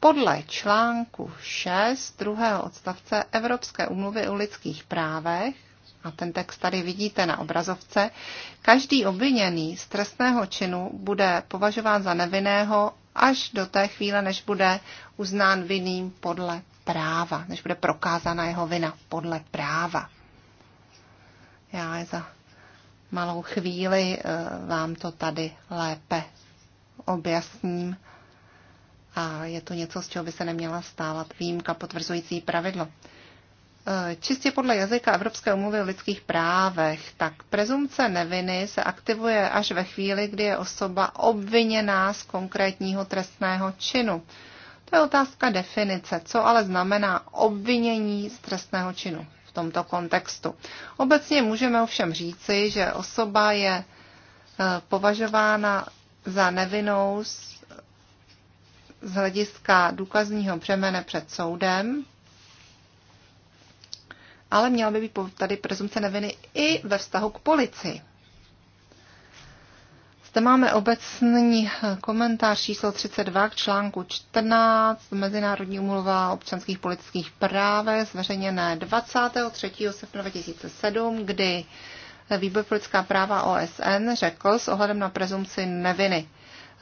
S3: Podle článku 6 druhého odstavce Evropské umluvy o lidských právech, a ten text tady vidíte na obrazovce, každý obviněný z trestného činu bude považován za nevinného až do té chvíle, než bude uznán vinným podle práva, než bude prokázána jeho vina podle práva. Já za malou chvíli eh, vám to tady lépe objasním. A je to něco, z čeho by se neměla stávat výjimka potvrzující pravidlo. Eh, čistě podle jazyka Evropské umluvy o lidských právech, tak prezumce neviny se aktivuje až ve chvíli, kdy je osoba obviněná z konkrétního trestného činu. To je otázka definice. Co ale znamená obvinění z trestného činu? v tomto kontextu. Obecně můžeme ovšem říci, že osoba je e, považována za nevinnou z hlediska důkazního břemene před soudem, ale měla by být tady prezumce neviny i ve vztahu k policii. Zde máme obecný eh, komentář číslo 32 k článku 14 Mezinárodní umluva o občanských politických právech zveřejněné 23. srpna 2007, kdy Výbor politická práva OSN řekl s ohledem na prezumci neviny.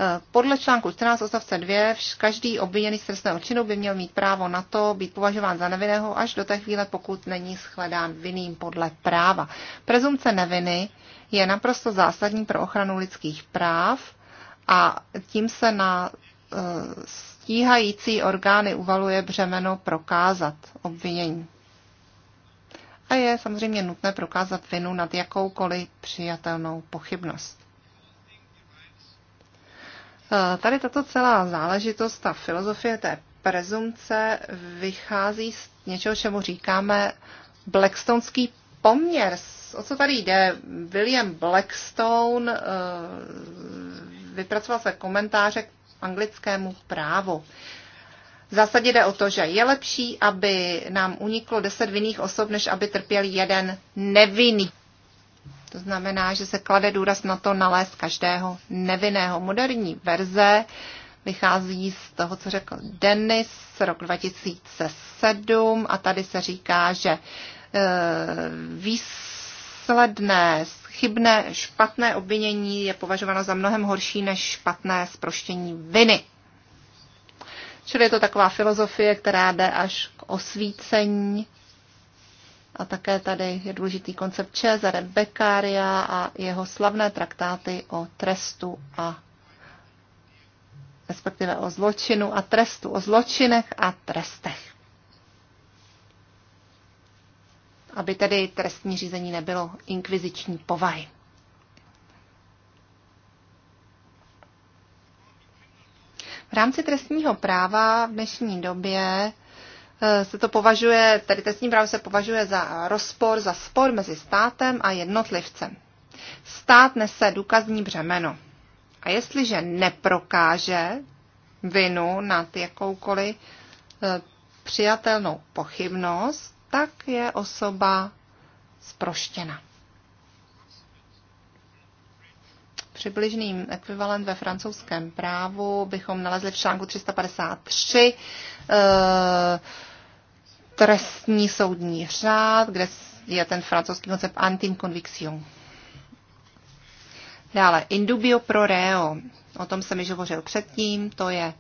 S3: Eh, podle článku 14 odstavce 2 každý obviněný z trestného činu by měl mít právo na to být považován za nevinného až do té chvíle, pokud není shledán vinným podle práva. Prezumce neviny je naprosto zásadní pro ochranu lidských práv a tím se na eh, stíhající orgány uvaluje břemeno prokázat obvinění. A je samozřejmě nutné prokázat vinu nad jakoukoliv přijatelnou pochybnost. Eh, tady tato celá záležitost, ta filozofie té prezumce vychází z něčeho, čemu říkáme Blackstoneský poměr, O co tady jde? William Blackstone eh, vypracoval se komentáře k anglickému právu. V zásadě jde o to, že je lepší, aby nám uniklo deset vinných osob, než aby trpěl jeden nevinný. To znamená, že se klade důraz na to nalézt každého nevinného. Moderní verze vychází z toho, co řekl Dennis rok 2007 a tady se říká, že eh, výs následné chybné, špatné obvinění je považováno za mnohem horší než špatné zproštění viny. Čili je to taková filozofie, která jde až k osvícení. A také tady je důležitý koncept Čezare Bekária a jeho slavné traktáty o trestu a respektive o zločinu a trestu, o zločinech a trestech. aby tedy trestní řízení nebylo inkviziční povahy. V rámci trestního práva v dnešní době eh, se to považuje, tedy trestní právo se považuje za rozpor, za spor mezi státem a jednotlivcem. Stát nese důkazní břemeno. A jestliže neprokáže vinu nad jakoukoliv eh, přijatelnou pochybnost, tak je osoba sproštěna. Přibližným ekvivalent ve francouzském právu bychom nalezli v článku 353 eh, trestní soudní řád, kde je ten francouzský koncept antim conviction. Dále, indubio pro reo. O tom jsem již hovořil předtím. To je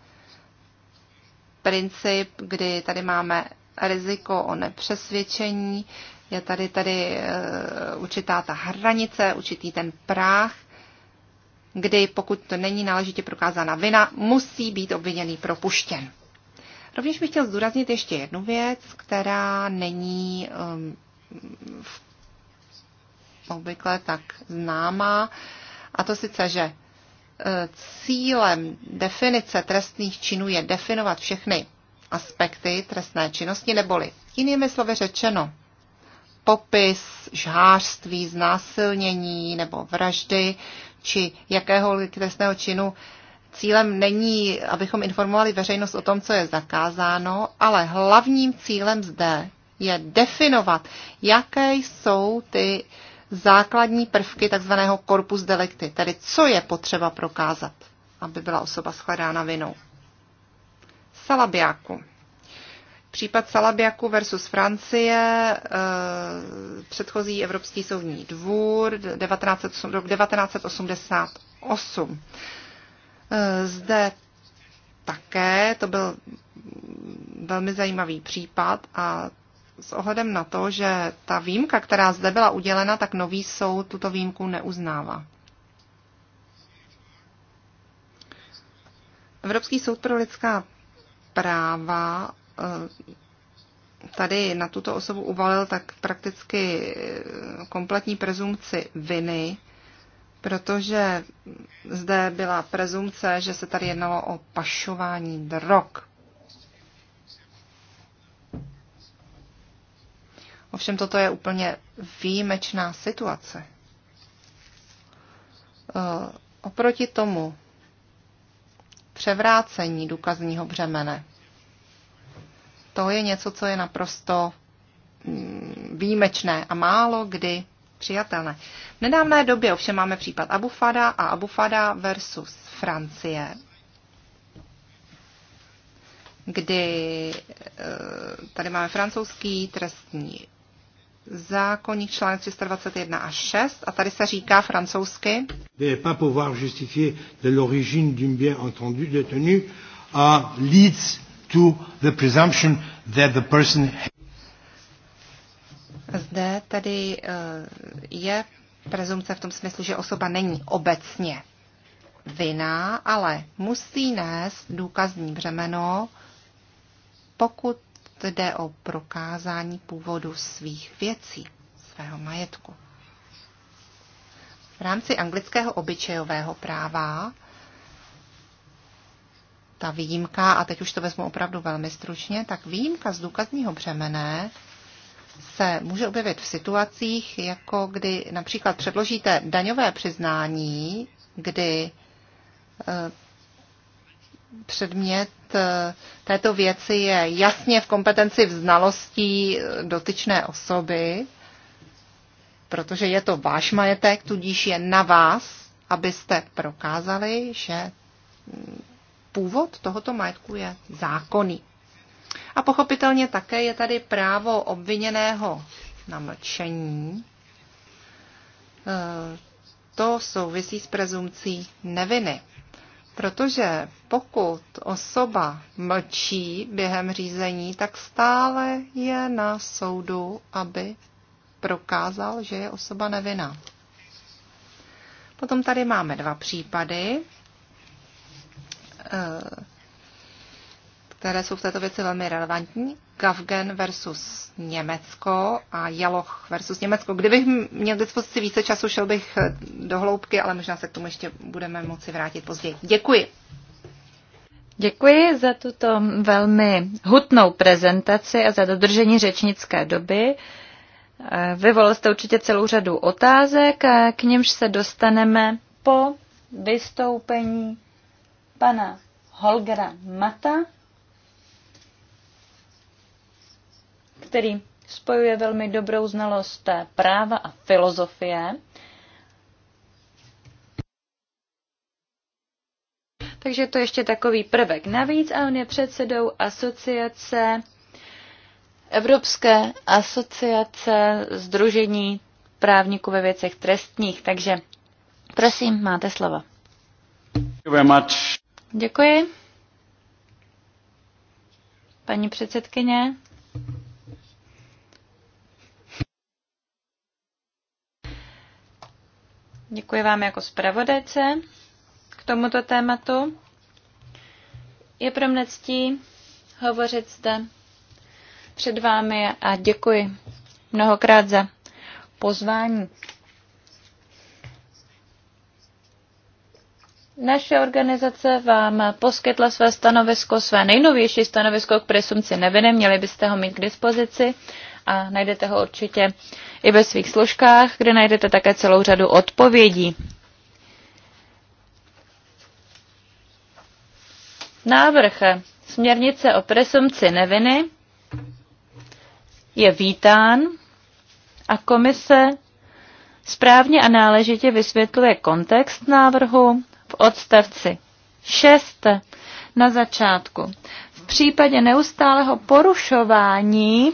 S3: princip, kdy tady máme riziko, o nepřesvědčení. Je tady tady e, určitá ta hranice, určitý ten práh, kdy pokud to není náležitě prokázána vina, musí být obviněný propuštěn. Rovněž bych chtěl zdůraznit ještě jednu věc, která není um, obvykle tak známá, a to sice, že e, cílem definice trestných činů je definovat všechny aspekty trestné činnosti, neboli jinými slovy řečeno, popis žhářství, znásilnění nebo vraždy či jakéhokoliv trestného činu cílem není, abychom informovali veřejnost o tom, co je zakázáno, ale hlavním cílem zde je definovat, jaké jsou ty základní prvky takzvaného korpus delikty, tedy co je potřeba prokázat, aby byla osoba shledána vinou. Salabiaku. Případ Salabiaku versus Francie, eh, předchozí Evropský soudní dvůr, 19, rok 1988. Eh, zde také, to byl velmi zajímavý případ a s ohledem na to, že ta výjimka, která zde byla udělena, tak nový soud tuto výjimku neuznává. Evropský soud pro lidská práva eh, tady na tuto osobu uvalil tak prakticky eh, kompletní prezumci viny, protože zde byla prezumce, že se tady jednalo o pašování drog. Ovšem toto je úplně výjimečná situace. Eh, oproti tomu převrácení důkazního břemene. To je něco, co je naprosto mm, výjimečné a málo kdy přijatelné. V nedávné době ovšem máme případ Abufada a Abufada versus Francie, kdy eh, tady máme francouzský trestní zákonník článek 321 až 6 a tady se říká francouzsky
S1: de pas pouvoir justifier de l'origine d'un bien entendu détenu uh, leads to the presumption that the person
S3: Zde tedy uh, je prezumce v tom smyslu, že osoba není obecně vinná, ale musí nést důkazní břemeno, pokud jde o prokázání původu svých věcí, svého majetku. V rámci anglického obyčejového práva ta výjimka, a teď už to vezmu opravdu velmi stručně, tak výjimka z důkazního břemene se může objevit v situacích, jako kdy například předložíte daňové přiznání, kdy eh, předmět eh, této věci je jasně v kompetenci v znalostí eh, dotyčné osoby, protože je to váš majetek, tudíž je na vás, abyste prokázali, že mm, původ tohoto majetku je zákonný. A pochopitelně také je tady právo obviněného na mlčení. Eh, to souvisí s prezumcí neviny. Protože pokud osoba mlčí během řízení, tak stále je na soudu, aby prokázal, že je osoba nevinná. Potom tady máme dva případy. E které jsou v této věci velmi relevantní. Gavgen versus Německo a Jaloch versus Německo. Kdybych měl k dispozici více času, šel bych eh, do hloubky, ale možná se k tomu ještě budeme moci vrátit později. Děkuji. Děkuji
S2: za tuto velmi hutnou prezentaci a za dodržení řečnické doby. Eh, vyvolal jste určitě celou řadu otázek, a eh, k němž se dostaneme po vystoupení pana Holgera Mata, který spojuje velmi dobrou znalost práva a filozofie. Takže to ještě takový prvek navíc a on je předsedou asociace Evropské asociace Združení právníků ve věcech trestních. Takže prosím, máte slovo. Děkuji. Paní předsedkyně, Děkuji vám jako zpravodajce k tomuto tématu. Je pro mne ctí hovořit zde před vámi a děkuji mnohokrát za pozvání. Naše organizace vám poskytla své stanovisko, své nejnovější stanovisko k presumci neviny, měli byste ho mít k dispozici a najdete ho určitě i ve svých složkách, kde najdete také celou řadu odpovědí. Návrh směrnice o presumci neviny je vítán a komise správně a náležitě vysvětluje kontext návrhu v odstavci 6 na začátku. V případě neustálého porušování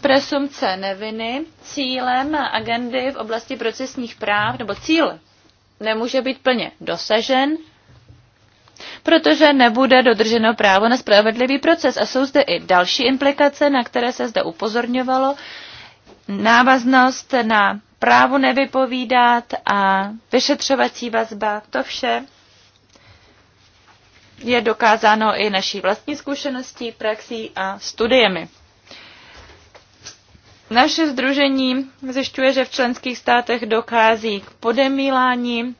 S2: presumce neviny cílem agendy v oblasti procesních práv, nebo cíl nemůže být plně dosažen, protože nebude dodrženo právo na spravedlivý proces. A jsou zde i další implikace, na které se zde upozorňovalo. Návaznost na právo nevypovídat a vyšetřovací vazba, to vše je dokázáno i naší vlastní zkušeností, praxí a studiemi. Naše združení zjišťuje, že v členských státech dochází k podemílání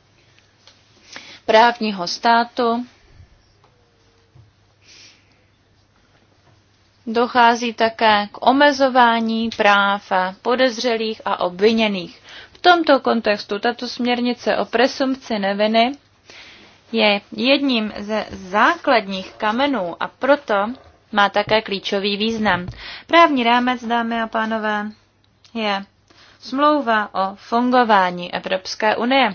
S2: právního státu, dochází také k omezování práv podezřelých a obviněných. V tomto kontextu tato směrnice o presumpci neviny je jedním ze základních kamenů a proto má také klíčový význam. Právní rámec, dámy a pánové, je smlouva o fungování Evropské unie.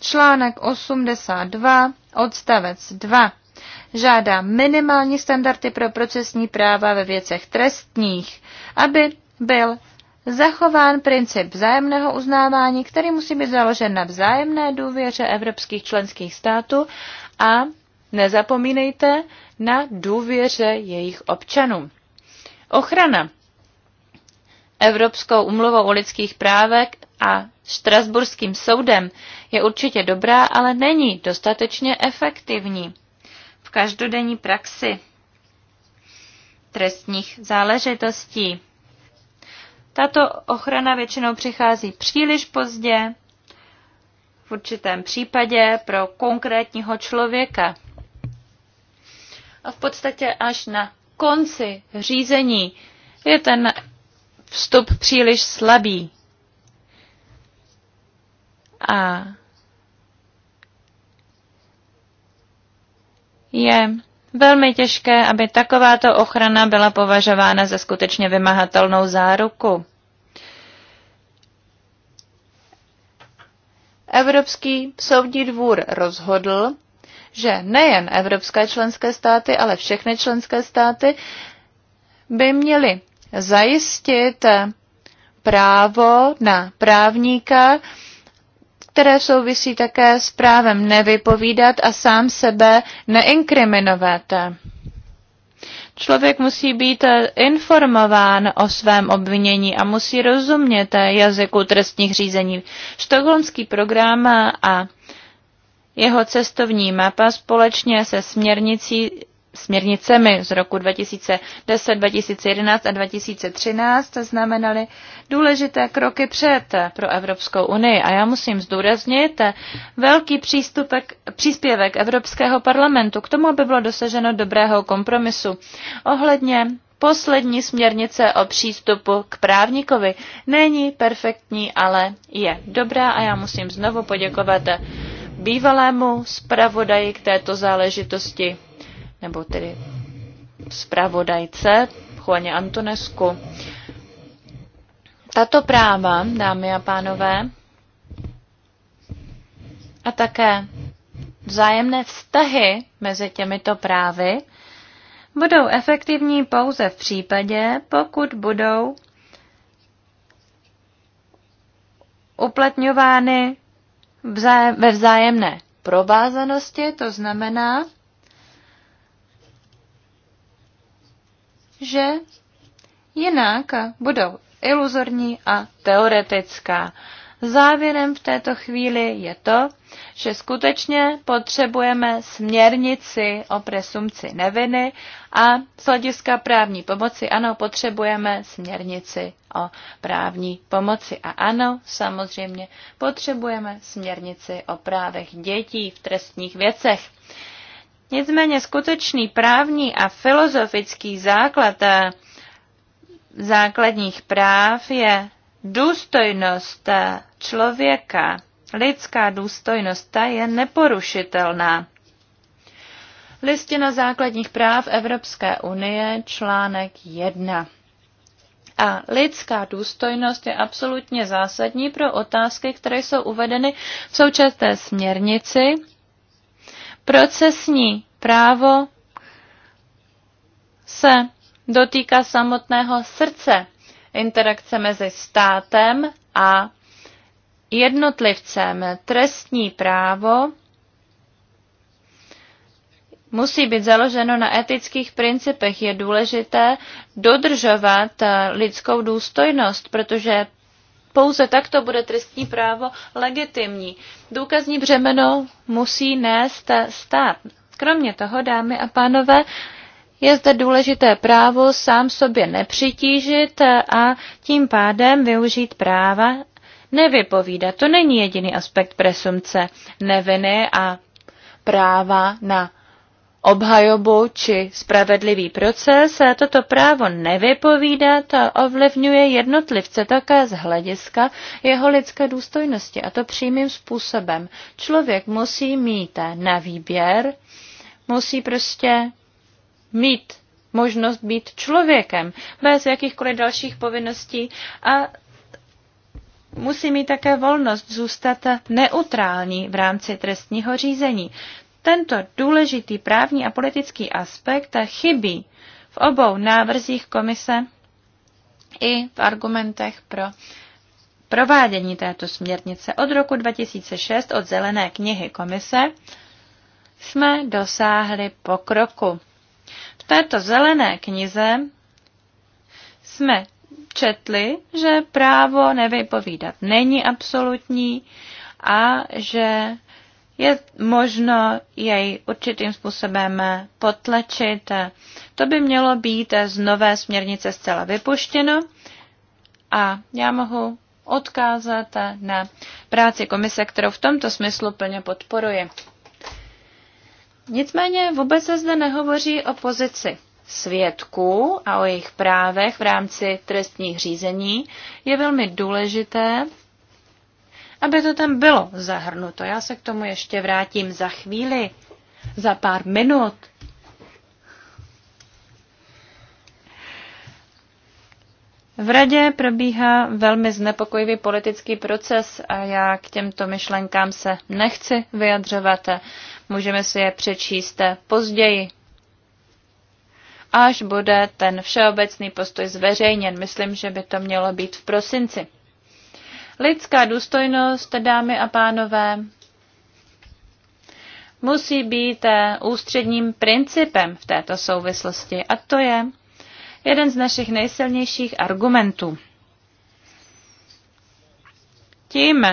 S2: Článek 82, odstavec 2 žádá minimální standardy pro procesní práva ve věcech trestních, aby byl zachován princip vzájemného uznávání, který musí být založen na vzájemné důvěře evropských členských států a nezapomínejte na důvěře jejich občanů. Ochrana Evropskou umluvou o lidských právech a Štrasburským soudem je určitě dobrá, ale není dostatečně efektivní v každodenní praxi trestních záležitostí. Tato ochrana většinou přichází příliš pozdě, v určitém případě pro konkrétního člověka a v podstatě až na konci řízení je ten vstup příliš slabý. A je velmi těžké, aby takováto ochrana byla považována za skutečně vymahatelnou záruku. Evropský soudní dvůr rozhodl, že nejen evropské členské státy, ale všechny členské státy by měly zajistit právo na právníka, které souvisí také s právem nevypovídat a sám sebe neinkriminovat. Člověk musí být informován o svém obvinění a musí rozumět jazyku trestních řízení. Štokholmský program a jeho cestovní mapa společně se směrnicí, směrnicemi z roku 2010, 2011 a 2013 znamenaly důležité kroky před pro Evropskou unii. A já musím zdůraznit velký přístupek, příspěvek Evropského parlamentu k tomu, aby bylo dosaženo dobrého kompromisu ohledně poslední směrnice o přístupu k právníkovi. Není perfektní, ale je dobrá a já musím znovu poděkovat bývalému zpravodaji k této záležitosti, nebo tedy zpravodajce Juaně Antonesku. Tato práva, dámy a pánové, a také vzájemné vztahy mezi těmito právy budou efektivní pouze v případě, pokud budou uplatňovány vzájem, ve vzájemné provázanosti, to znamená, že jinak budou iluzorní a teoretická. Závěrem v této chvíli je to, že skutečně potřebujeme směrnici o presumci neviny a z hlediska právní pomoci, ano, potřebujeme směrnici o právní pomoci. A ano, samozřejmě potřebujeme směrnici o právech dětí v trestních věcech. Nicméně skutečný právní a filozofický základ a eh, základních práv je důstojnost eh, člověka. Lidská důstojnost ta je neporušitelná. Listina základních práv Evropské unie, článek 1. A lidská důstojnost je absolutně zásadní pro otázky, které jsou uvedeny v současné směrnici. Procesní právo se dotýká samotného srdce interakce mezi státem a jednotlivcem. Trestní právo musí být založeno na etických principech. Je důležité dodržovat eh, lidskou důstojnost, protože pouze takto bude trestní právo legitimní. Důkazní břemeno musí nést eh, stát. Kromě toho, dámy a pánové, je zde důležité právo sám sobě nepřitížit eh, a tím pádem využít práva nevypovídat. To není jediný aspekt presumce neviny a práva na obhajobu či spravedlivý proces a toto právo nevypovídat to ovlivňuje jednotlivce také z hlediska jeho lidské důstojnosti a to přímým způsobem. Člověk musí mít na výběr, musí prostě mít možnost být člověkem bez jakýchkoliv dalších povinností a musí mít také volnost zůstat neutrální v rámci trestního řízení. Tento důležitý právní a politický aspekt chybí v obou návrzích komise i v argumentech pro provádění této směrnice. Od roku 2006, od zelené knihy komise, jsme dosáhli pokroku. V této zelené knize jsme četli, že právo nevypovídat není absolutní a že je možno jej určitým způsobem potlačit. To by mělo být z nové směrnice zcela vypuštěno a já mohu odkázat na práci komise, kterou v tomto smyslu plně podporuji. Nicméně vůbec se zde nehovoří o pozici svědků a o jejich právech v rámci trestních řízení. Je velmi důležité, aby to tam bylo zahrnuto. Já se k tomu ještě vrátím za chvíli, za pár minut. V radě probíhá velmi znepokojivý politický proces a já k těmto myšlenkám se nechci vyjadřovat. Můžeme si je přečíst později, až bude ten všeobecný postoj zveřejněn. Myslím, že by to mělo být v prosinci. Lidská důstojnost, dámy a pánové, musí být eh, ústředním principem v této souvislosti a to je jeden z našich nejsilnějších argumentů. Tím,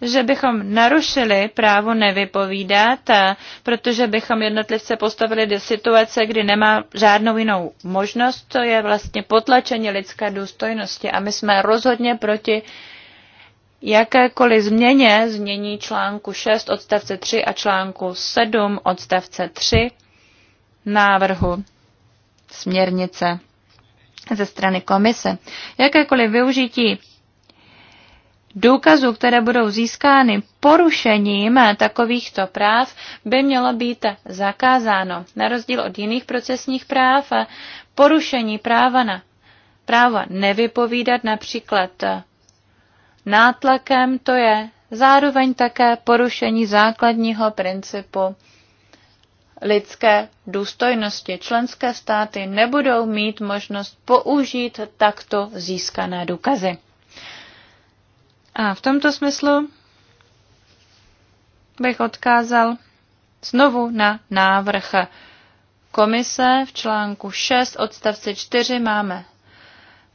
S2: že bychom narušili právo nevypovídat, eh, protože bychom jednotlivce postavili do situace, kdy nemá žádnou jinou možnost, to je vlastně potlačení lidské důstojnosti. A my jsme rozhodně proti jakékoliv změně změní článku 6 odstavce 3 a článku 7 odstavce 3 návrhu směrnice ze strany komise. Jakékoliv využití důkazů, které budou získány porušením takovýchto práv, by mělo být zakázáno. Na rozdíl od jiných procesních práv, porušení práva na práva nevypovídat například nátlakem, to je zároveň také porušení základního principu lidské důstojnosti. Členské státy nebudou mít možnost použít takto získané důkazy. A v tomto smyslu bych odkázal znovu na návrh komise v článku 6 odstavce 4 máme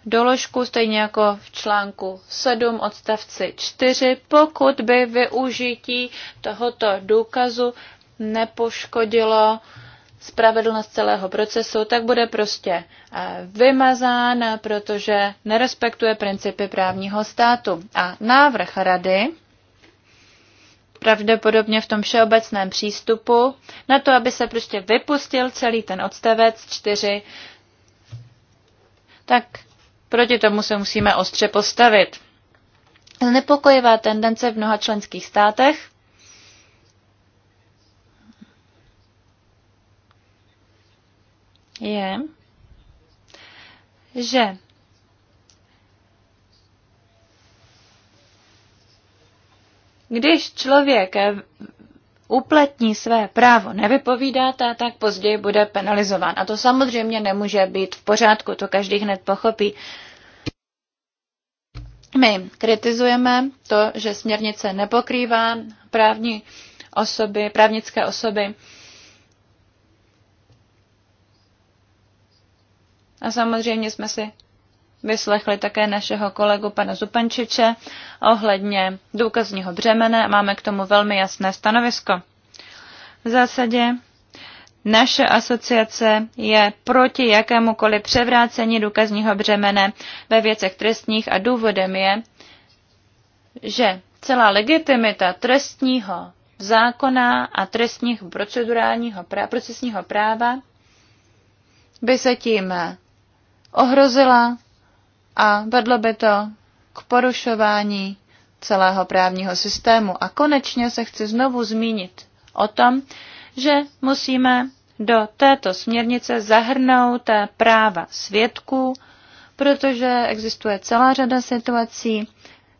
S2: doložku, stejně jako v článku 7 odstavci 4, pokud by využití tohoto důkazu nepoškodilo uh, spravedlnost celého procesu, tak bude prostě eh, vymazán, protože nerespektuje principy právního státu. A návrh rady pravděpodobně v tom všeobecném přístupu na to, aby se prostě vypustil celý ten odstavec čtyři. tak proti tomu se musíme ostře postavit. Znepokojivá tendence v mnoha členských státech je, že když člověk upletní své právo nevypovídáte, tak později bude penalizován. A to samozřejmě nemůže být v pořádku, to každý hned pochopí. My kritizujeme to, že směrnice nepokrývá právní osoby, právnické osoby A samozřejmě jsme si vyslechli také našeho kolegu pana Zupančiče ohledně důkazního břemene a máme k tomu velmi jasné stanovisko. V zásadě naše asociace je proti jakémukoliv převrácení důkazního břemene ve věcech trestních a důvodem je, že celá legitimita trestního zákona a trestního procedurálního pra- procesního práva by se tím ohrozila a vedlo by to k porušování celého právního systému. A konečně se chci znovu zmínit o tom, že musíme do této směrnice zahrnout práva svědků, protože existuje celá řada situací,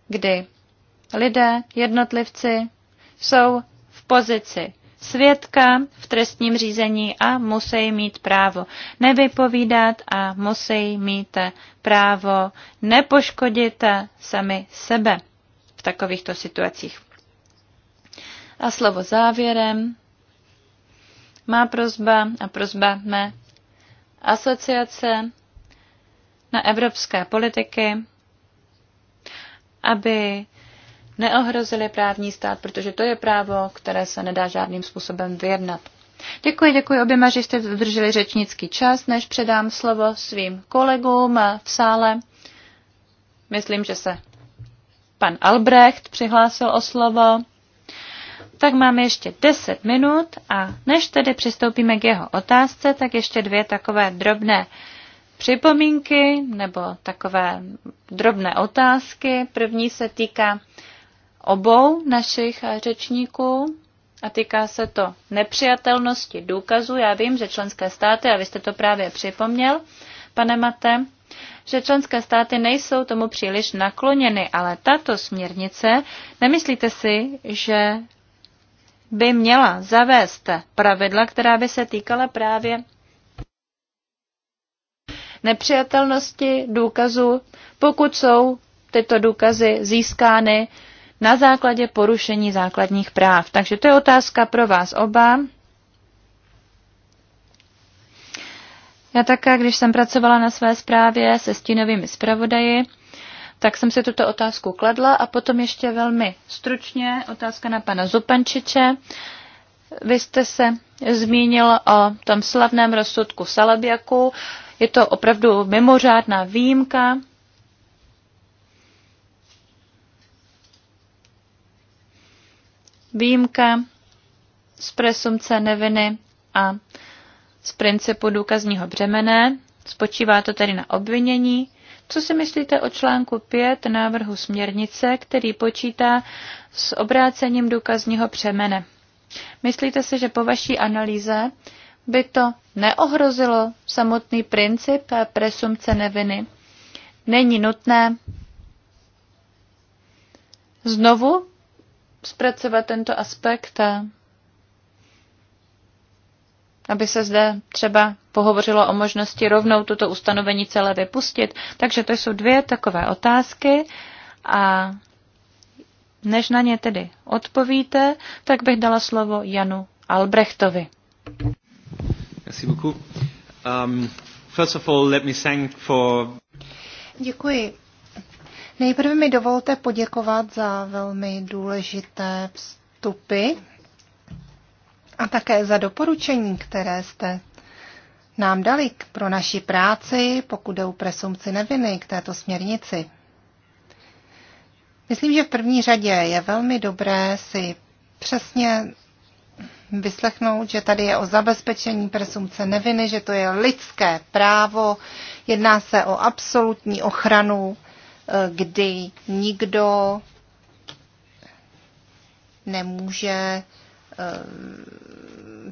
S2: kdy lidé, jednotlivci jsou v pozici svědka v trestním řízení a musí mít právo nevypovídat a musí mít právo nepoškodit sami sebe v takovýchto situacích. A slovo závěrem. Má prozba a prozba mé asociace na evropské politiky, aby neohrozili právní stát, protože to je právo, které se nedá žádným způsobem vyjednat. Děkuji, děkuji oběma, že jste dodrželi řečnický čas, než předám slovo svým kolegům v sále. Myslím, že se pan Albrecht přihlásil o slovo. Tak máme ještě 10 minut a než tedy přistoupíme k jeho otázce, tak ještě dvě takové drobné připomínky nebo takové drobné otázky. První se týká obou našich eh, řečníků a týká se to nepřijatelnosti důkazů. Já vím, že členské státy, a vy jste to právě připomněl, pane Mate, že členské státy nejsou tomu příliš nakloněny, ale tato směrnice, nemyslíte si, že by měla zavést pravidla, která by se týkala právě nepřijatelnosti důkazů, pokud jsou tyto důkazy získány na základě porušení základních práv. Takže to je otázka pro vás oba. Já také, když jsem pracovala na své zprávě se stínovými zpravodaji, tak jsem si tuto otázku kladla a potom ještě velmi stručně otázka na pana Zupančiče. Vy jste se zmínil o tom slavném rozsudku Salabiaku. Je to opravdu mimořádná výjimka. výjimka z presumce neviny a z principu důkazního břemene. Spočívá to tedy na obvinění. Co si myslíte o článku 5 návrhu směrnice, který počítá s obrácením důkazního břemene? Myslíte si, že po vaší analýze by to neohrozilo samotný princip presumce neviny? Není nutné znovu zpracovat tento aspekt, aby se zde třeba pohovořilo o možnosti rovnou toto ustanovení celé vypustit. Takže to jsou dvě takové otázky a než na ně tedy odpovíte, tak bych dala slovo Janu Albrechtovi.
S3: Merci beaucoup. Um, first of all, let me thank for... Děkuji. Nejprve mi dovolte poděkovat za velmi důležité vstupy a také za doporučení, které jste nám dali pro naši práci, pokud jde o presumci neviny k této směrnici. Myslím, že v první řadě je velmi dobré si přesně vyslechnout, že tady je o zabezpečení presumce neviny, že to je lidské právo, jedná se o absolutní ochranu kdy nikdo nemůže eh,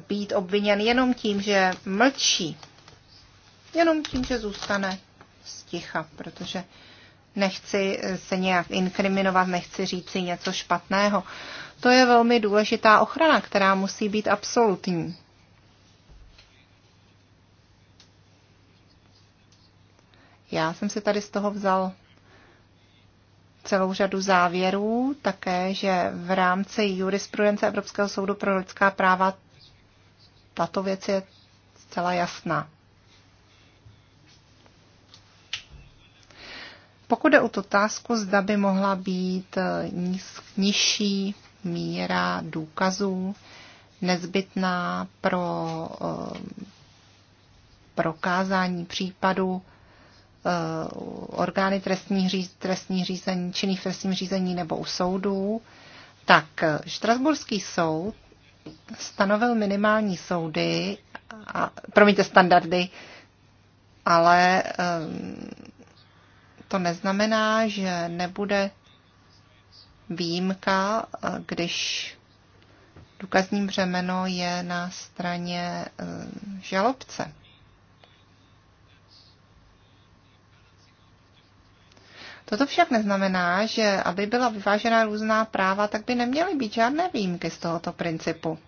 S3: být obviněn jenom tím, že mlčí. Jenom tím, že zůstane sticha, protože nechci eh, se nějak inkriminovat, nechci říct si něco špatného. To je velmi důležitá ochrana, která musí být absolutní. Já jsem si tady z toho vzal celou řadu závěrů, také, že v rámci jurisprudence Evropského soudu pro lidská práva tato věc je zcela jasná. Pokud jde o tu otázku, zda by mohla být eh, nižší míra důkazů nezbytná pro eh, prokázání případu Eh, orgány trestní, trestní řízení, v trestním řízení nebo u soudů, tak Štrasburský soud stanovil minimální soudy, a, promiňte, standardy, ale eh, to neznamená, že nebude výjimka, eh, když důkazní břemeno je na straně žalobce. Toto však neznamená, že aby byla vyvážena různá práva, tak by neměly být žádné výjimky z tohoto principu.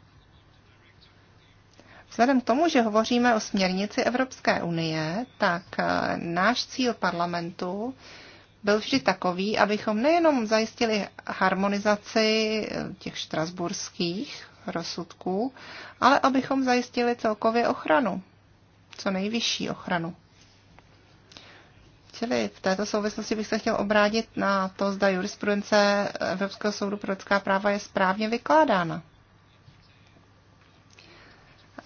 S3: Vzhledem k tomu, že hovoříme o směrnici Evropské unie, tak eh, náš cíl parlamentu byl vždy takový, abychom nejenom zajistili harmonizaci eh, těch štrasburských rozsudků, ale abychom zajistili celkově ochranu, co nejvyšší ochranu. Čili v této souvislosti bych se chtěl obrátit na to, zda jurisprudence Evropského soudu pro lidská práva je správně vykládána.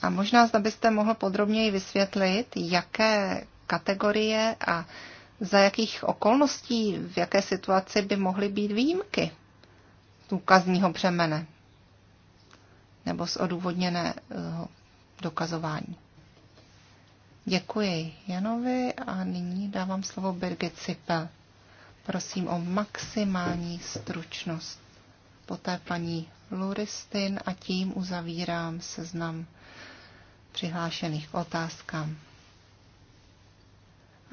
S3: A možná, zda byste mohl podrobněji vysvětlit, jaké kategorie a za jakých okolností, v jaké situaci by mohly být výjimky důkazního břemene nebo z odůvodněného dokazování. Děkuji Janovi a nyní dávám slovo Birgit Cipel. Prosím o maximální stručnost. Poté paní Luristin a tím uzavírám seznam přihlášených k otázkám.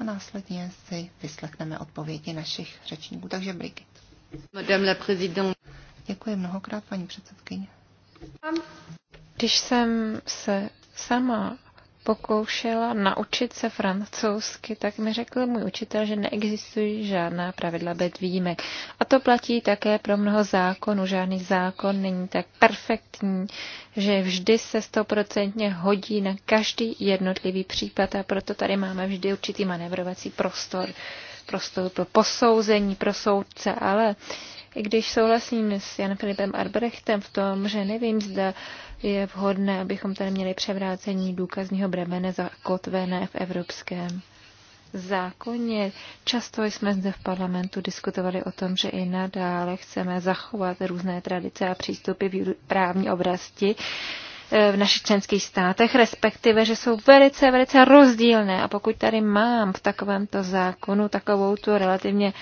S3: A následně si vyslechneme odpovědi našich řečníků. Takže Brigit. Madame la présidente. Děkuji mnohokrát, paní předsedkyně. Když jsem se sama
S1: pokoušela naučit se francouzsky, tak mi řekl můj učitel, že neexistují žádná pravidla bez výjimek. A to platí také pro mnoho zákonů. Žádný zákon není tak perfektní, že vždy se stoprocentně hodí na každý jednotlivý případ a proto tady máme vždy určitý manevrovací prostor, prostor pro posouzení, pro soudce, ale uh, i když souhlasím s Janem Filipem Arbrechtem v tom, že nevím, zda je vhodné, abychom tady měli převrácení důkazního bremene zakotvené v evropském zákoně. Často jsme zde v parlamentu diskutovali o tom, že i nadále chceme zachovat různé tradice a přístupy v právní oblasti eh, v našich členských státech, respektive, že jsou velice, velice rozdílné. A pokud tady mám v takovémto zákonu takovou tu relativně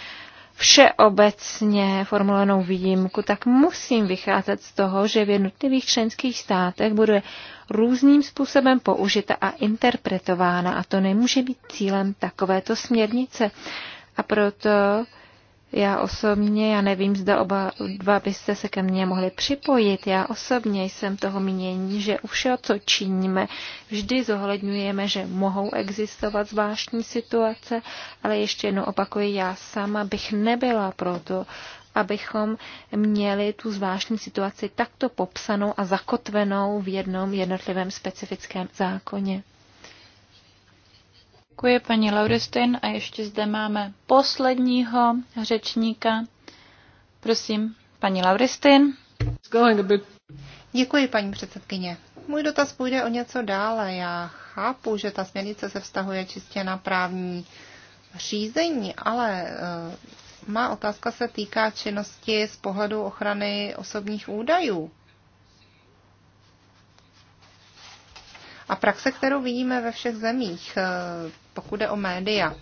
S1: všeobecně formulovanou výjimku, tak musím vycházet z toho, že v jednotlivých členských státech bude různým způsobem použita a interpretována a to nemůže být cílem takovéto směrnice. A proto já osobně, já nevím, zda oba dva byste se ke mně mohli připojit. Já osobně jsem toho mínění, že u všeho, co činíme, vždy zohledňujeme, že mohou existovat zvláštní situace, ale ještě jednou opakuji, já sama bych nebyla proto, abychom měli tu zvláštní situaci takto popsanou a zakotvenou v jednom jednotlivém specifickém zákoně.
S2: Děkuji paní Lauristin a ještě zde máme posledního řečníka. Prosím, paní Lauristin.
S3: Děkuji, paní předsedkyně. Můj dotaz půjde o něco dále. Já chápu, že ta směrnice se vztahuje čistě na právní řízení, ale eh, má otázka se týká činnosti z pohledu ochrany osobních údajů. A praxe, kterou vidíme ve všech zemích, eh, pokud jde o média.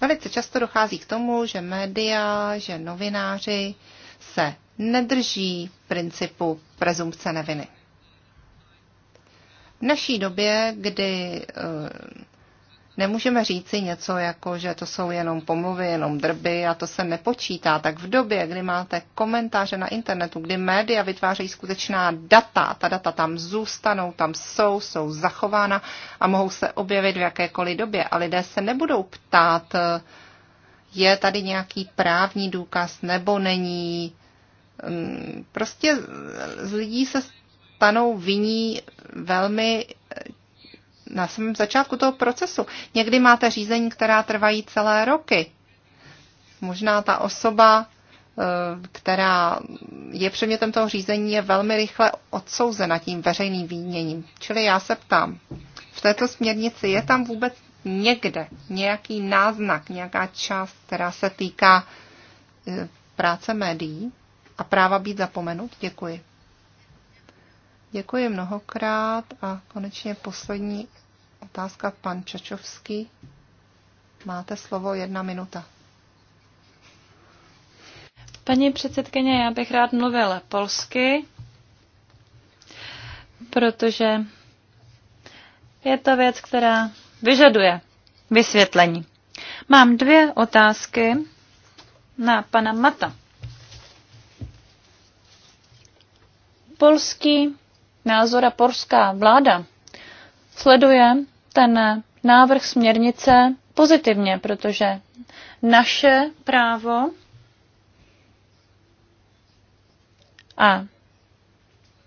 S3: Velice často dochází k tomu, že média, že novináři se nedrží principu prezumpce neviny. V naší době, kdy eh, Nemůžeme říci něco jako, že to jsou jenom pomluvy, jenom drby a to se nepočítá. Tak v době, kdy máte komentáře na internetu, kdy média vytvářejí skutečná data, ta data tam zůstanou, tam jsou, jsou zachována a mohou se objevit v jakékoliv době. A lidé se nebudou ptát, je tady nějaký právní důkaz nebo není. Prostě z lidí se stanou viní velmi na samém začátku toho procesu. Někdy máte řízení, která trvají celé roky. Možná ta osoba, eh, která je předmětem toho řízení, je velmi rychle odsouzena tím veřejným výměním. Čili já se ptám, v této směrnici je tam vůbec někde nějaký náznak, nějaká část, která se týká eh, práce médií a práva být zapomenut? Děkuji. Děkuji mnohokrát a konečně poslední otázka pan Čečovský. Máte slovo jedna minuta. Paní předsedkyně, já bych rád mluvil polsky,
S2: protože je to věc, která vyžaduje vysvětlení. Mám dvě otázky na pana Mata. Polský názor a polská vláda sleduje ten návrh směrnice pozitivně, protože naše právo a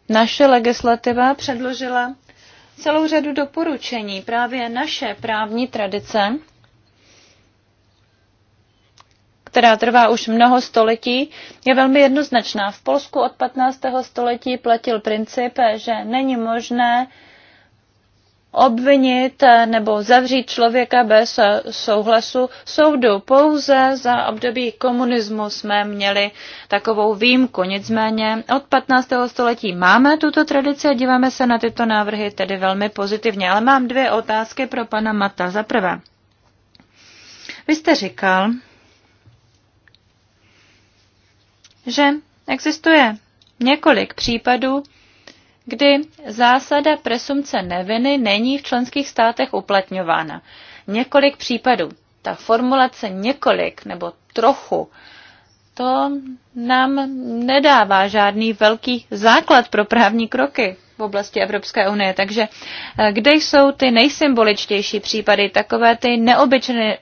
S2: naše legislativa předložila celou řadu doporučení. Právě naše právní tradice, která trvá už mnoho století, je velmi jednoznačná. V Polsku od 15. století platil princip, že není možné obvinit eh, nebo zavřít člověka bez eh, souhlasu soudu. Pouze za období komunismu jsme měli takovou výjimku. Nicméně od 15. století máme tuto tradici a díváme se na tyto návrhy tedy velmi pozitivně. Ale mám dvě otázky pro pana Mata. Za prvé, vy jste říkal, že existuje několik případů, kdy zásada presumce neviny není v členských státech uplatňována. Několik případů. Ta formulace několik nebo trochu, to nám nedává žádný velký základ pro právní kroky v oblasti Evropské unie. Takže eh, kde jsou ty nejsymboličtější případy, takové ty neobyčejné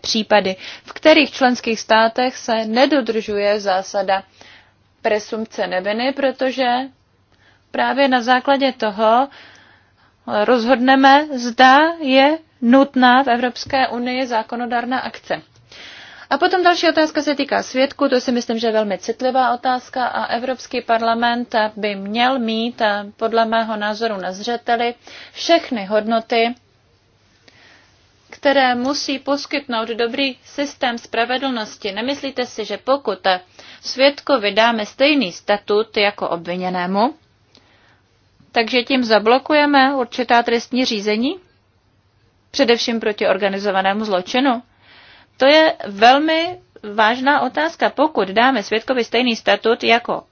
S2: případy, v kterých členských státech se nedodržuje zásada presumce neviny, protože právě na základě toho rozhodneme, zda je nutná v Evropské unii zákonodárná akce. A potom další otázka se týká svědku. to si myslím, že je velmi citlivá otázka a Evropský parlament by měl mít podle mého názoru na zřeteli všechny hodnoty, které musí poskytnout dobrý systém spravedlnosti. Nemyslíte si, že pokud svědkovi dáme stejný statut jako obviněnému, takže tím zablokujeme určitá trestní řízení, především proti organizovanému zločinu? To je velmi vážná otázka. Pokud dáme svědkovi stejný statut jako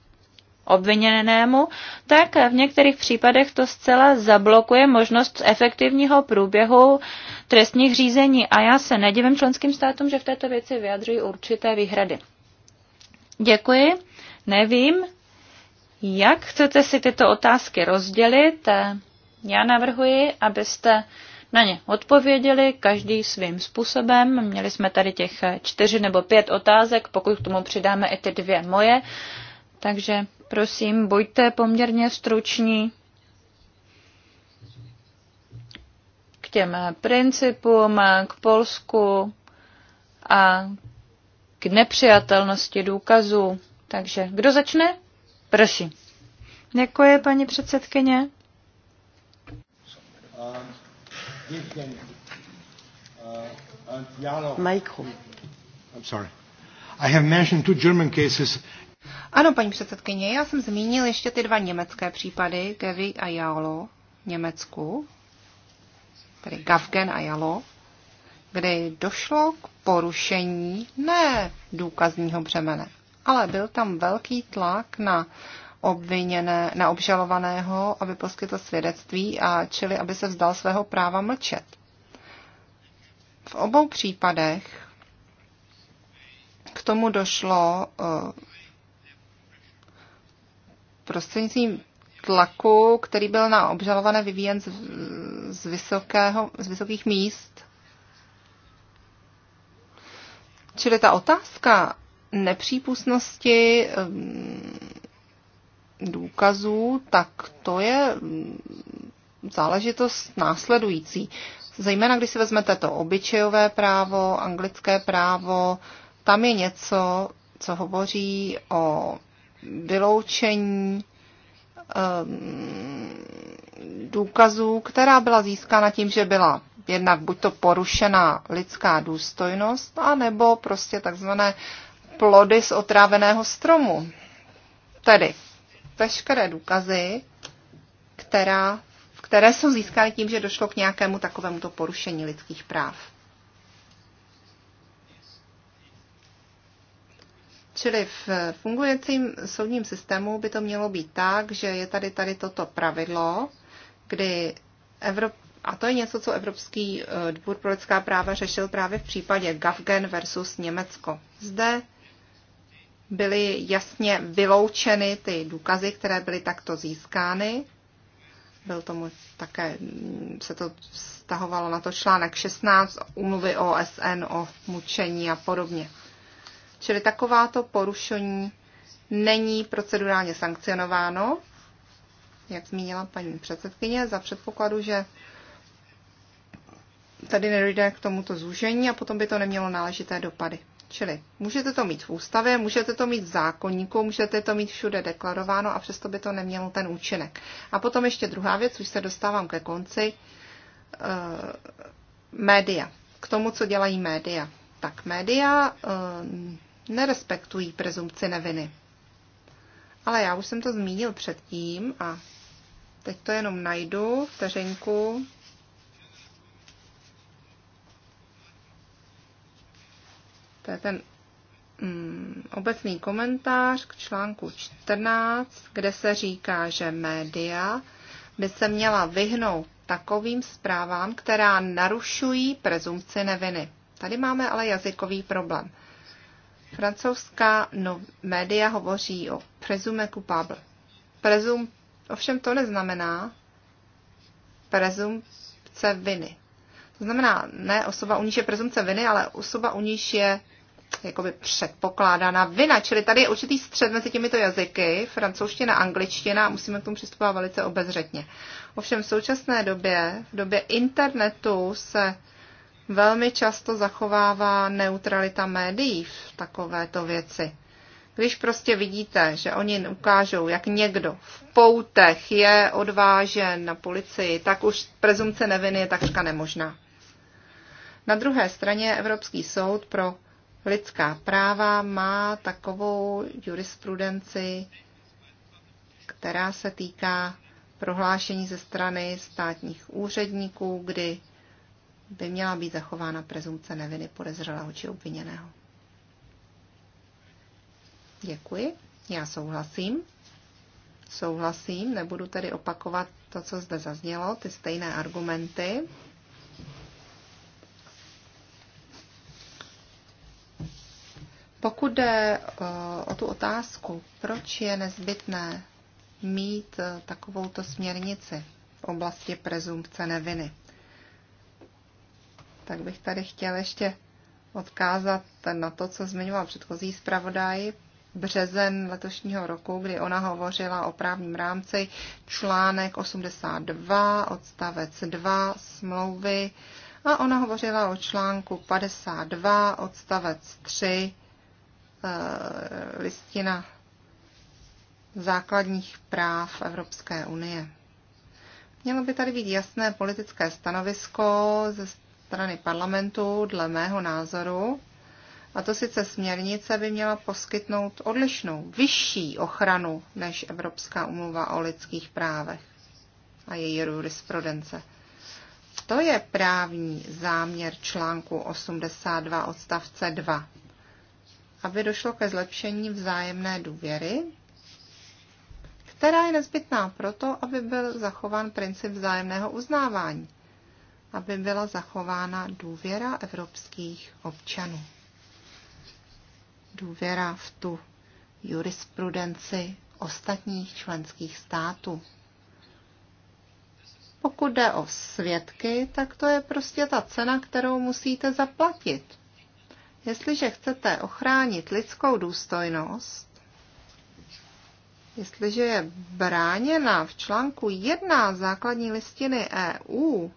S2: obviněnému, tak v některých případech to zcela zablokuje možnost efektivního průběhu trestních řízení. A já se nedivím členským státům, že v této věci vyjadřují určité výhrady. Děkuji. Nevím, jak chcete si tyto otázky rozdělit? Já navrhuji, abyste na ně odpověděli každý svým způsobem. Měli jsme tady těch čtyři nebo pět otázek, pokud k tomu přidáme i ty dvě moje. Takže prosím, buďte poměrně struční k těm principům, k Polsku a k nepřijatelnosti důkazů. Takže kdo začne? Prosím. Děkuji, paní předsedkyně.
S1: I'm sorry. I have mentioned two German cases.
S3: Ano, paní předsedkyně, já jsem zmínil ještě ty dva německé případy, Gevi a Jalo, Německu, tedy Gavgen a Jalo, kdy došlo k porušení ne důkazního břemene, ale byl tam velký tlak na obviněné, na obžalovaného, aby poskytl svědectví a čili aby se vzdal svého práva mlčet. V obou případech k tomu došlo eh, prostřednictvím tlaku, který byl na obžalované vyvíjen z, z, vysokého, z vysokých míst. Čili ta otázka, nepřípustnosti ehm, důkazů, tak to je ehm, záležitost následující. Zejména když si vezmete to obyčejové právo, anglické právo, tam je něco, co hovoří o vyloučení ehm, důkazů, která byla získána tím, že byla jednak buď to porušená lidská důstojnost, anebo prostě takzvané uh, plody z otráveného stromu. Tedy veškeré důkazy, která, které jsou získány tím, že došlo k nějakému to porušení lidských práv. Čili v fungujícím soudním systému by to mělo být tak, že je tady tady toto pravidlo, kdy Evrop... a to je něco, co Evropský eh, dvůr pro lidská práva řešil právě v případě Gafgen versus Německo. Zde byly jasně vyloučeny ty důkazy, které byly takto získány. Byl tomu také, se to vztahovalo na to článek 16, umluvy OSN o mučení a podobně. Čili takováto porušení není procedurálně sankcionováno, jak zmínila paní předsedkyně, za předpokladu, že tady nedojde k tomuto zúžení a potom by to nemělo náležité dopady. Čili můžete to mít v ústavě, můžete to mít v zákonníku, můžete to mít všude deklarováno a přesto by to nemělo ten účinek. A potom ještě druhá věc, už se dostávám ke konci, eh, média. K tomu, co dělají média. Tak média eh, nerespektují prezumci neviny. Ale já už jsem to zmínil předtím a teď to jenom najdu, vteřinku. To je ten mm, obecný komentář k článku 14, kde se říká, že média by se měla vyhnout takovým zprávám, která narušují prezumci neviny. Tady máme ale jazykový problém. Francouzská no, média hovoří o prezume coupable. Prezum, ovšem to neznamená prezumce viny. To znamená ne osoba, u níž je prezumce viny, ale osoba, u níž je jakoby předpokládaná vina. Čili tady je určitý střed mezi těmito jazyky, francouzština, angličtina, a musíme k tomu přistupovat velice obezřetně. Ovšem v současné době, v době internetu se velmi často zachovává neutralita médií v takovéto věci. Když prostě vidíte, že oni ukážou, jak někdo v poutech je odvážen na policii, tak už prezumce neviny je takřka nemožná. Na druhé straně Evropský soud pro lidská práva má takovou jurisprudenci, která se týká prohlášení ze strany státních úředníků, kdy by měla být zachována prezumce neviny podezřelého či obviněného. Děkuji. Já souhlasím. Souhlasím, nebudu tedy opakovat to, co zde zaznělo, ty stejné argumenty. Pokud jde eh, o tu otázku, proč je nezbytné mít eh, takovouto směrnici v oblasti prezumpce neviny, tak bych tady chtěl ještě odkázat na to, co zmiňoval předchozí zpravodaj, březen letošního roku, kdy ona hovořila o právním rámci článek 82, odstavec 2 smlouvy a ona hovořila o článku 52, odstavec 3 Eh, listina základních práv Evropské unie. Mělo by tady být jasné politické stanovisko ze strany parlamentu, dle mého názoru, a to sice směrnice by měla poskytnout odlišnou, vyšší ochranu než Evropská umluva o lidských právech a její jurisprudence. To je právní záměr článku 82 odstavce 2 aby došlo ke zlepšení vzájemné důvěry, která je nezbytná proto, aby byl zachován princip vzájemného uznávání, aby byla zachována důvěra evropských občanů. Důvěra v tu jurisprudenci ostatních členských států. Pokud jde o svědky, tak to je prostě ta cena, kterou musíte zaplatit Jestliže chcete ochránit lidskou důstojnost, jestliže je bráněna v článku 1 základní listiny EU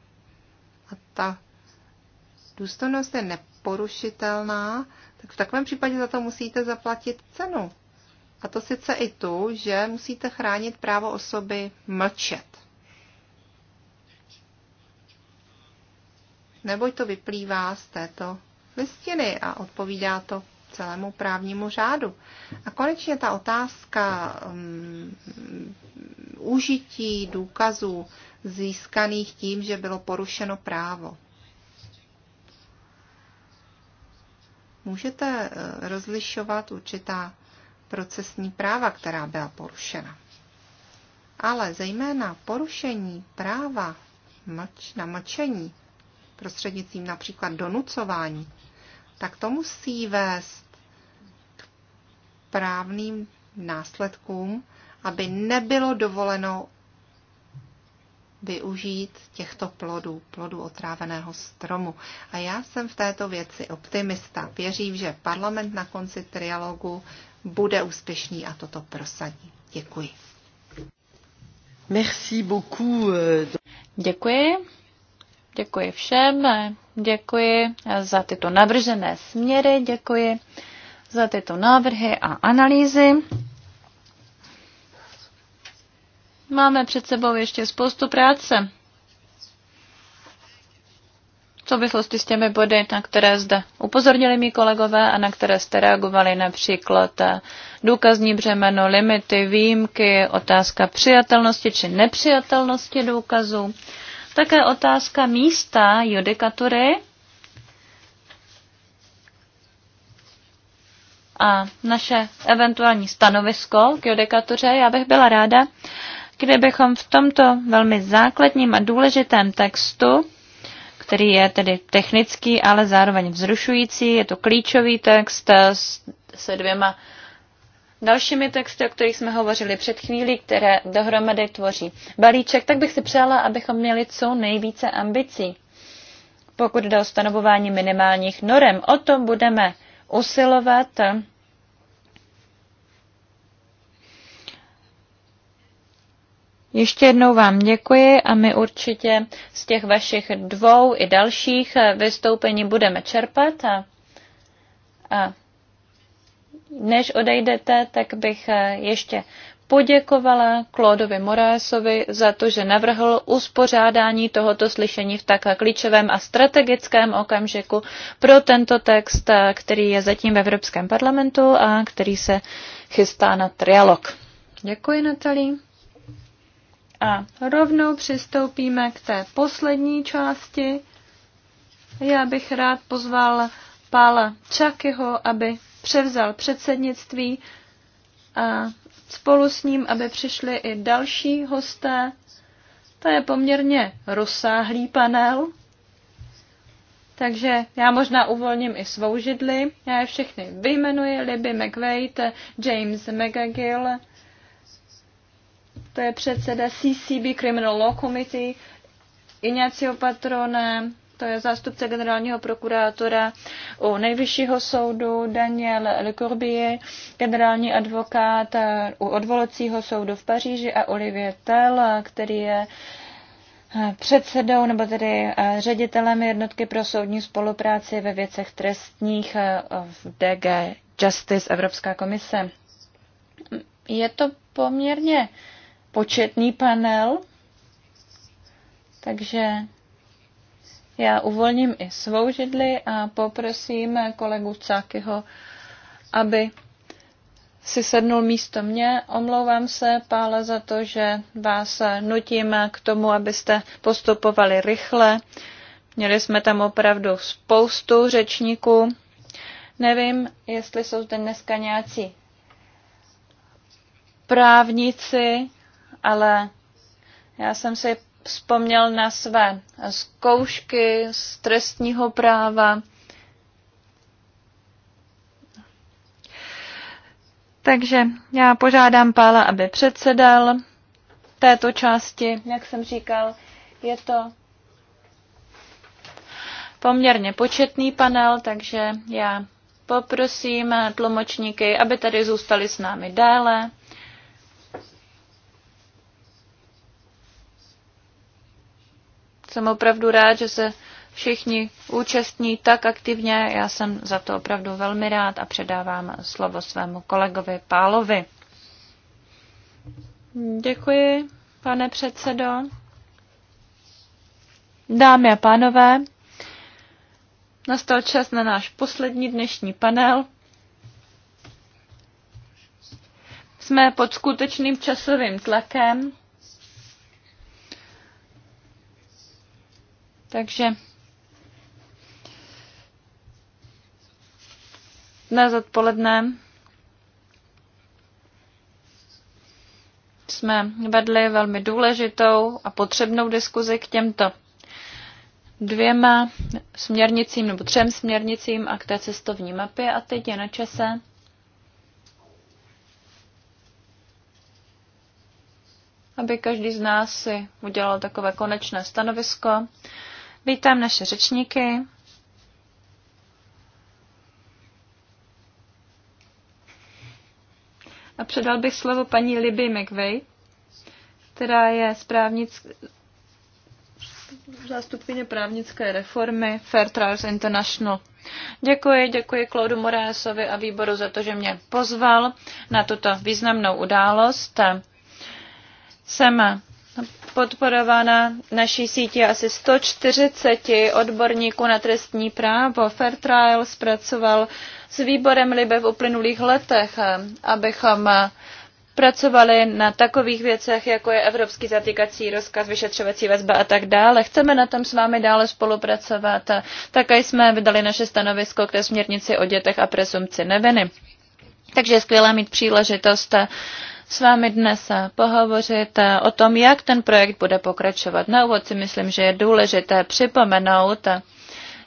S3: a ta důstojnost je neporušitelná, tak v takovém případě za to musíte zaplatit cenu. A to sice i tu, že musíte chránit právo osoby mlčet. Neboť to vyplývá z této listiny a odpovídá to celému právnímu řádu. A konečně ta otázka um, užití důkazů získaných tím, že bylo porušeno právo. Můžete eh, rozlišovat určitá procesní práva, která byla porušena. Ale zejména porušení práva mlč, na mlčení prostřednictvím například donucování tak to musí vést k právným následkům, aby nebylo dovoleno využít těchto plodů, plodů otráveného stromu. A já jsem v této věci optimista. Věřím, že parlament na konci trialogu bude úspěšný a toto prosadí. Děkuji.
S2: Merci beaucoup. Euh, Děkuji. Děkuji všem, děkuji za tyto navržené směry, děkuji za tyto návrhy a analýzy. Máme před sebou ještě spoustu práce v souvislosti s těmi body, na které zde upozornili mý kolegové a na které jste reagovali například důkazní břemeno, limity, výjimky, otázka přijatelnosti či nepřijatelnosti důkazů. Také otázka místa judikatury a naše eventuální stanovisko k judikatuře. Já bych byla ráda, kdybychom v tomto velmi základním a důležitém textu, který je tedy technický, ale zároveň vzrušující, je to klíčový text se dvěma dalšími texty, o kterých jsme hovořili před chvílí, které dohromady tvoří balíček, tak bych si přála, abychom měli co nejvíce ambicí. Pokud jde o stanovování minimálních norem, o to budeme usilovat. Ještě jednou vám děkuji a my určitě z těch vašich dvou i dalších vystoupení budeme čerpat. A, a než odejdete, tak bych eh, ještě poděkovala Klódovi Moraesovi za to, že navrhl uspořádání tohoto slyšení v tak klíčovém a strategickém okamžiku pro tento text, eh, který je zatím v Evropském parlamentu a který se chystá na trialog. Děkuji, Natalí. A rovnou přistoupíme k té poslední části. Já bych rád pozval Pála Čakyho, aby převzal předsednictví a spolu s ním, aby přišli i další hosté. To je poměrně rozsáhlý panel, takže já možná uvolním i svou židli. Já je všechny vyjmenuji. Libby McVeigh, James McGill, to je předseda CCB Criminal Law Committee, Ignacio Patrone, to je zástupce generálního prokurátora u nejvyššího soudu, Daniel Le Corbier, generální advokát u odvolacího soudu v Paříži a Olivier Tell, který je eh, předsedou nebo tedy eh, ředitelem jednotky pro soudní spolupráci ve věcech trestních eh, v DG Justice Evropská komise. Je to poměrně početný panel, takže já uvolním i svou židli a poprosím kolegu Cákyho, aby si sednul místo mě. Omlouvám se, Pále, za to, že vás nutím k tomu, abyste postupovali rychle. Měli jsme tam opravdu spoustu řečníků. Nevím, jestli jsou zde dneska nějací právníci, ale já jsem si vzpomněl na své zkoušky z trestního práva. Takže já požádám Pála, aby předsedal této části. Jak jsem říkal, je to poměrně početný panel, takže já poprosím tlumočníky, aby tady zůstali s námi déle. Jsem opravdu rád, že se všichni účastní tak aktivně. Já jsem za to opravdu velmi rád a předávám slovo svému kolegovi Pálovi. Děkuji, pane předsedo. Dámy a pánové, nastal čas na náš poslední dnešní panel. Jsme pod skutečným časovým tlakem. Takže dnes odpoledne jsme vedli velmi důležitou a potřebnou diskuzi k těmto dvěma směrnicím nebo třem směrnicím a k té cestovní mapě a teď je na čase aby každý z nás si udělal takové konečné stanovisko Vítám naše řečníky. A předal bych slovo paní Libby McVeigh, která je správnic... zástupkyně právnické reformy Fair Trials International. Děkuji, děkuji Claudu Moraesovi a výboru za to, že mě pozval na tuto významnou událost. Jsem podporována naší sítí asi 140 odborníků na trestní právo. Fair Trial zpracoval s výborem Libe v uplynulých letech, abychom pracovali na takových věcech, jako je evropský zatýkací rozkaz, vyšetřovací vazba a tak dále. Chceme na tom s vámi dále spolupracovat. Také jsme vydali naše stanovisko k té směrnici o dětech a presumci neviny. Takže je skvělé mít příležitost s vámi dnes pohovořit o tom, jak ten projekt bude pokračovat. Na úvod si myslím, že je důležité připomenout,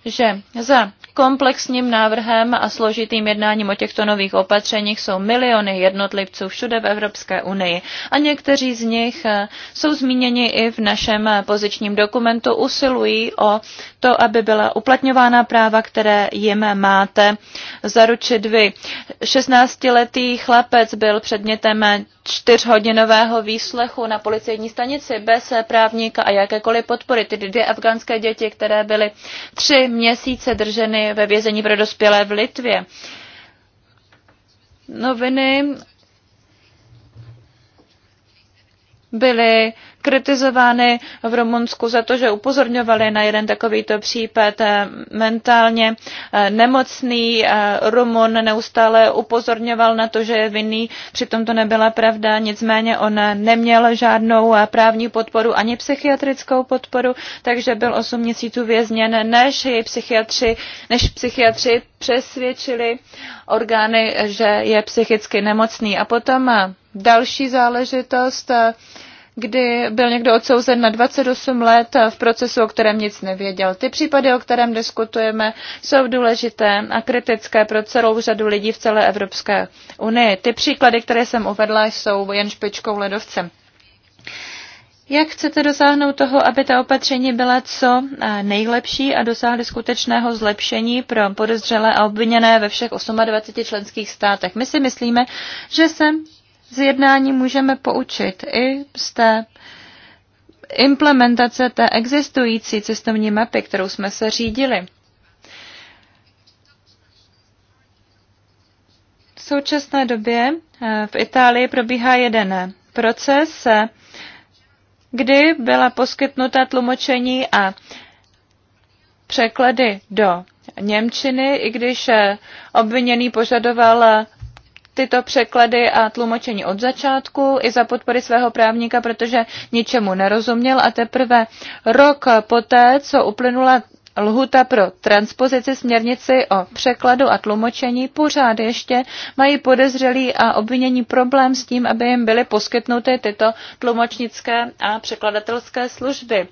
S2: že za komplexním návrhem a složitým jednáním o těchto nových opatřeních jsou miliony jednotlivců všude v Evropské unii a někteří z nich jsou zmíněni i v našem pozičním dokumentu, usilují o to, aby byla uplatňována práva, které jim máte zaručit vy. 16-letý chlapec byl předmětem čtyřhodinového výslechu na policejní stanici bez právníka a jakékoliv podpory. Tedy dvě afgánské děti, které byly tři měsíce drženy ve vězení pro dospělé v Litvě noviny byly kritizovány v Rumunsku za to, že upozorňovali na jeden takovýto případ eh, mentálně eh, nemocný. Eh, Rumun neustále upozorňoval na to, že je vinný, přitom to nebyla pravda, nicméně on neměl žádnou právní podporu ani psychiatrickou podporu, takže byl 8 měsíců vězněn, než jej psychiatři, než psychiatři přesvědčili orgány, že je psychicky nemocný. A potom další záležitost, eh, kdy byl někdo odsouzen na 28 let v procesu, o kterém nic nevěděl. Ty případy, o kterém diskutujeme, jsou důležité a kritické pro celou řadu lidí v celé Evropské unii. Ty příklady, které jsem uvedla, jsou jen špičkou ledovcem. Jak chcete dosáhnout toho, aby ta opatření byla co eh, nejlepší a dosáhly skutečného zlepšení pro podezřelé a obviněné ve všech 28 členských státech? My si myslíme, že se z jednání můžeme poučit i z té implementace té existující cestovní mapy, kterou jsme se řídili. V současné době eh, v Itálii probíhá jeden proces, eh, kdy byla poskytnuta tlumočení a překlady do Němčiny, i když eh, obviněný požadoval tyto překlady a tlumočení od začátku i za podpory svého právníka, protože ničemu nerozuměl a teprve rok poté, co uplynula lhuta pro transpozici směrnici o překladu a tlumočení pořád ještě mají podezřelí a obvinění problém s tím, aby jim byly poskytnuty tyto tlumočnické a překladatelské služby.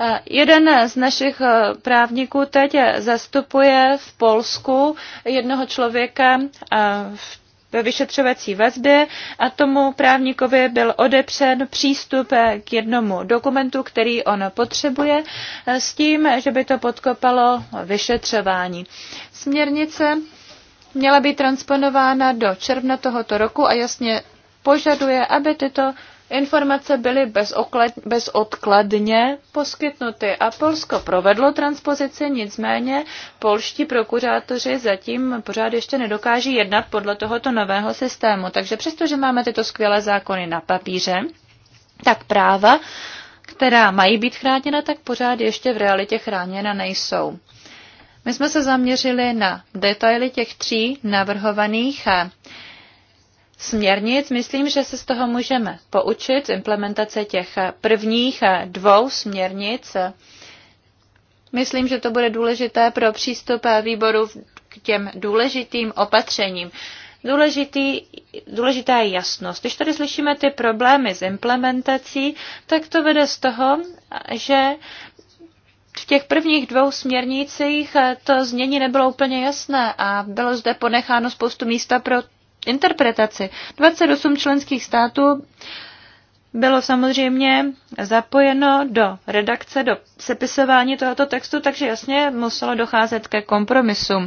S2: Eh, jeden z našich eh, právníků teď zastupuje v Polsku jednoho člověka eh, v ve vyšetřovací vazbě a tomu právníkovi byl odepřen přístup k jednomu dokumentu, který on potřebuje, eh, s tím, že by to podkopalo vyšetřování. Směrnice měla být transponována do června tohoto roku a jasně požaduje, aby tyto Informace byly bezodkladně poskytnuty a Polsko provedlo transpozici, nicméně polští prokurátoři zatím pořád ještě nedokáží jednat podle tohoto nového systému. Takže přestože máme tyto skvělé zákony na papíře, tak práva, která mají být chráněna, tak pořád ještě v realitě chráněna nejsou. My jsme se zaměřili na detaily těch tří navrhovaných směrnic, myslím, že se z toho můžeme poučit z implementace těch prvních dvou směrnic. Myslím, že to bude důležité pro přístup výboru k těm důležitým opatřením. Důležitý, důležitá je jasnost. Když tady slyšíme ty problémy s implementací, tak to vede z toho, že v těch prvních dvou směrnicích to znění nebylo úplně jasné a bylo zde ponecháno spoustu místa pro interpretaci. 28 členských států bylo samozřejmě zapojeno do redakce, do sepisování tohoto textu, takže jasně muselo docházet ke kompromisům.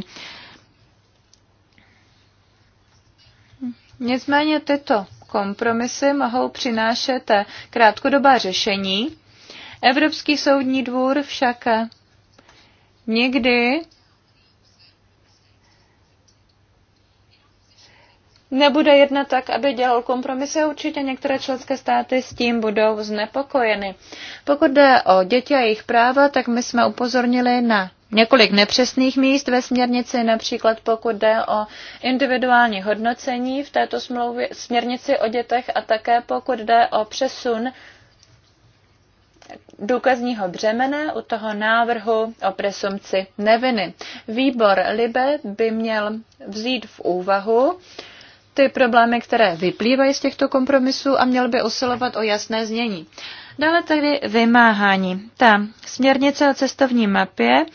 S2: Nicméně tyto kompromisy mohou přinášet krátkodobá řešení. Evropský soudní dvůr však nikdy nebude jednat tak, aby dělal kompromisy. Určitě některé členské státy s tím budou znepokojeny. Pokud jde o děti a jejich práva, tak my jsme upozornili na několik nepřesných míst ve směrnici, například pokud jde o individuální hodnocení v této smlouvě, směrnici o dětech a také pokud jde o přesun důkazního břemene u toho návrhu o presumci neviny. Výbor Libe by měl vzít v úvahu ty problémy, které vyplývají z těchto kompromisů a měl by usilovat o jasné znění. Dále tedy vymáhání. Ta směrnice o cestovní mapě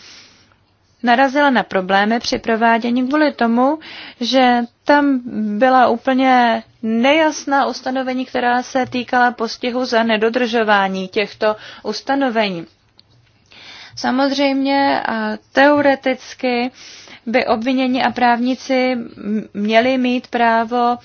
S2: narazila na problémy při provádění kvůli tomu, že tam byla úplně nejasná ustanovení, která se týkala postihu za nedodržování těchto ustanovení. Samozřejmě teoreticky by obviněni a právníci měli mít právo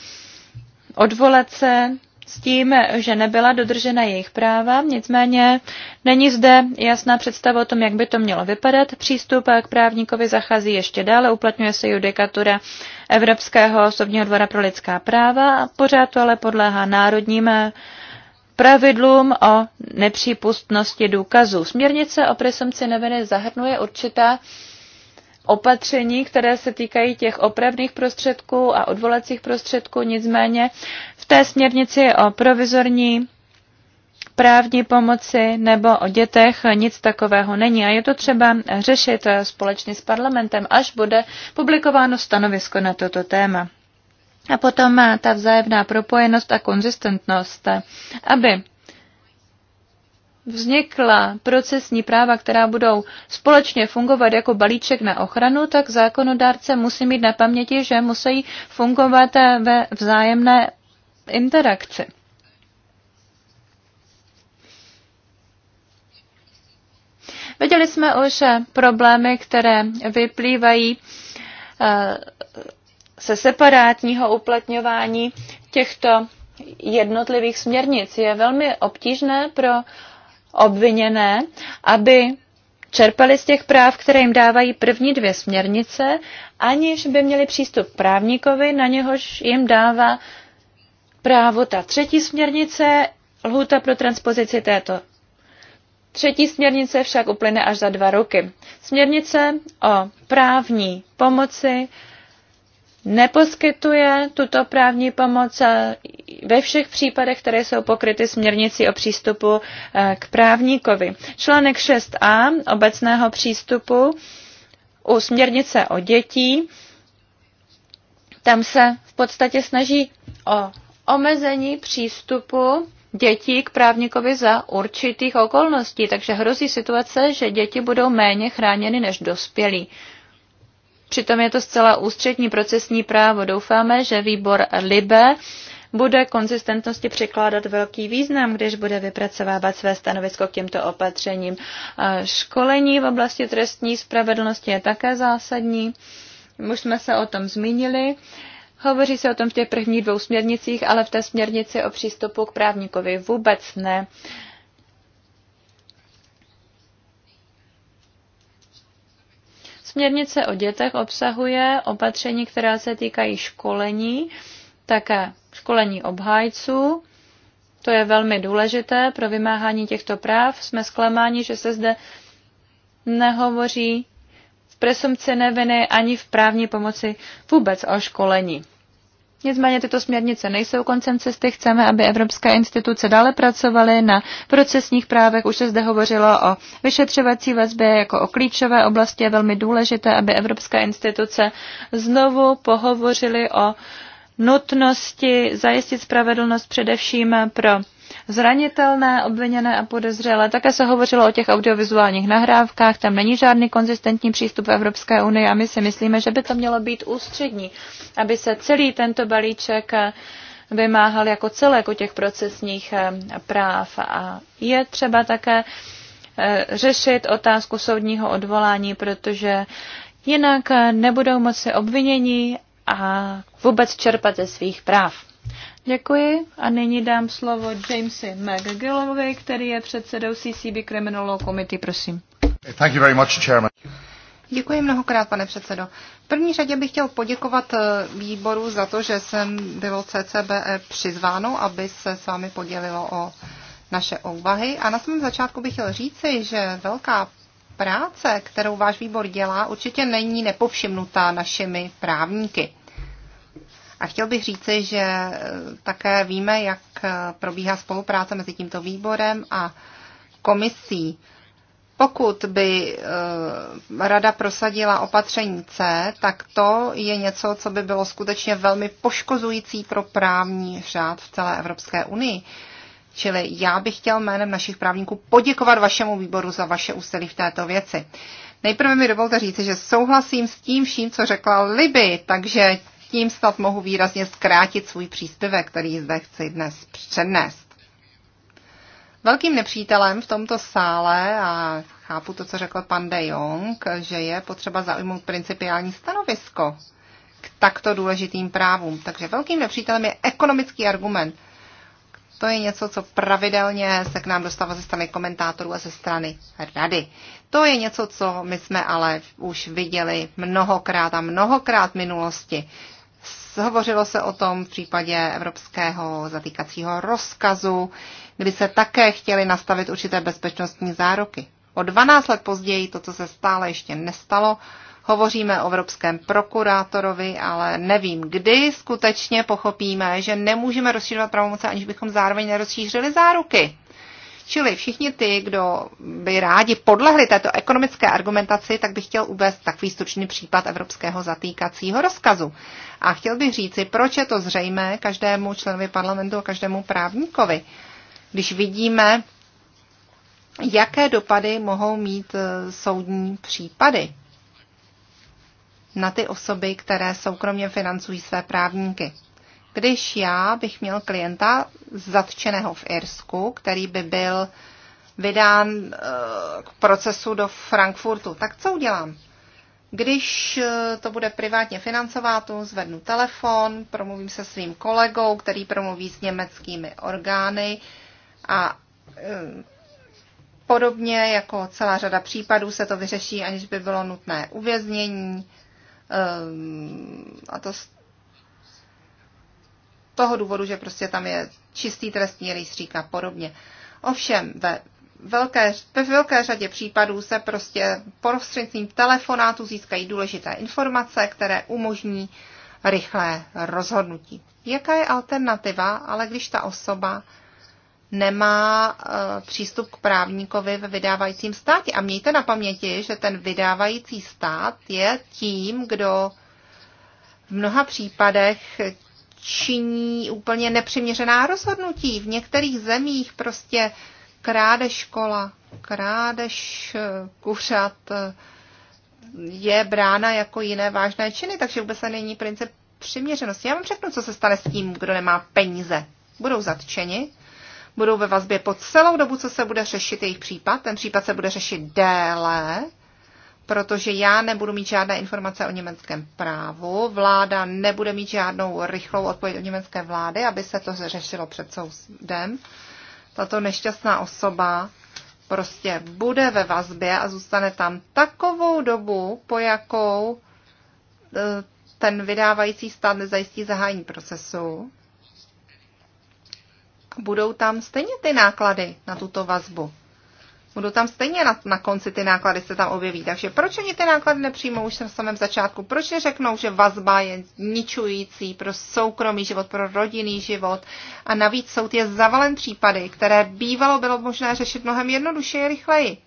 S2: odvolat se s tím, že nebyla dodržena jejich práva, nicméně není zde jasná představa o tom, jak by to mělo vypadat. Přístup k právníkovi zachází ještě dále, uplatňuje se judikatura Evropského osobního dvora pro lidská práva a pořád to ale podléhá národním pravidlům o nepřípustnosti důkazů. Směrnice o presumci neviny zahrnuje určitá opatření, které se týkají těch opravných prostředků a odvolacích prostředků, nicméně v té směrnici o provizorní právní pomoci nebo o dětech nic takového není. A je to třeba řešit společně s parlamentem, až bude publikováno stanovisko na toto téma. A potom ta vzájemná propojenost a konzistentnost, aby vznikla procesní práva, která budou společně fungovat jako balíček na ochranu, tak zákonodárce musí mít na paměti, že musí fungovat ve vzájemné interakci. Viděli jsme už eh, problémy, které vyplývají eh, se separátního uplatňování těchto jednotlivých směrnic. Je velmi obtížné pro obviněné, aby čerpali z těch práv, které jim dávají první dvě směrnice, aniž by měli přístup k právníkovi, na něhož jim dává právo ta třetí směrnice, lhuta pro transpozici této. Třetí směrnice však uplyne až za dva roky. Směrnice o právní pomoci neposkytuje tuto právní pomoc ve všech případech, které jsou pokryty směrnicí o přístupu eh, k právníkovi. Článek 6a obecného přístupu u směrnice o dětí, tam se v podstatě snaží o omezení přístupu dětí k právníkovi za určitých okolností, takže hrozí situace, že děti budou méně chráněny než dospělí. Přitom je to zcela ústřední procesní právo. Doufáme, že výbor LIBE bude konzistentnosti překládat velký význam, když bude vypracovávat své stanovisko k těmto opatřením. Školení v oblasti trestní spravedlnosti je také zásadní. Už jsme se o tom zmínili. Hovoří se o tom v těch prvních dvou směrnicích, ale v té směrnici o přístupu k právníkovi vůbec ne. Uh, Směrnice o dětech obsahuje opatření, která se týkají školení, také školení obhájců. To je velmi důležité pro vymáhání těchto práv. Jsme zklamáni, že se zde nehovoří v presumci neviny ani v právní pomoci vůbec o školení. Nicméně tyto směrnice nejsou koncem cesty. Chceme, aby evropské instituce dále pracovaly na procesních právech. Už se zde hovořilo o vyšetřovací vazbě jako o klíčové oblasti. Je velmi důležité, aby evropské instituce znovu pohovořily o nutnosti zajistit spravedlnost především pro zranitelné, obviněné a podezřelé. Také se hovořilo o těch audiovizuálních nahrávkách, tam není žádný konzistentní přístup v Evropské unii a my si myslíme, že by to mělo být ústřední, aby se celý tento balíček eh, vymáhal jako celé u těch procesních eh, práv. A je třeba také eh, řešit otázku soudního odvolání, protože jinak nebudou moci obvinění a vůbec čerpat ze svých práv. Děkuji a nyní dám slovo Jamesi McGillovi,
S3: který je předsedou CCB Criminal Law Committee, prosím.
S1: Thank you very much, chairman.
S3: Děkuji mnohokrát, pane předsedo. V první řadě bych chtěl poděkovat eh, výboru za to, že jsem bylo CCBE přizváno, aby se s vámi podělilo o naše úvahy. A na samém začátku bych chtěl říci, že velká práce, kterou váš výbor dělá, určitě není nepovšimnutá našimi právníky. A chtěl bych říci, že eh, také víme, jak eh, probíhá spolupráce mezi tímto výborem a komisí. Pokud by eh, rada prosadila opatření C, tak to je něco, co by bylo skutečně velmi poškozující pro právní řád v celé Evropské unii. Čili já bych chtěl jménem našich právníků poděkovat vašemu výboru za vaše úsilí v této věci. Nejprve mi dovolte říci, že souhlasím s tím vším, co řekla Liby, takže tím snad mohu výrazně zkrátit svůj příspěvek, který zde chci dnes přednést. Velkým nepřítelem v tomto sále, a chápu to, co řekl pan De Jong, že je potřeba zaujmout principiální stanovisko k takto důležitým právům. Takže velkým nepřítelem je ekonomický argument. To je něco, co pravidelně se k nám dostává ze strany komentátorů a ze strany rady. To je něco, co my jsme ale už viděli mnohokrát a mnohokrát v minulosti. Hovořilo se o tom v případě evropského zatýkacího rozkazu, kdy se také chtěli nastavit určité bezpečnostní zároky. O 12 let později, to, co se stále ještě nestalo, hovoříme o evropském prokurátorovi, ale nevím, kdy skutečně pochopíme, že nemůžeme rozšířovat pravomoce, aniž bychom zároveň nerozšířili záruky. Čili všichni ty, kdo by rádi podlehli této ekonomické argumentaci, tak bych chtěl uvést takový stručný případ evropského zatýkacího rozkazu. A chtěl bych říci, proč je to zřejmé každému členovi parlamentu a každému právníkovi. Když vidíme, jaké dopady mohou mít e, soudní případy na ty osoby, které soukromě financují své právníky. Když já bych měl klienta zatčeného v Irsku, který by byl vydán eh, k procesu do Frankfurtu, tak co udělám? Když eh, to bude privátně financováno, zvednu telefon, promluvím se svým kolegou, který promluví s německými orgány a eh, podobně jako celá řada případů se to vyřeší, aniž by bylo nutné uvěznění. A to toho důvodu, že prostě tam je čistý trestní rejstřík a podobně. Ovšem, ve velké, ve velké řadě případů se prostě prostřednictvím telefonátu získají důležité informace, které umožní rychlé rozhodnutí. Jaká je alternativa, ale když ta osoba nemá e, přístup k právníkovi ve vydávajícím státě. A mějte na paměti, že ten vydávající stát je tím, kdo v mnoha případech činí úplně nepřiměřená rozhodnutí. V některých zemích prostě krádež škola krádež eh, kuřat eh, je brána jako jiné vážné činy, takže vůbec není princip přiměřenosti. Já vám řeknu, co se stane s tím, kdo nemá peníze. Budou zatčeni, budou ve vazbě po celou dobu, co se bude řešit jejich případ. Ten případ se bude řešit déle, protože já nebudu mít žádné informace o německém právu, vláda nebude mít žádnou rychlou odpověď od německé vlády, aby se to řešilo před soudem. Tato nešťastná osoba prostě bude ve vazbě a zůstane tam takovou dobu, po jakou e, ten vydávající stát nezajistí zahájení procesu. Budou tam stejně ty náklady na tuto vazbu. Budou tam stejně na, na konci ty náklady se tam objeví. Takže proč oni ty náklady nepřijmou už na samém začátku? Proč neřeknou, že vazba je ničující pro soukromý život, pro rodinný život? A navíc soud je zavalen případy, které bývalo bylo možné řešit mnohem jednodušeji a rychleji.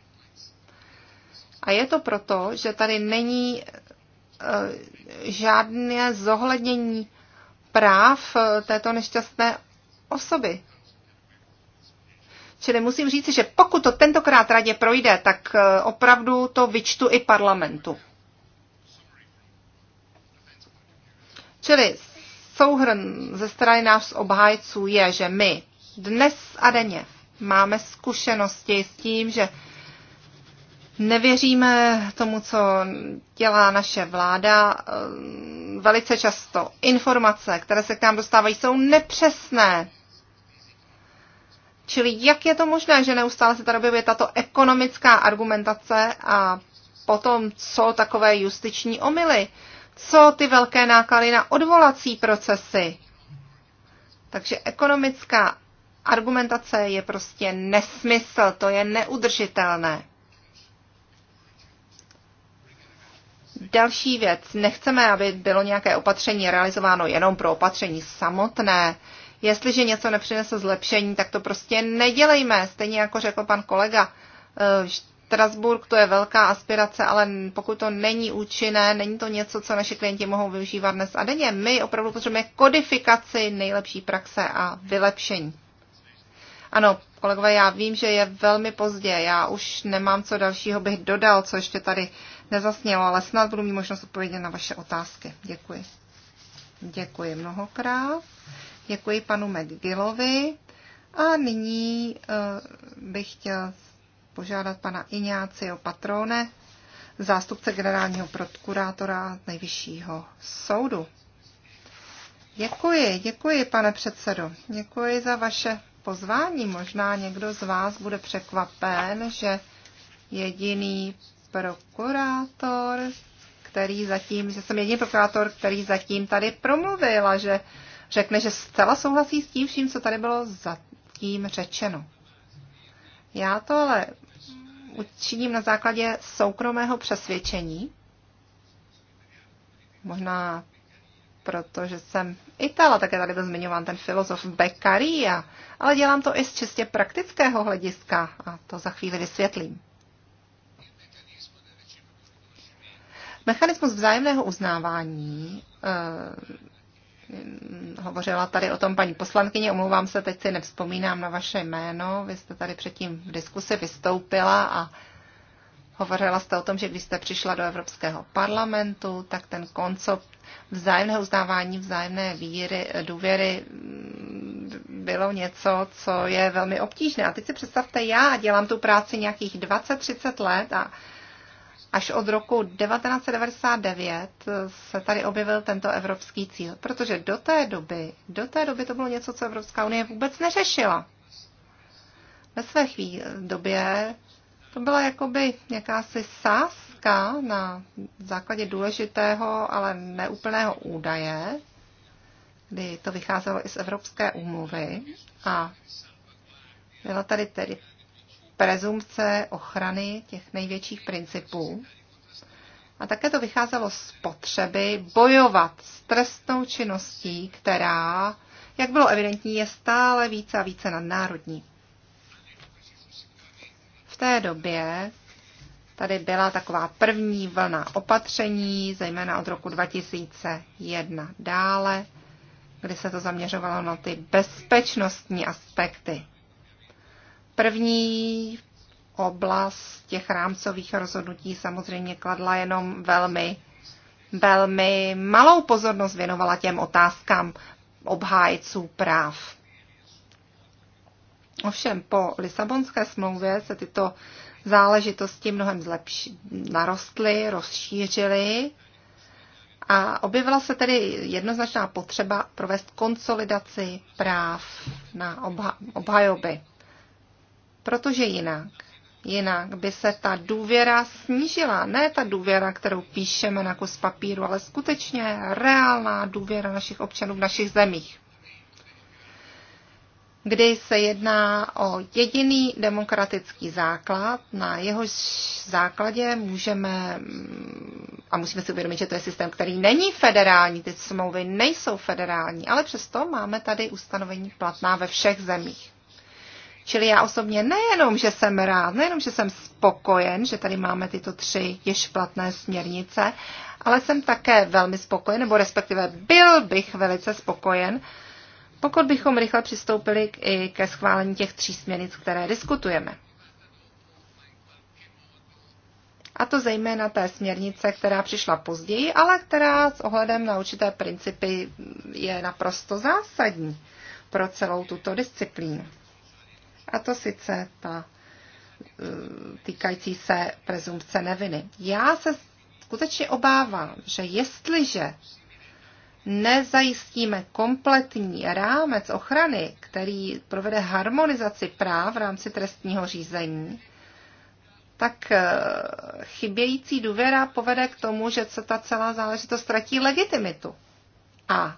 S3: A je to proto, že tady není e, žádné zohlednění práv eh, této nešťastné osoby. Čili musím říct, že pokud to tentokrát radě projde, tak eh, opravdu to vyčtu i parlamentu. Čili souhrn ze strany nás obhájců je, že my dnes a denně máme zkušenosti s tím, že nevěříme tomu, co dělá naše vláda. Ehm, velice často informace, které se k nám dostávají, jsou nepřesné, Čili jak je to možné, že neustále se tady objevuje tato ekonomická argumentace a potom co takové justiční omily, co ty velké náklady na odvolací procesy. Takže ekonomická argumentace je prostě nesmysl, to je neudržitelné. Další věc. Nechceme, aby bylo nějaké opatření realizováno jenom pro opatření samotné. Jestliže něco nepřinese zlepšení, tak to prostě nedělejme. Stejně jako řekl pan kolega, Strasburg eh, to je velká aspirace, ale pokud to není účinné, není to něco, co naši klienti mohou využívat dnes a denně. My opravdu potřebujeme kodifikaci nejlepší praxe a vylepšení. Ano, kolegové, já vím, že je velmi pozdě. Já už nemám co dalšího bych dodal, co ještě tady nezasnělo, ale snad budu mít možnost odpovědět na vaše otázky. Děkuji. Děkuji mnohokrát. Děkuji panu McGillovi. A nyní eh, bych chtěl požádat pana o Patrone, zástupce generálního prokurátora nejvyššího soudu. Děkuji, děkuji, pane předsedo. Děkuji za vaše pozvání. Možná někdo z vás bude překvapen, že jediný prokurátor, který zatím, že jsem jediný prokurátor, který zatím tady promluvil a že řekne, že zcela souhlasí s tím vším, co tady bylo zatím řečeno. Já to ale učiním na základě soukromého přesvědčení, možná protože jsem Itala, také tady byl zmiňován ten filozof Beccaria, ale dělám to i z čistě praktického hlediska a to za chvíli vysvětlím. Mechanismus vzájemného uznávání eh, Hovořila tady o tom paní poslankyně, omlouvám se, teď si nevzpomínám na vaše jméno. Vy jste tady předtím v diskusi vystoupila a hovořila jste o tom, že když jste přišla do Evropského parlamentu, tak ten koncept vzájemného uznávání, vzájemné víry, důvěry mm, bylo něco, co je velmi obtížné. A teď si představte, já dělám tu práci nějakých 20-30 let a Až od roku 1999 se tady objevil tento evropský cíl, protože do té doby, do té doby to bylo něco, co Evropská unie vůbec neřešila. Ve své chvíli době to byla jakoby jakási sázka na základě důležitého, ale neúplného údaje, kdy to vycházelo i z Evropské úmluvy a byla tady tedy prezumce ochrany těch největších principů. A také to vycházelo z potřeby bojovat s trestnou činností, která, jak bylo evidentní, je stále více a více nadnárodní. V té době tady byla taková první vlna opatření, zejména od roku 2001 dále, kdy se to zaměřovalo na ty bezpečnostní aspekty. První oblast těch rámcových rozhodnutí samozřejmě kladla jenom velmi, velmi malou pozornost věnovala těm otázkám obhájců práv. Ovšem po Lisabonské smlouvě se tyto záležitosti mnohem zlepši, narostly, rozšířily a objevila se tedy jednoznačná potřeba provést konsolidaci práv na obha, obhajoby. Protože jinak, jinak by se ta důvěra snížila. Ne ta důvěra, kterou píšeme na kus papíru, ale skutečně reálná důvěra našich občanů v našich zemích kdy se jedná o jediný demokratický základ, na jehož základě můžeme, a musíme si uvědomit, že to je systém, který není federální, ty smlouvy nejsou federální, ale přesto máme tady ustanovení platná ve všech zemích. Čili já osobně nejenom, že jsem rád, nejenom, že jsem spokojen, že tady máme tyto tři již platné směrnice, ale jsem také velmi spokojen, nebo respektive byl bych velice spokojen, pokud bychom rychle přistoupili k, i ke schválení těch tří směrnic, které diskutujeme. A to zejména té směrnice, která přišla později, ale která s ohledem na určité principy je naprosto zásadní pro celou tuto disciplínu. A to sice ta e, týkající se prezumce neviny. Já se skutečně obávám, že jestliže nezajistíme kompletní rámec ochrany, který provede harmonizaci práv v rámci trestního řízení, tak e, chybějící důvěra povede k tomu, že se ta celá záležitost ztratí legitimitu. A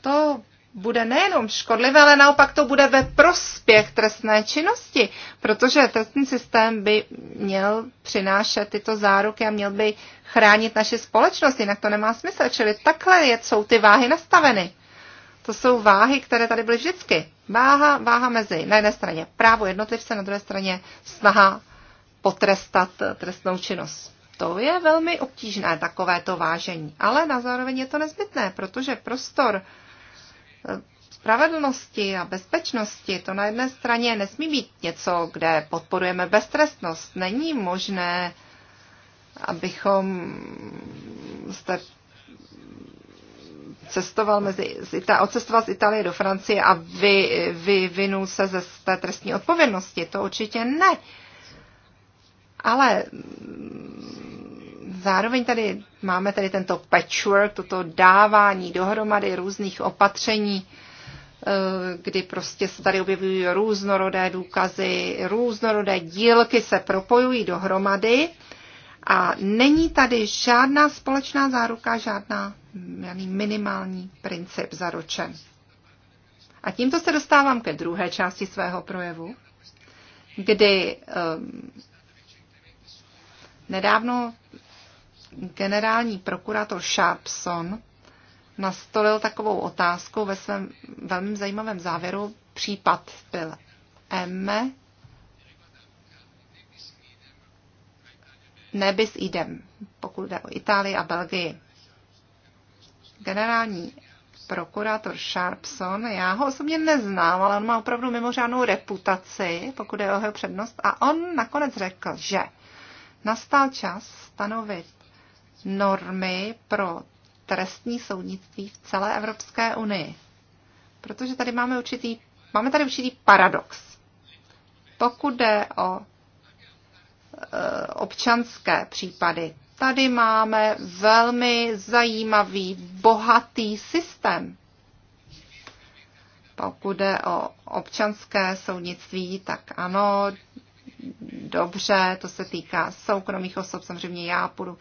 S3: to bude nejenom škodlivé, ale naopak to bude ve prospěch trestné činnosti, protože trestní systém by měl přinášet tyto záruky a měl by chránit naši společnost, jinak to nemá smysl. Čili takhle je, jsou ty váhy nastaveny. To jsou váhy, které tady byly vždycky. Váha, váha mezi na jedné straně právo jednotlivce, na druhé straně snaha potrestat trestnou činnost. To je velmi obtížné takovéto vážení, ale na zároveň je to nezbytné, protože prostor spravedlnosti a bezpečnosti, to na jedné straně nesmí být něco, kde podporujeme beztrestnost. Není možné, abychom jste cestoval mezi, z Ita- odcestoval z Itálie do Francie a vy, vyvinul se ze té trestní odpovědnosti. To určitě ne. Ale Zároveň tady máme tady tento patchwork, toto dávání dohromady různých opatření, eh, kdy prostě se tady objevují různorodé důkazy, různorodé dílky se propojují dohromady a není tady žádná společná záruka, žádná žádný minimální princip zaručen. A tímto se dostávám ke druhé části svého projevu, kdy um, nedávno generální prokurátor Sharpson nastolil takovou otázku ve svém velmi zajímavém závěru. Případ byl M. Nebis idem, pokud jde o Itálii a Belgii. Generální prokurátor Sharpson, já ho osobně neznám, ale on má opravdu mimořádnou reputaci, pokud je o jeho přednost, a on nakonec řekl, že nastal čas stanovit normy pro trestní soudnictví v celé Evropské unii. Protože tady máme určitý, máme tady určitý paradox. Pokud jde o eh, občanské případy, tady máme velmi zajímavý, bohatý systém. Pokud jde o občanské soudnictví, tak ano, dobře, to se týká soukromých osob, samozřejmě já půjdu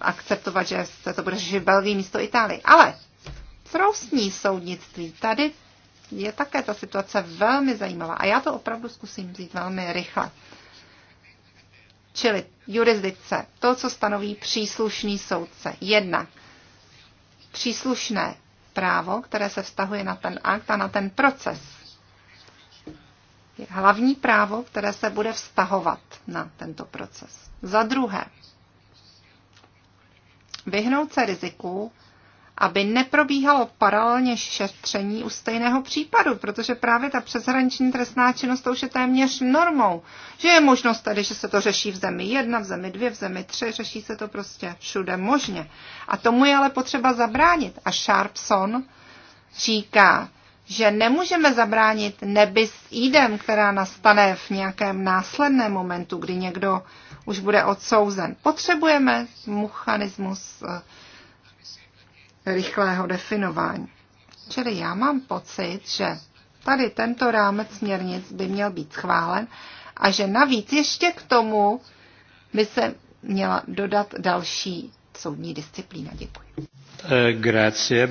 S3: akceptovat, že se to bude řešit Belgii místo Itálie. Ale troustní soudnictví, tady je také ta situace velmi zajímavá a já to opravdu zkusím vzít velmi rychle. Čili jurisdikce, to, co stanoví příslušný soudce. jedna příslušné právo, které se vztahuje na ten akt a na ten proces. hlavní právo, které se bude vztahovat na tento proces. Za druhé, vyhnout se riziku, aby neprobíhalo paralelně šetření u stejného případu, protože právě ta přeshraniční trestná činnost to už je téměř normou. Že je možnost tedy, že se to řeší v zemi jedna, v zemi dvě, v zemi tři, řeší se to prostě všude možně. A tomu je ale potřeba zabránit. A Sharpson říká, že nemůžeme zabránit s jídem, která nastane v nějakém následném momentu, kdy někdo už bude odsouzen. Potřebujeme mechanismus eh, rychlého definování. Čili já mám pocit, že tady tento rámec směrnic by měl být schválen a že navíc ještě k tomu by se měla dodat další soudní disciplína. Děkuji.
S2: Eh, grazie.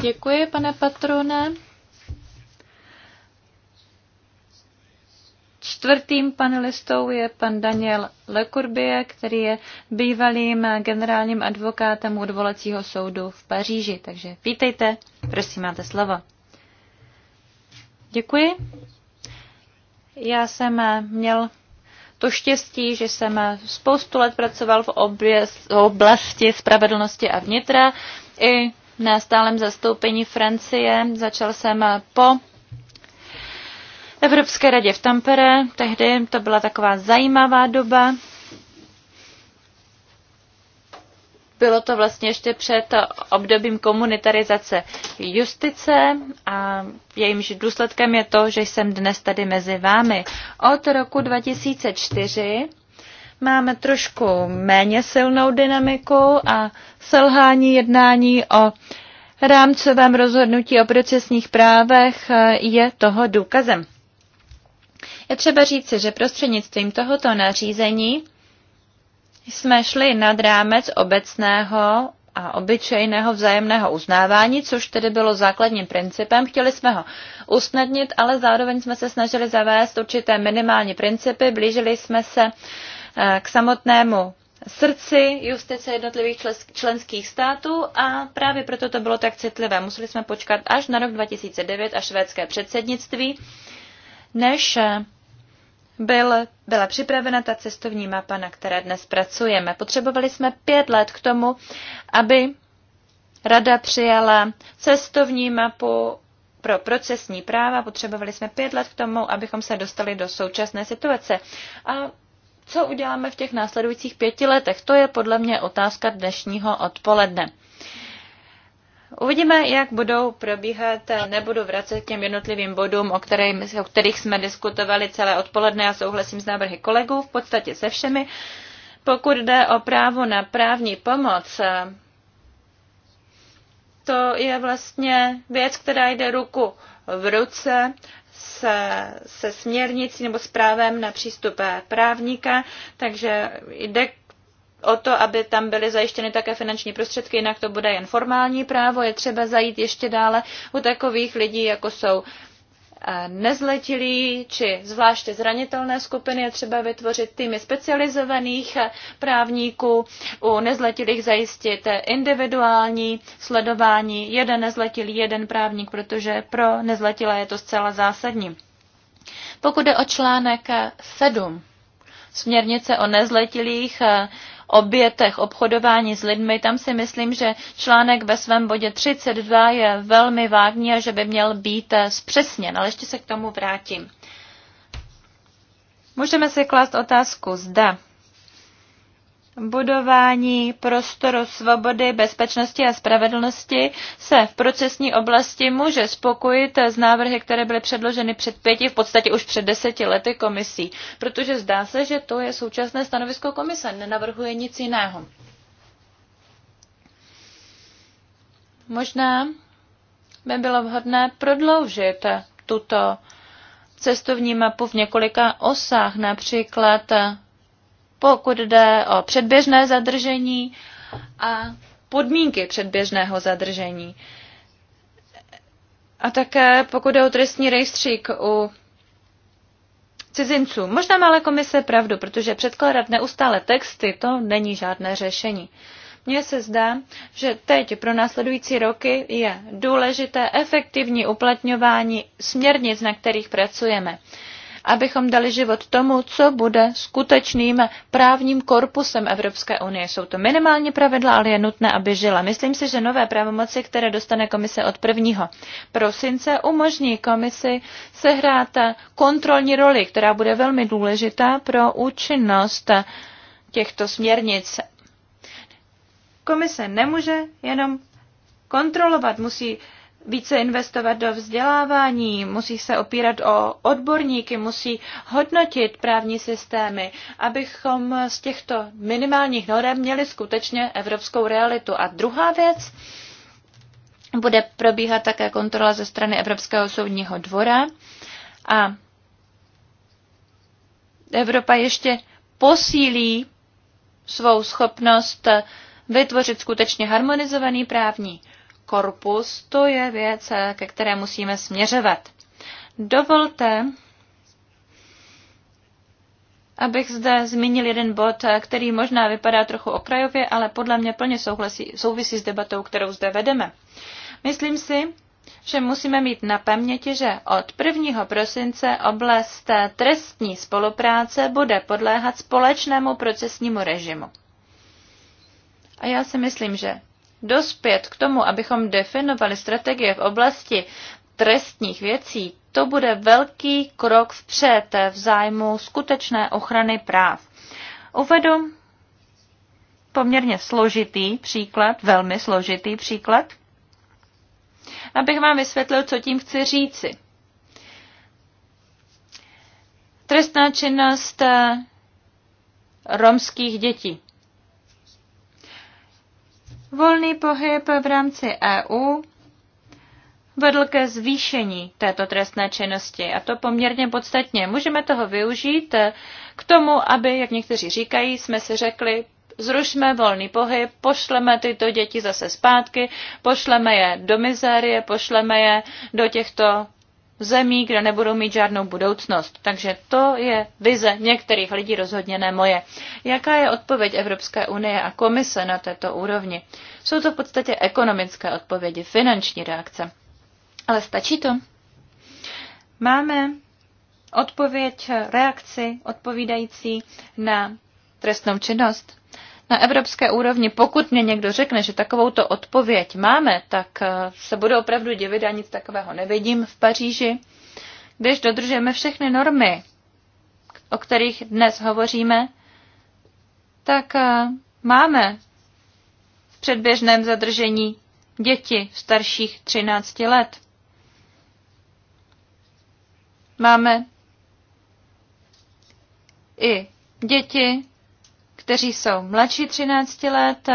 S2: Děkuji, pane patrone. Čtvrtým panelistou je pan Daniel Lekurbie, který je bývalým generálním advokátem odvolacího soudu v Paříži. Takže vítejte, prosím, máte slovo. Děkuji. Já jsem měl to štěstí, že jsem spoustu let pracoval v oblasti spravedlnosti a vnitra i na stálem zastoupení Francie. Začal jsem po Evropské radě v Tampere. Tehdy to byla taková zajímavá doba. Bylo to vlastně ještě před obdobím komunitarizace justice a jejímž důsledkem je to, že jsem dnes tady mezi vámi. Od roku 2004 máme trošku méně silnou dynamiku a selhání jednání o rámcovém rozhodnutí o procesních právech eh, je toho důkazem. Je třeba říci, že prostřednictvím tohoto nařízení jsme šli nad rámec obecného a obyčejného vzájemného uznávání, což tedy bylo základním principem. Chtěli jsme ho usnadnit, ale zároveň jsme se snažili zavést určité minimální principy, blížili jsme se Eh, k samotnému srdci justice jednotlivých členských států a právě proto to bylo tak citlivé. Museli jsme počkat až na rok 2009 a švédské předsednictví, než eh, byl, byla připravena ta cestovní mapa, na které dnes pracujeme. Potřebovali jsme pět let k tomu, aby Rada přijala cestovní mapu pro procesní práva. Potřebovali jsme pět let k tomu, abychom se dostali do současné situace. A co uděláme v těch následujících pěti letech? To je podle mě otázka dnešního odpoledne. Uvidíme, jak budou probíhat, nebudu vracet k těm jednotlivým bodům, o, kterých, o kterých jsme diskutovali celé odpoledne a souhlasím s návrhy kolegů, v podstatě se všemi. Pokud jde o právo na právní pomoc, to je vlastně věc, která jde ruku v ruce se, se směrnicí nebo s právem na přístup právníka, takže jde o to, aby tam byly zajištěny také finanční prostředky, jinak to bude jen formální právo. Je třeba zajít ještě dále u takových lidí, jako jsou Eh, nezletilí či zvláště zranitelné skupiny je třeba vytvořit týmy specializovaných eh, právníků, u nezletilých zajistit eh, individuální sledování jeden nezletilý, jeden právník, protože pro nezletilé je to zcela zásadní. Pokud je o článek 7 směrnice o nezletilých, obětech obchodování s lidmi, tam si myslím, že článek ve svém bodě 32 je velmi vágní a že by měl být eh, zpřesněn, ale ještě se k tomu vrátím. Můžeme si klást otázku, zda budování prostoru svobody, bezpečnosti a spravedlnosti se v procesní oblasti může spokojit s návrhy, které byly předloženy před pěti, v podstatě už před deseti lety komisí, protože zdá se, že to je současné stanovisko komise, nenavrhuje nic jiného. Možná by bylo vhodné prodloužit tuto cestovní mapu v několika osách, například pokud jde o předběžné zadržení a podmínky předběžného zadržení. A také pokud jde o trestní rejstřík u cizinců. Možná má ale komise pravdu, protože předkládat neustále texty, to není žádné řešení. Mně se zdá, že teď pro následující roky je důležité efektivní uplatňování směrnic, na kterých pracujeme abychom dali život tomu, co bude skutečným právním korpusem Evropské unie. Jsou to minimální pravidla, ale je nutné, aby žila. Myslím si, že nové pravomoci, které dostane komise od 1. prosince, umožní komisi sehrát kontrolní roli, která bude velmi důležitá pro účinnost těchto směrnic. Komise nemůže jenom kontrolovat, musí více investovat do vzdělávání, musí se opírat o odborníky, musí hodnotit právní systémy, abychom z těchto minimálních norm měli skutečně evropskou realitu. A druhá věc, bude probíhat také kontrola ze strany Evropského soudního dvora a Evropa ještě posílí svou schopnost vytvořit skutečně harmonizovaný právní korpus, to je věc, ke které musíme směřovat. Dovolte, abych zde zmínil jeden bod, který možná vypadá trochu okrajově, ale podle mě plně souhlasí, souvisí s debatou, kterou zde vedeme. Myslím si, že musíme mít na paměti, že od 1. prosince oblast trestní spolupráce bude podléhat společnému procesnímu režimu. A já si myslím, že dospět k tomu, abychom definovali strategie v oblasti trestních věcí, to bude velký krok vpřed v zájmu skutečné ochrany práv. Uvedu poměrně složitý příklad, velmi složitý příklad, abych vám vysvětlil, co tím chci říci. Trestná činnost eh, romských dětí. Volný pohyb v rámci EU vedl ke zvýšení této trestné činnosti a to poměrně podstatně. Můžeme toho využít k tomu, aby, jak někteří říkají, jsme si řekli, zrušme volný pohyb, pošleme tyto děti zase zpátky, pošleme je do mizérie, pošleme je do těchto zemí, kde nebudou mít žádnou budoucnost. Takže to je vize některých lidí, rozhodně ne moje. Jaká je odpověď Evropské unie a komise na této úrovni? Jsou to v podstatě ekonomické odpovědi, finanční reakce. Ale stačí to? Máme odpověď, reakci odpovídající na trestnou činnost? na evropské úrovni, pokud mě někdo řekne, že takovouto odpověď máme, tak eh, se budu opravdu divit, a nic takového nevidím v Paříži. Když dodržujeme všechny normy, o kterých dnes hovoříme, tak eh, máme v předběžném zadržení děti starších 13 let. Máme i děti, kteří jsou mladší 13 let,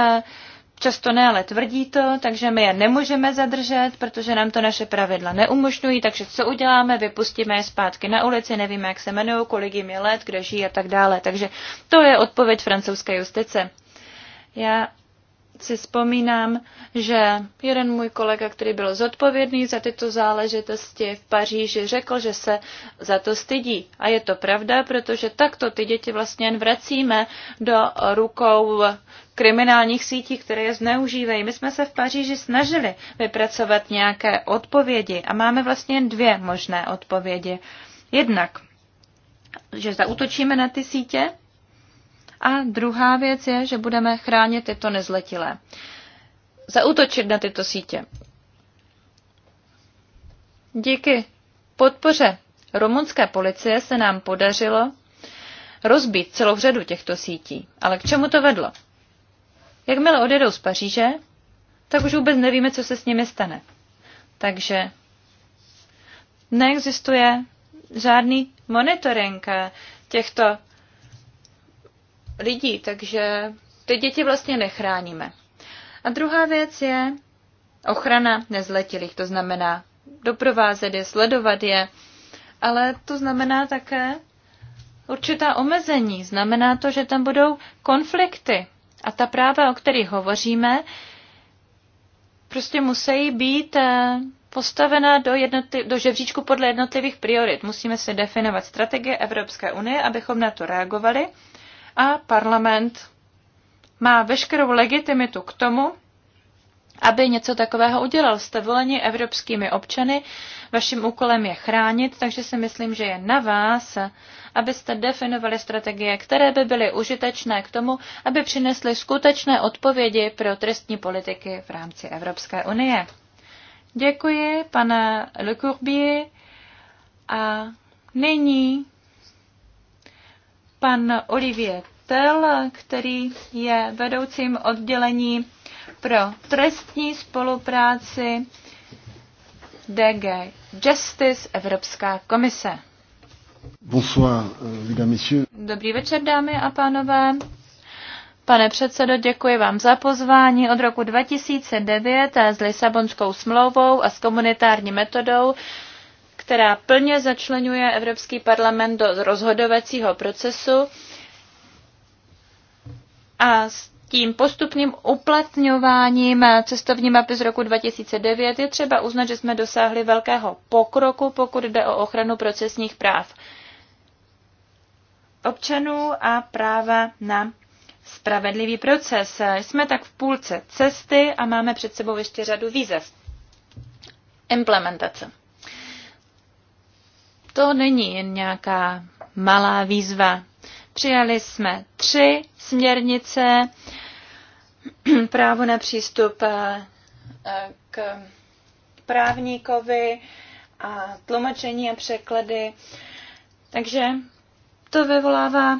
S2: často ne, ale tvrdí to, takže my je nemůžeme zadržet, protože nám to naše pravidla neumožňují, takže co uděláme, vypustíme je zpátky na ulici, nevíme, jak se jmenují, kolik jim je let, kde žijí a tak dále. Takže to je odpověď francouzské justice. Já si vzpomínám, že jeden můj kolega, který byl zodpovědný za tyto záležitosti v Paříži, řekl, že se za to stydí. A je to pravda, protože takto ty děti vlastně jen vracíme do rukou kriminálních sítí, které je zneužívají. My jsme se v Paříži snažili vypracovat nějaké odpovědi a máme vlastně jen dvě možné odpovědi. Jednak, že zautočíme na ty sítě, a druhá věc je, že budeme chránit tyto nezletilé. Zautočit na tyto sítě. Díky podpoře rumunské policie se nám podařilo rozbít celou řadu těchto sítí. Ale k čemu to vedlo? Jakmile odjedou z Paříže, tak už vůbec nevíme, co se s nimi stane. Takže neexistuje žádný monitoring těchto lidí, takže ty děti vlastně nechráníme. A druhá věc je ochrana nezletilých, to znamená doprovázet je, sledovat je, ale to znamená také určitá omezení. Znamená to, že tam budou konflikty. A ta práva, o kterých hovoříme, prostě musí být eh, postavena do, jednoty, do žebříčku podle jednotlivých priorit. Musíme se definovat strategie Evropské unie, abychom na to reagovali a parlament má veškerou legitimitu k tomu, aby něco takového udělal. Jste voleni evropskými občany, vaším úkolem je chránit, takže si myslím, že je na vás, abyste definovali strategie, které by byly užitečné k tomu, aby přinesly skutečné odpovědi pro trestní politiky v rámci Evropské unie. Děkuji, pane Le Courbier. A nyní pan Olivier Tell, který je vedoucím oddělení pro trestní spolupráci DG Justice Evropská komise.
S1: Bonsoir, euh,
S2: Dobrý večer, dámy a pánové. Pane předsedo, děkuji vám za pozvání. Od roku 2009 s Lisabonskou smlouvou a s komunitární metodou která plně začlenuje Evropský parlament do rozhodovacího procesu a s tím postupným uplatňováním cestovní mapy z roku 2009 je třeba uznat, že jsme dosáhli velkého pokroku, pokud jde o ochranu procesních práv občanů a práva na spravedlivý proces. Jsme tak v půlce cesty a máme před sebou ještě řadu výzev. Implementace. To není jen nějaká malá výzva. Přijali jsme tři směrnice, právo na přístup eh, k právníkovi a tlumočení a překlady. Takže to vyvolává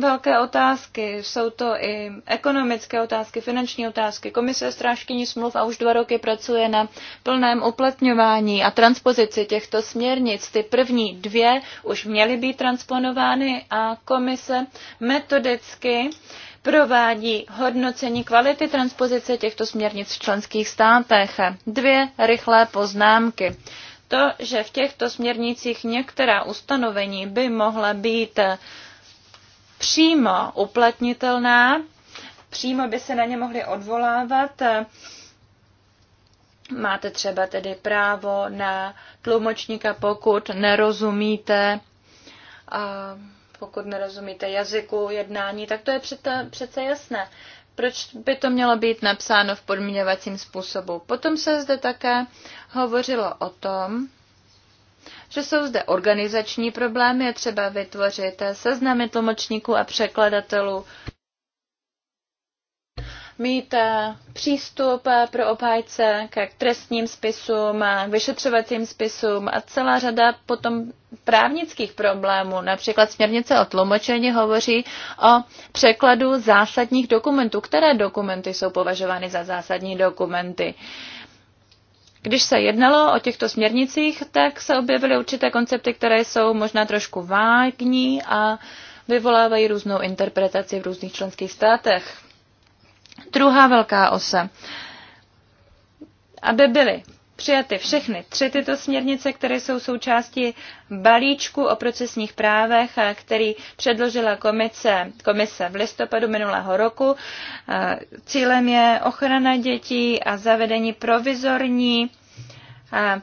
S2: velké otázky. Jsou to i ekonomické otázky, finanční otázky. Komise strážkyní smluv a už dva roky pracuje na plném uplatňování a transpozici těchto směrnic. Ty první dvě už měly být transponovány a komise metodicky provádí hodnocení kvality transpozice těchto směrnic v členských státech. Dvě rychlé poznámky to, že v těchto směrnicích některá ustanovení by mohla být přímo uplatnitelná, přímo by se na ně mohli odvolávat. Máte třeba tedy právo na tlumočníka, pokud nerozumíte, pokud nerozumíte jazyku, jednání, tak to je přece, přece jasné. Proč by to mělo být napsáno v podmíněvacím způsobu? Potom se zde také hovořilo o tom, že jsou zde organizační problémy, je třeba vytvořit seznamy tlumočníků a překladatelů, mít eh, přístup eh, pro obhájce k trestním spisům, k eh, vyšetřovacím spisům a celá řada potom právnických problémů. Například směrnice o tlumočení hovoří o překladu zásadních dokumentů. Které dokumenty jsou považovány za zásadní dokumenty? Když se jednalo o těchto směrnicích, tak se objevily určité koncepty, které jsou možná trošku vágní a vyvolávají různou interpretaci v různých členských státech. Druhá velká osa. Aby byly přijaty všechny tři tyto směrnice, které jsou součástí balíčku o procesních právech, eh, který předložila komise, komise v listopadu minulého roku. Eh, cílem je ochrana dětí a zavedení provizorní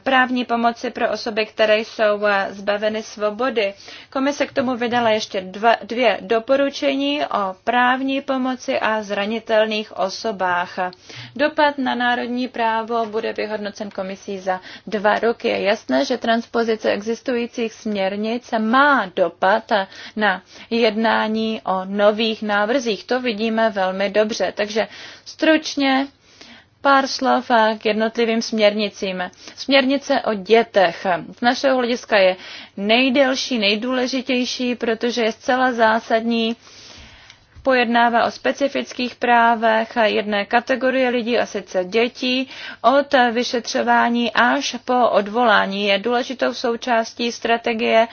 S2: právní pomoci pro osoby, které jsou zbaveny svobody. Komise k tomu vydala ještě dva, dvě doporučení o právní pomoci a zranitelných osobách. Dopad na národní právo bude vyhodnocen komisí za dva roky. Je jasné, že transpozice existujících směrnic má dopad na jednání o nových návrzích. To vidíme velmi dobře. Takže stručně pár slov eh, k jednotlivým směrnicím. Směrnice o dětech. Z našeho hlediska je nejdelší, nejdůležitější, protože je zcela zásadní, pojednává o specifických právech jedné kategorie lidí, a sice dětí, od vyšetřování až po odvolání. Je důležitou součástí strategie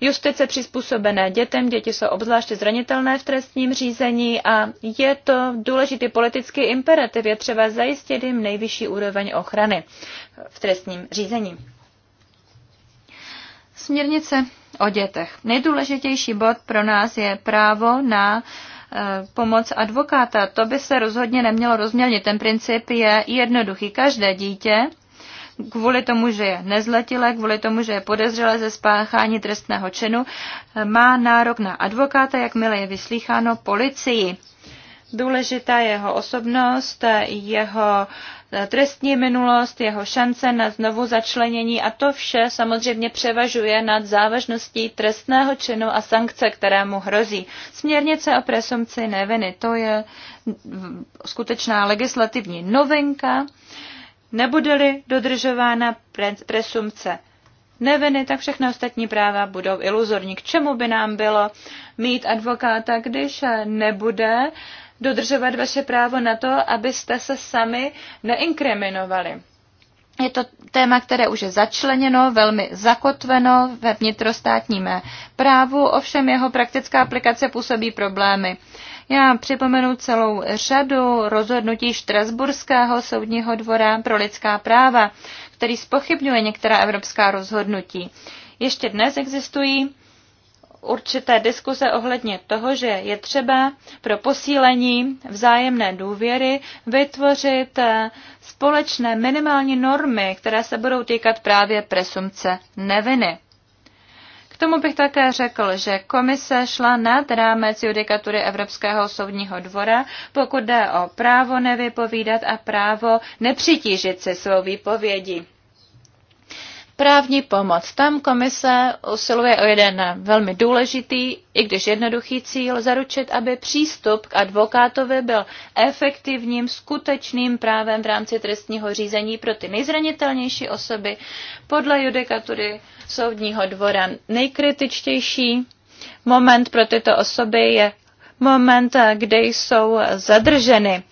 S2: justice přizpůsobené dětem. Děti jsou obzvláště zranitelné v trestním řízení a je to důležitý politický imperativ. Je třeba zajistit jim nejvyšší úroveň ochrany v trestním řízení. Směrnice o dětech. Nejdůležitější bod pro nás je právo na eh, pomoc advokáta. To by se rozhodně nemělo rozmělnit. Ten princip je jednoduchý. Každé dítě kvůli tomu, že je nezletilé, kvůli tomu, že je podezřelé ze spáchání trestného činu, má nárok na advokáta, jakmile je vyslýcháno policii. Důležitá je jeho osobnost, jeho trestní minulost, jeho šance na znovu začlenění a to vše samozřejmě převažuje nad závažností trestného činu a sankce, které mu hrozí. Směrnice o presumci neviny, to je skutečná legislativní novinka Nebude-li dodržována presumce neviny, tak všechny ostatní práva budou iluzorní. K čemu by nám bylo mít advokáta, když nebude dodržovat vaše právo na to, abyste se sami neinkriminovali? Je to téma, které už je začleněno, velmi zakotveno ve vnitrostátním právu, ovšem jeho praktická aplikace působí problémy. Já připomenu celou řadu rozhodnutí Štrasburského soudního dvora pro lidská práva, který spochybňuje některá evropská rozhodnutí. Ještě dnes existují určité diskuze ohledně toho, že je třeba pro posílení vzájemné důvěry vytvořit eh, společné minimální normy, které se budou týkat právě presumce neviny. K tomu bych také řekl, že komise šla nad rámec judikatury Evropského soudního dvora, pokud jde o právo nevypovídat a právo nepřitížit se svou výpovědí. Právní pomoc. Tam komise usiluje o jeden velmi důležitý, i když jednoduchý cíl, zaručit, aby přístup k advokátovi byl efektivním, skutečným právem v rámci trestního řízení pro ty nejzranitelnější osoby podle judikatury soudního dvora. Nejkritičtější moment pro tyto osoby je moment, kdy jsou zadrženy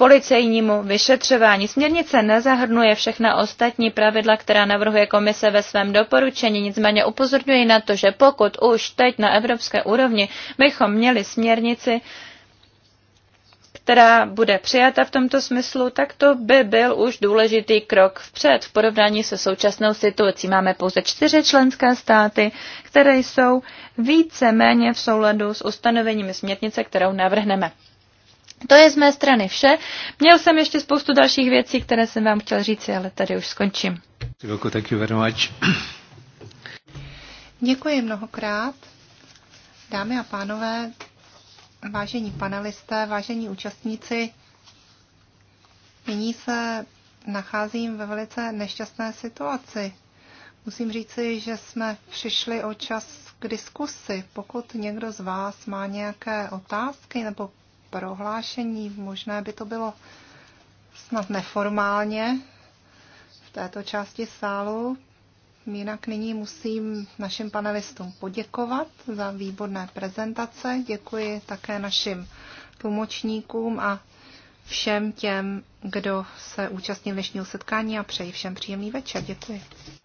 S2: policejnímu vyšetřování. Směrnice nezahrnuje všechna ostatní pravidla, která navrhuje komise ve svém doporučení, nicméně upozorňuji na to, že pokud už teď na evropské úrovni bychom měli směrnici, která bude přijata v tomto smyslu, tak to by byl už důležitý krok vpřed. V porovnání se současnou situací máme pouze čtyři členské státy, které jsou více méně v souladu s ustanoveními směrnice, kterou navrhneme. To je z mé strany vše. Měl jsem ještě spoustu dalších věcí, které jsem vám chtěl říci, ale tady už skončím.
S3: Děkuji mnohokrát. Dámy a pánové, vážení panelisté, vážení účastníci, nyní se nacházím ve velice nešťastné situaci. Musím říci, že jsme přišli o čas k diskusi. Pokud někdo z vás má nějaké otázky nebo prohlášení. Možná by to bylo snad neformálně v této části sálu. Jinak nyní musím našim panelistům poděkovat za výborné prezentace. Děkuji také našim tlumočníkům a všem těm, kdo se účastnil dnešního setkání a přeji všem příjemný večer. Děkuji.